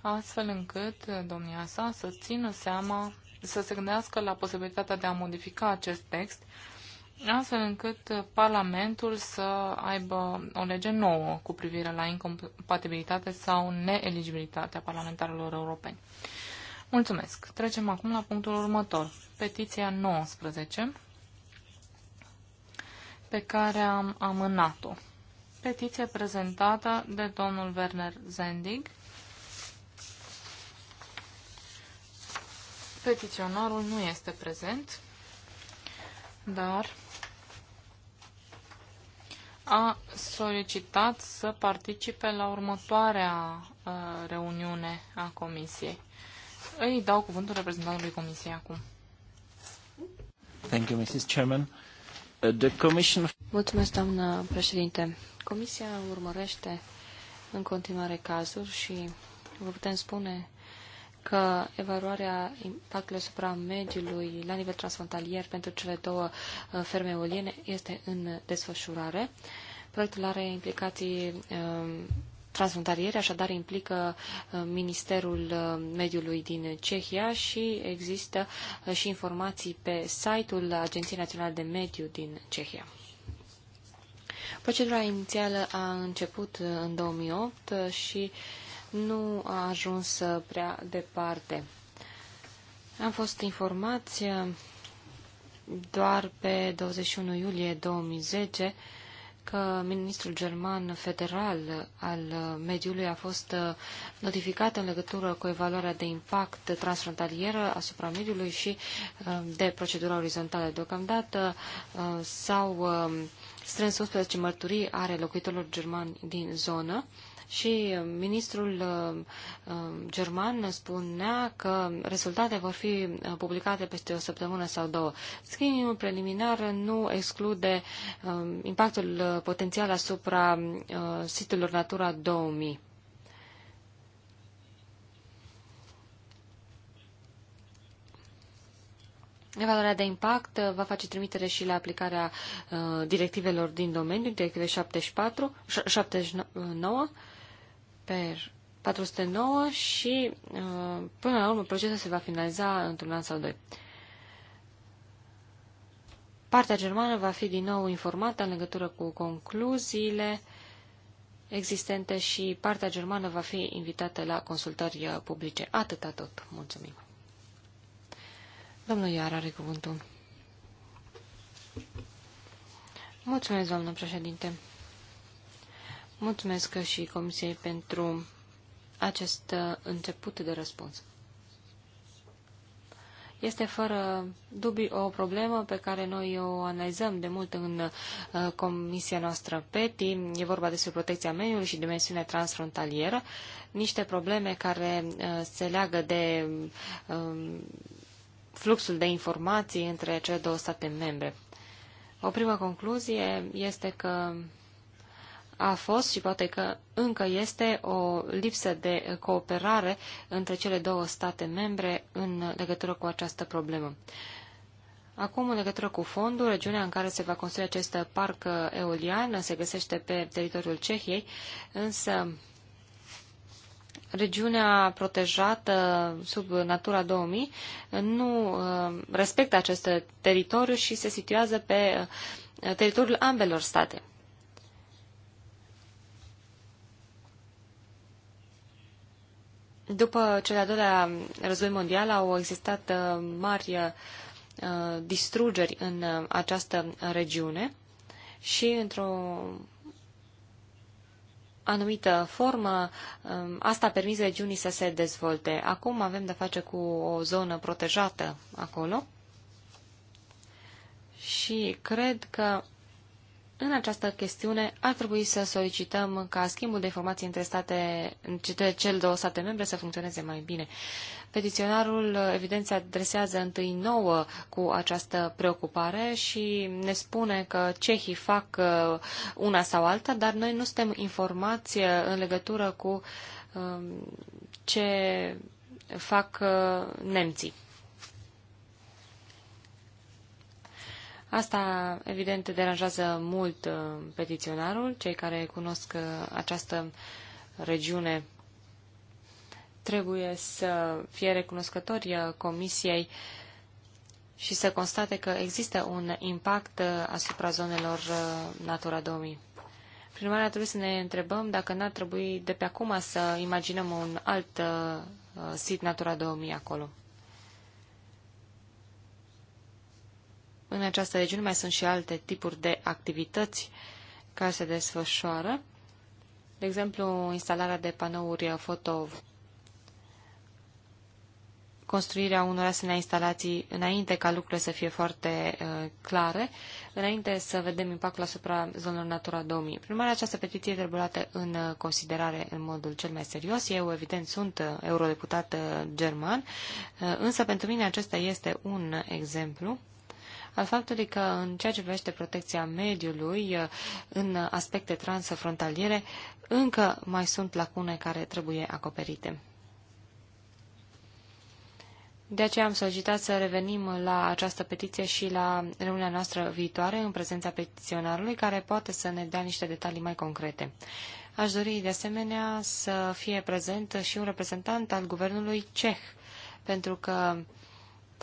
astfel încât domnia sa să țină seama să se gândească la posibilitatea de a modifica acest text, astfel încât Parlamentul să aibă o lege nouă cu privire la incompatibilitate sau neeligibilitatea parlamentarilor europeni. Mulțumesc. Trecem acum la punctul următor. Petiția 19 pe care am amânat-o. Petiție prezentată de domnul Werner Zendig Petiționarul nu este prezent, dar a solicitat să participe la următoarea uh, reuniune a comisiei. Îi dau cuvântul reprezentantului comisiei acum. Thank you, Mrs. Chairman. Uh, the commission... Mulțumesc, doamnă președinte. Comisia urmărește în continuare cazuri și vă putem spune că evaluarea impactului asupra mediului la nivel transfrontalier pentru cele două uh, ferme eoliene este în desfășurare. Proiectul are implicații um, transfrontaliere, așadar implică uh, Ministerul uh, Mediului din Cehia și există și informații pe site-ul Agenției Naționale de Mediu din Cehia. Procedura inițială a început în 2008 și uh, nu a ajuns prea departe. Am fost informați uh, doar pe 21 iulie 2010 că ministrul german federal al mediului a fost uh, notificat în legătură cu evaluarea de impact transfrontalieră asupra mediului și uh, de procedura orizontală. Deocamdată s-au strâns 11 mărturii are locuitorilor germani din zonă și uh, ministrul uh, uh, german spunea că rezultate vor fi publicate peste o săptămână sau două. Screeningul preliminar nu exclude impactul potențial asupra siturilor Natura 2000. Evaluarea de impact va face trimitere și la aplicarea uh, directivelor din domeniu, directive 74, 79 per 409 și uh, până la urmă procesul se va finaliza într-un an sau doi. Partea germană va fi din nou informată în legătură cu concluziile existente și partea germană va fi invitată la consultări uh, publice. Atâta tot. Mulțumim. Domnul Iar are cuvântul. Mulțumesc, doamnă președinte. Mulțumesc și Comisiei pentru acest uh, început de răspuns. Este fără dubii o problemă pe care noi o analizăm de mult în uh, comisia noastră PETI. E vorba despre protecția mediului și dimensiunea transfrontalieră. Niște probleme care uh, se leagă de um, fluxul de informații între cele două state membre. O primă concluzie este că a fost și poate că încă este o lipsă de cooperare între cele două state membre în legătură cu această problemă. Acum, în legătură cu fondul, regiunea în care se va construi acest parc eolian se găsește pe teritoriul Cehiei, însă regiunea protejată sub Natura 2000 nu uh, respectă acest teritoriu și se situează pe uh, teritoriul ambelor state. După cel de-al doilea război mondial au existat uh, mari uh, distrugeri în uh, această regiune și într-o anumită formă, um, asta a permis regiunii să se dezvolte. Acum avem de face cu o zonă protejată acolo și cred că în această chestiune ar trebui să solicităm ca schimbul de informații între state, între cel două state membre să funcționeze mai bine. Petiționarul, evident, se adresează întâi nouă cu această preocupare și ne spune că cehii fac uh, una sau alta, dar noi nu suntem informați uh, în legătură cu um, ce fac uh, nemții. Asta, evident, deranjează mult uh, petiționarul. Cei care cunosc uh, această regiune trebuie să fie recunoscători uh, Comisiei și să constate că există un impact asupra zonelor Natura 2000. Prin urmare, trebuie să ne întrebăm dacă n-ar trebui de pe acum să imaginăm un alt uh, sit Natura 2000 acolo. În această regiune mai sunt și alte tipuri de activități care se desfășoară, de exemplu, instalarea de panouri foto, construirea unor asemenea instalații înainte ca lucrurile să fie foarte uh, clare, înainte să vedem impactul asupra zonelor Natura 2000. Prin urmare, această petiție trebuie luată în uh, considerare în modul cel mai serios. Eu, evident, sunt uh, eurodeputat uh, german, uh, însă pentru mine acesta este un exemplu al faptului că în ceea ce privește protecția mediului eh, în aspecte transfrontaliere, încă mai sunt lacune care trebuie acoperite. De aceea am solicitat să revenim la această petiție și la reuniunea noastră viitoare în prezența petiționarului, care poate să ne dea niște detalii mai concrete. Aș dori de asemenea să fie prezent și un reprezentant al guvernului ceh, pentru că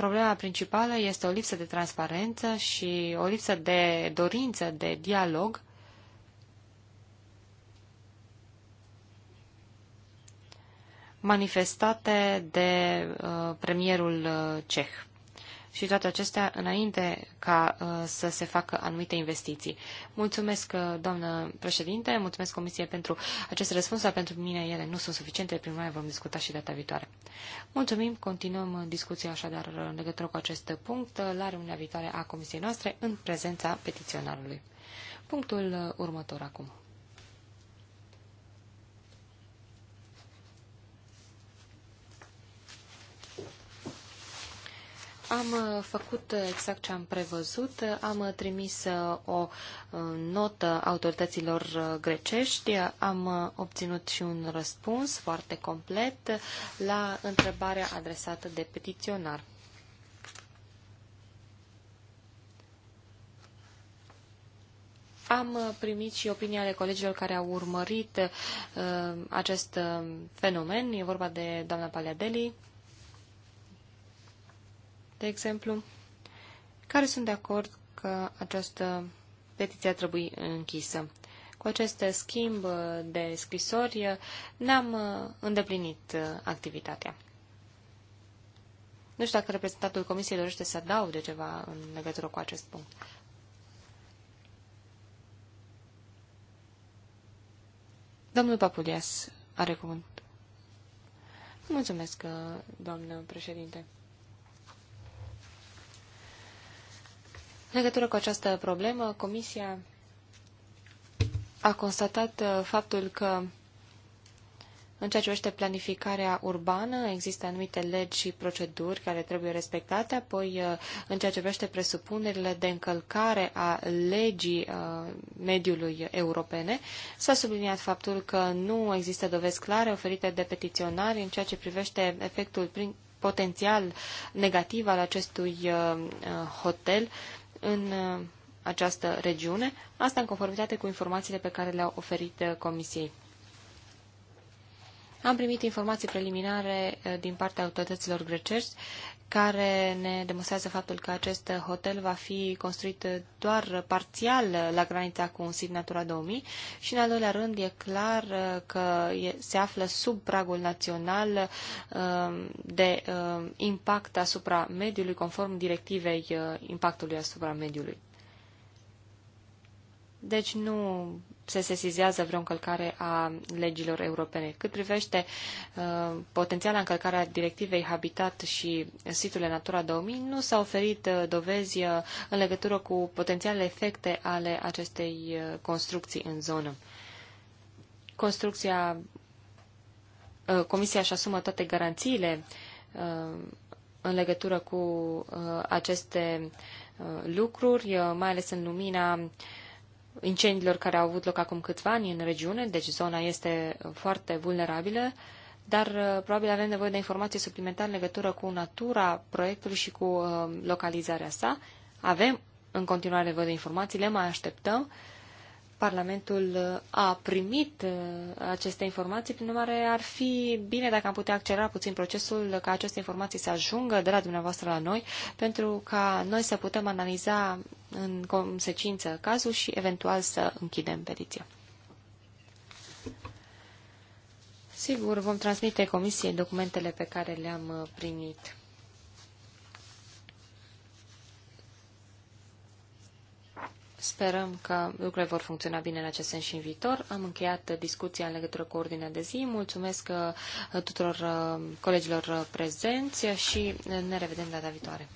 problema principală este o lipsă de transparență și o lipsă de dorință de dialog manifestate de uh, premierul uh, ceh și toate acestea înainte ca uh, să se facă anumite investiții. Mulțumesc, uh, doamnă președinte, mulțumesc Comisie pentru acest răspuns, dar pentru mine ele nu sunt suficiente, prin mai vom discuta și data viitoare. Mulțumim, continuăm discuția așadar în legătură cu acest punct uh, la reuniunea viitoare a Comisiei noastre în prezența petiționarului. Punctul următor acum. Am uh, făcut exact ce am prevăzut. Am uh, trimis uh, o notă autorităților grecești. Am obținut și un răspuns foarte complet la întrebarea adresată de petiționar. Am primit și opinia ale colegilor care au urmărit uh, acest uh, fenomen. E vorba de doamna Paliadeli, de exemplu, care sunt de acord că această petiție trebuie închisă. Cu acest schimb de scrisori ne-am uh, îndeplinit uh, activitatea. Nu știu dacă reprezentantul Comisiei dorește să de ceva în legătură cu acest punct. Domnul Papulias are cuvânt. Mulțumesc, uh, doamnă președinte. În legătură cu această problemă, Comisia a constatat uh, faptul că în ceea ce privește planificarea urbană, există anumite legi și proceduri care trebuie respectate, apoi uh, în ceea ce privește presupunerile de încălcare a legii uh, mediului europene, s-a subliniat faptul că nu există dovezi clare oferite de petiționari în ceea ce privește efectul prin potențial negativ al acestui hotel în uh, această regiune, asta în conformitate cu informațiile pe care le-au oferit uh, Comisiei. Am primit informații preliminare uh, din partea autorităților grecești care ne demonstrează faptul că acest hotel va fi construit doar parțial la granița cu SIG Natura 2000 și, în al doilea rând, e clar uh, că se află sub pragul național uh, de uh, impact asupra mediului, conform directivei impactului asupra mediului. Deci nu se sesizează vreo încălcare a legilor europene. Cât privește uh, potențiala încălcare a directivei Habitat și siturile Natura 2000, nu s a oferit uh, dovezi uh, în legătură cu potențialele efecte ale acestei uh, construcții în zonă. Construcția, uh, comisia își asumă toate garanțiile uh, în legătură cu uh, aceste uh, lucruri, uh, mai ales în lumina uh, incendiilor care au avut loc acum câțiva ani în regiune, deci zona este foarte vulnerabilă, dar uh, probabil avem nevoie de informații suplimentare în legătură cu natura proiectului și cu uh, localizarea sa. Avem în continuare nevoie de informații, le mai așteptăm Parlamentul uh, a primit uh, aceste informații, prin urmare ar fi bine dacă am putea accelera puțin procesul uh, ca aceste informații să ajungă de la dumneavoastră la noi, pentru ca noi să putem analiza în consecință cazul și eventual să închidem petiția. Sigur, vom transmite Comisiei documentele pe care le-am primit. Sperăm că lucrurile vor funcționa bine în acest sens și în viitor. Am încheiat discuția în legătură cu ordinea de zi. Mulțumesc uh, tuturor uh, colegilor uh, prezenți și ne revedem data viitoare.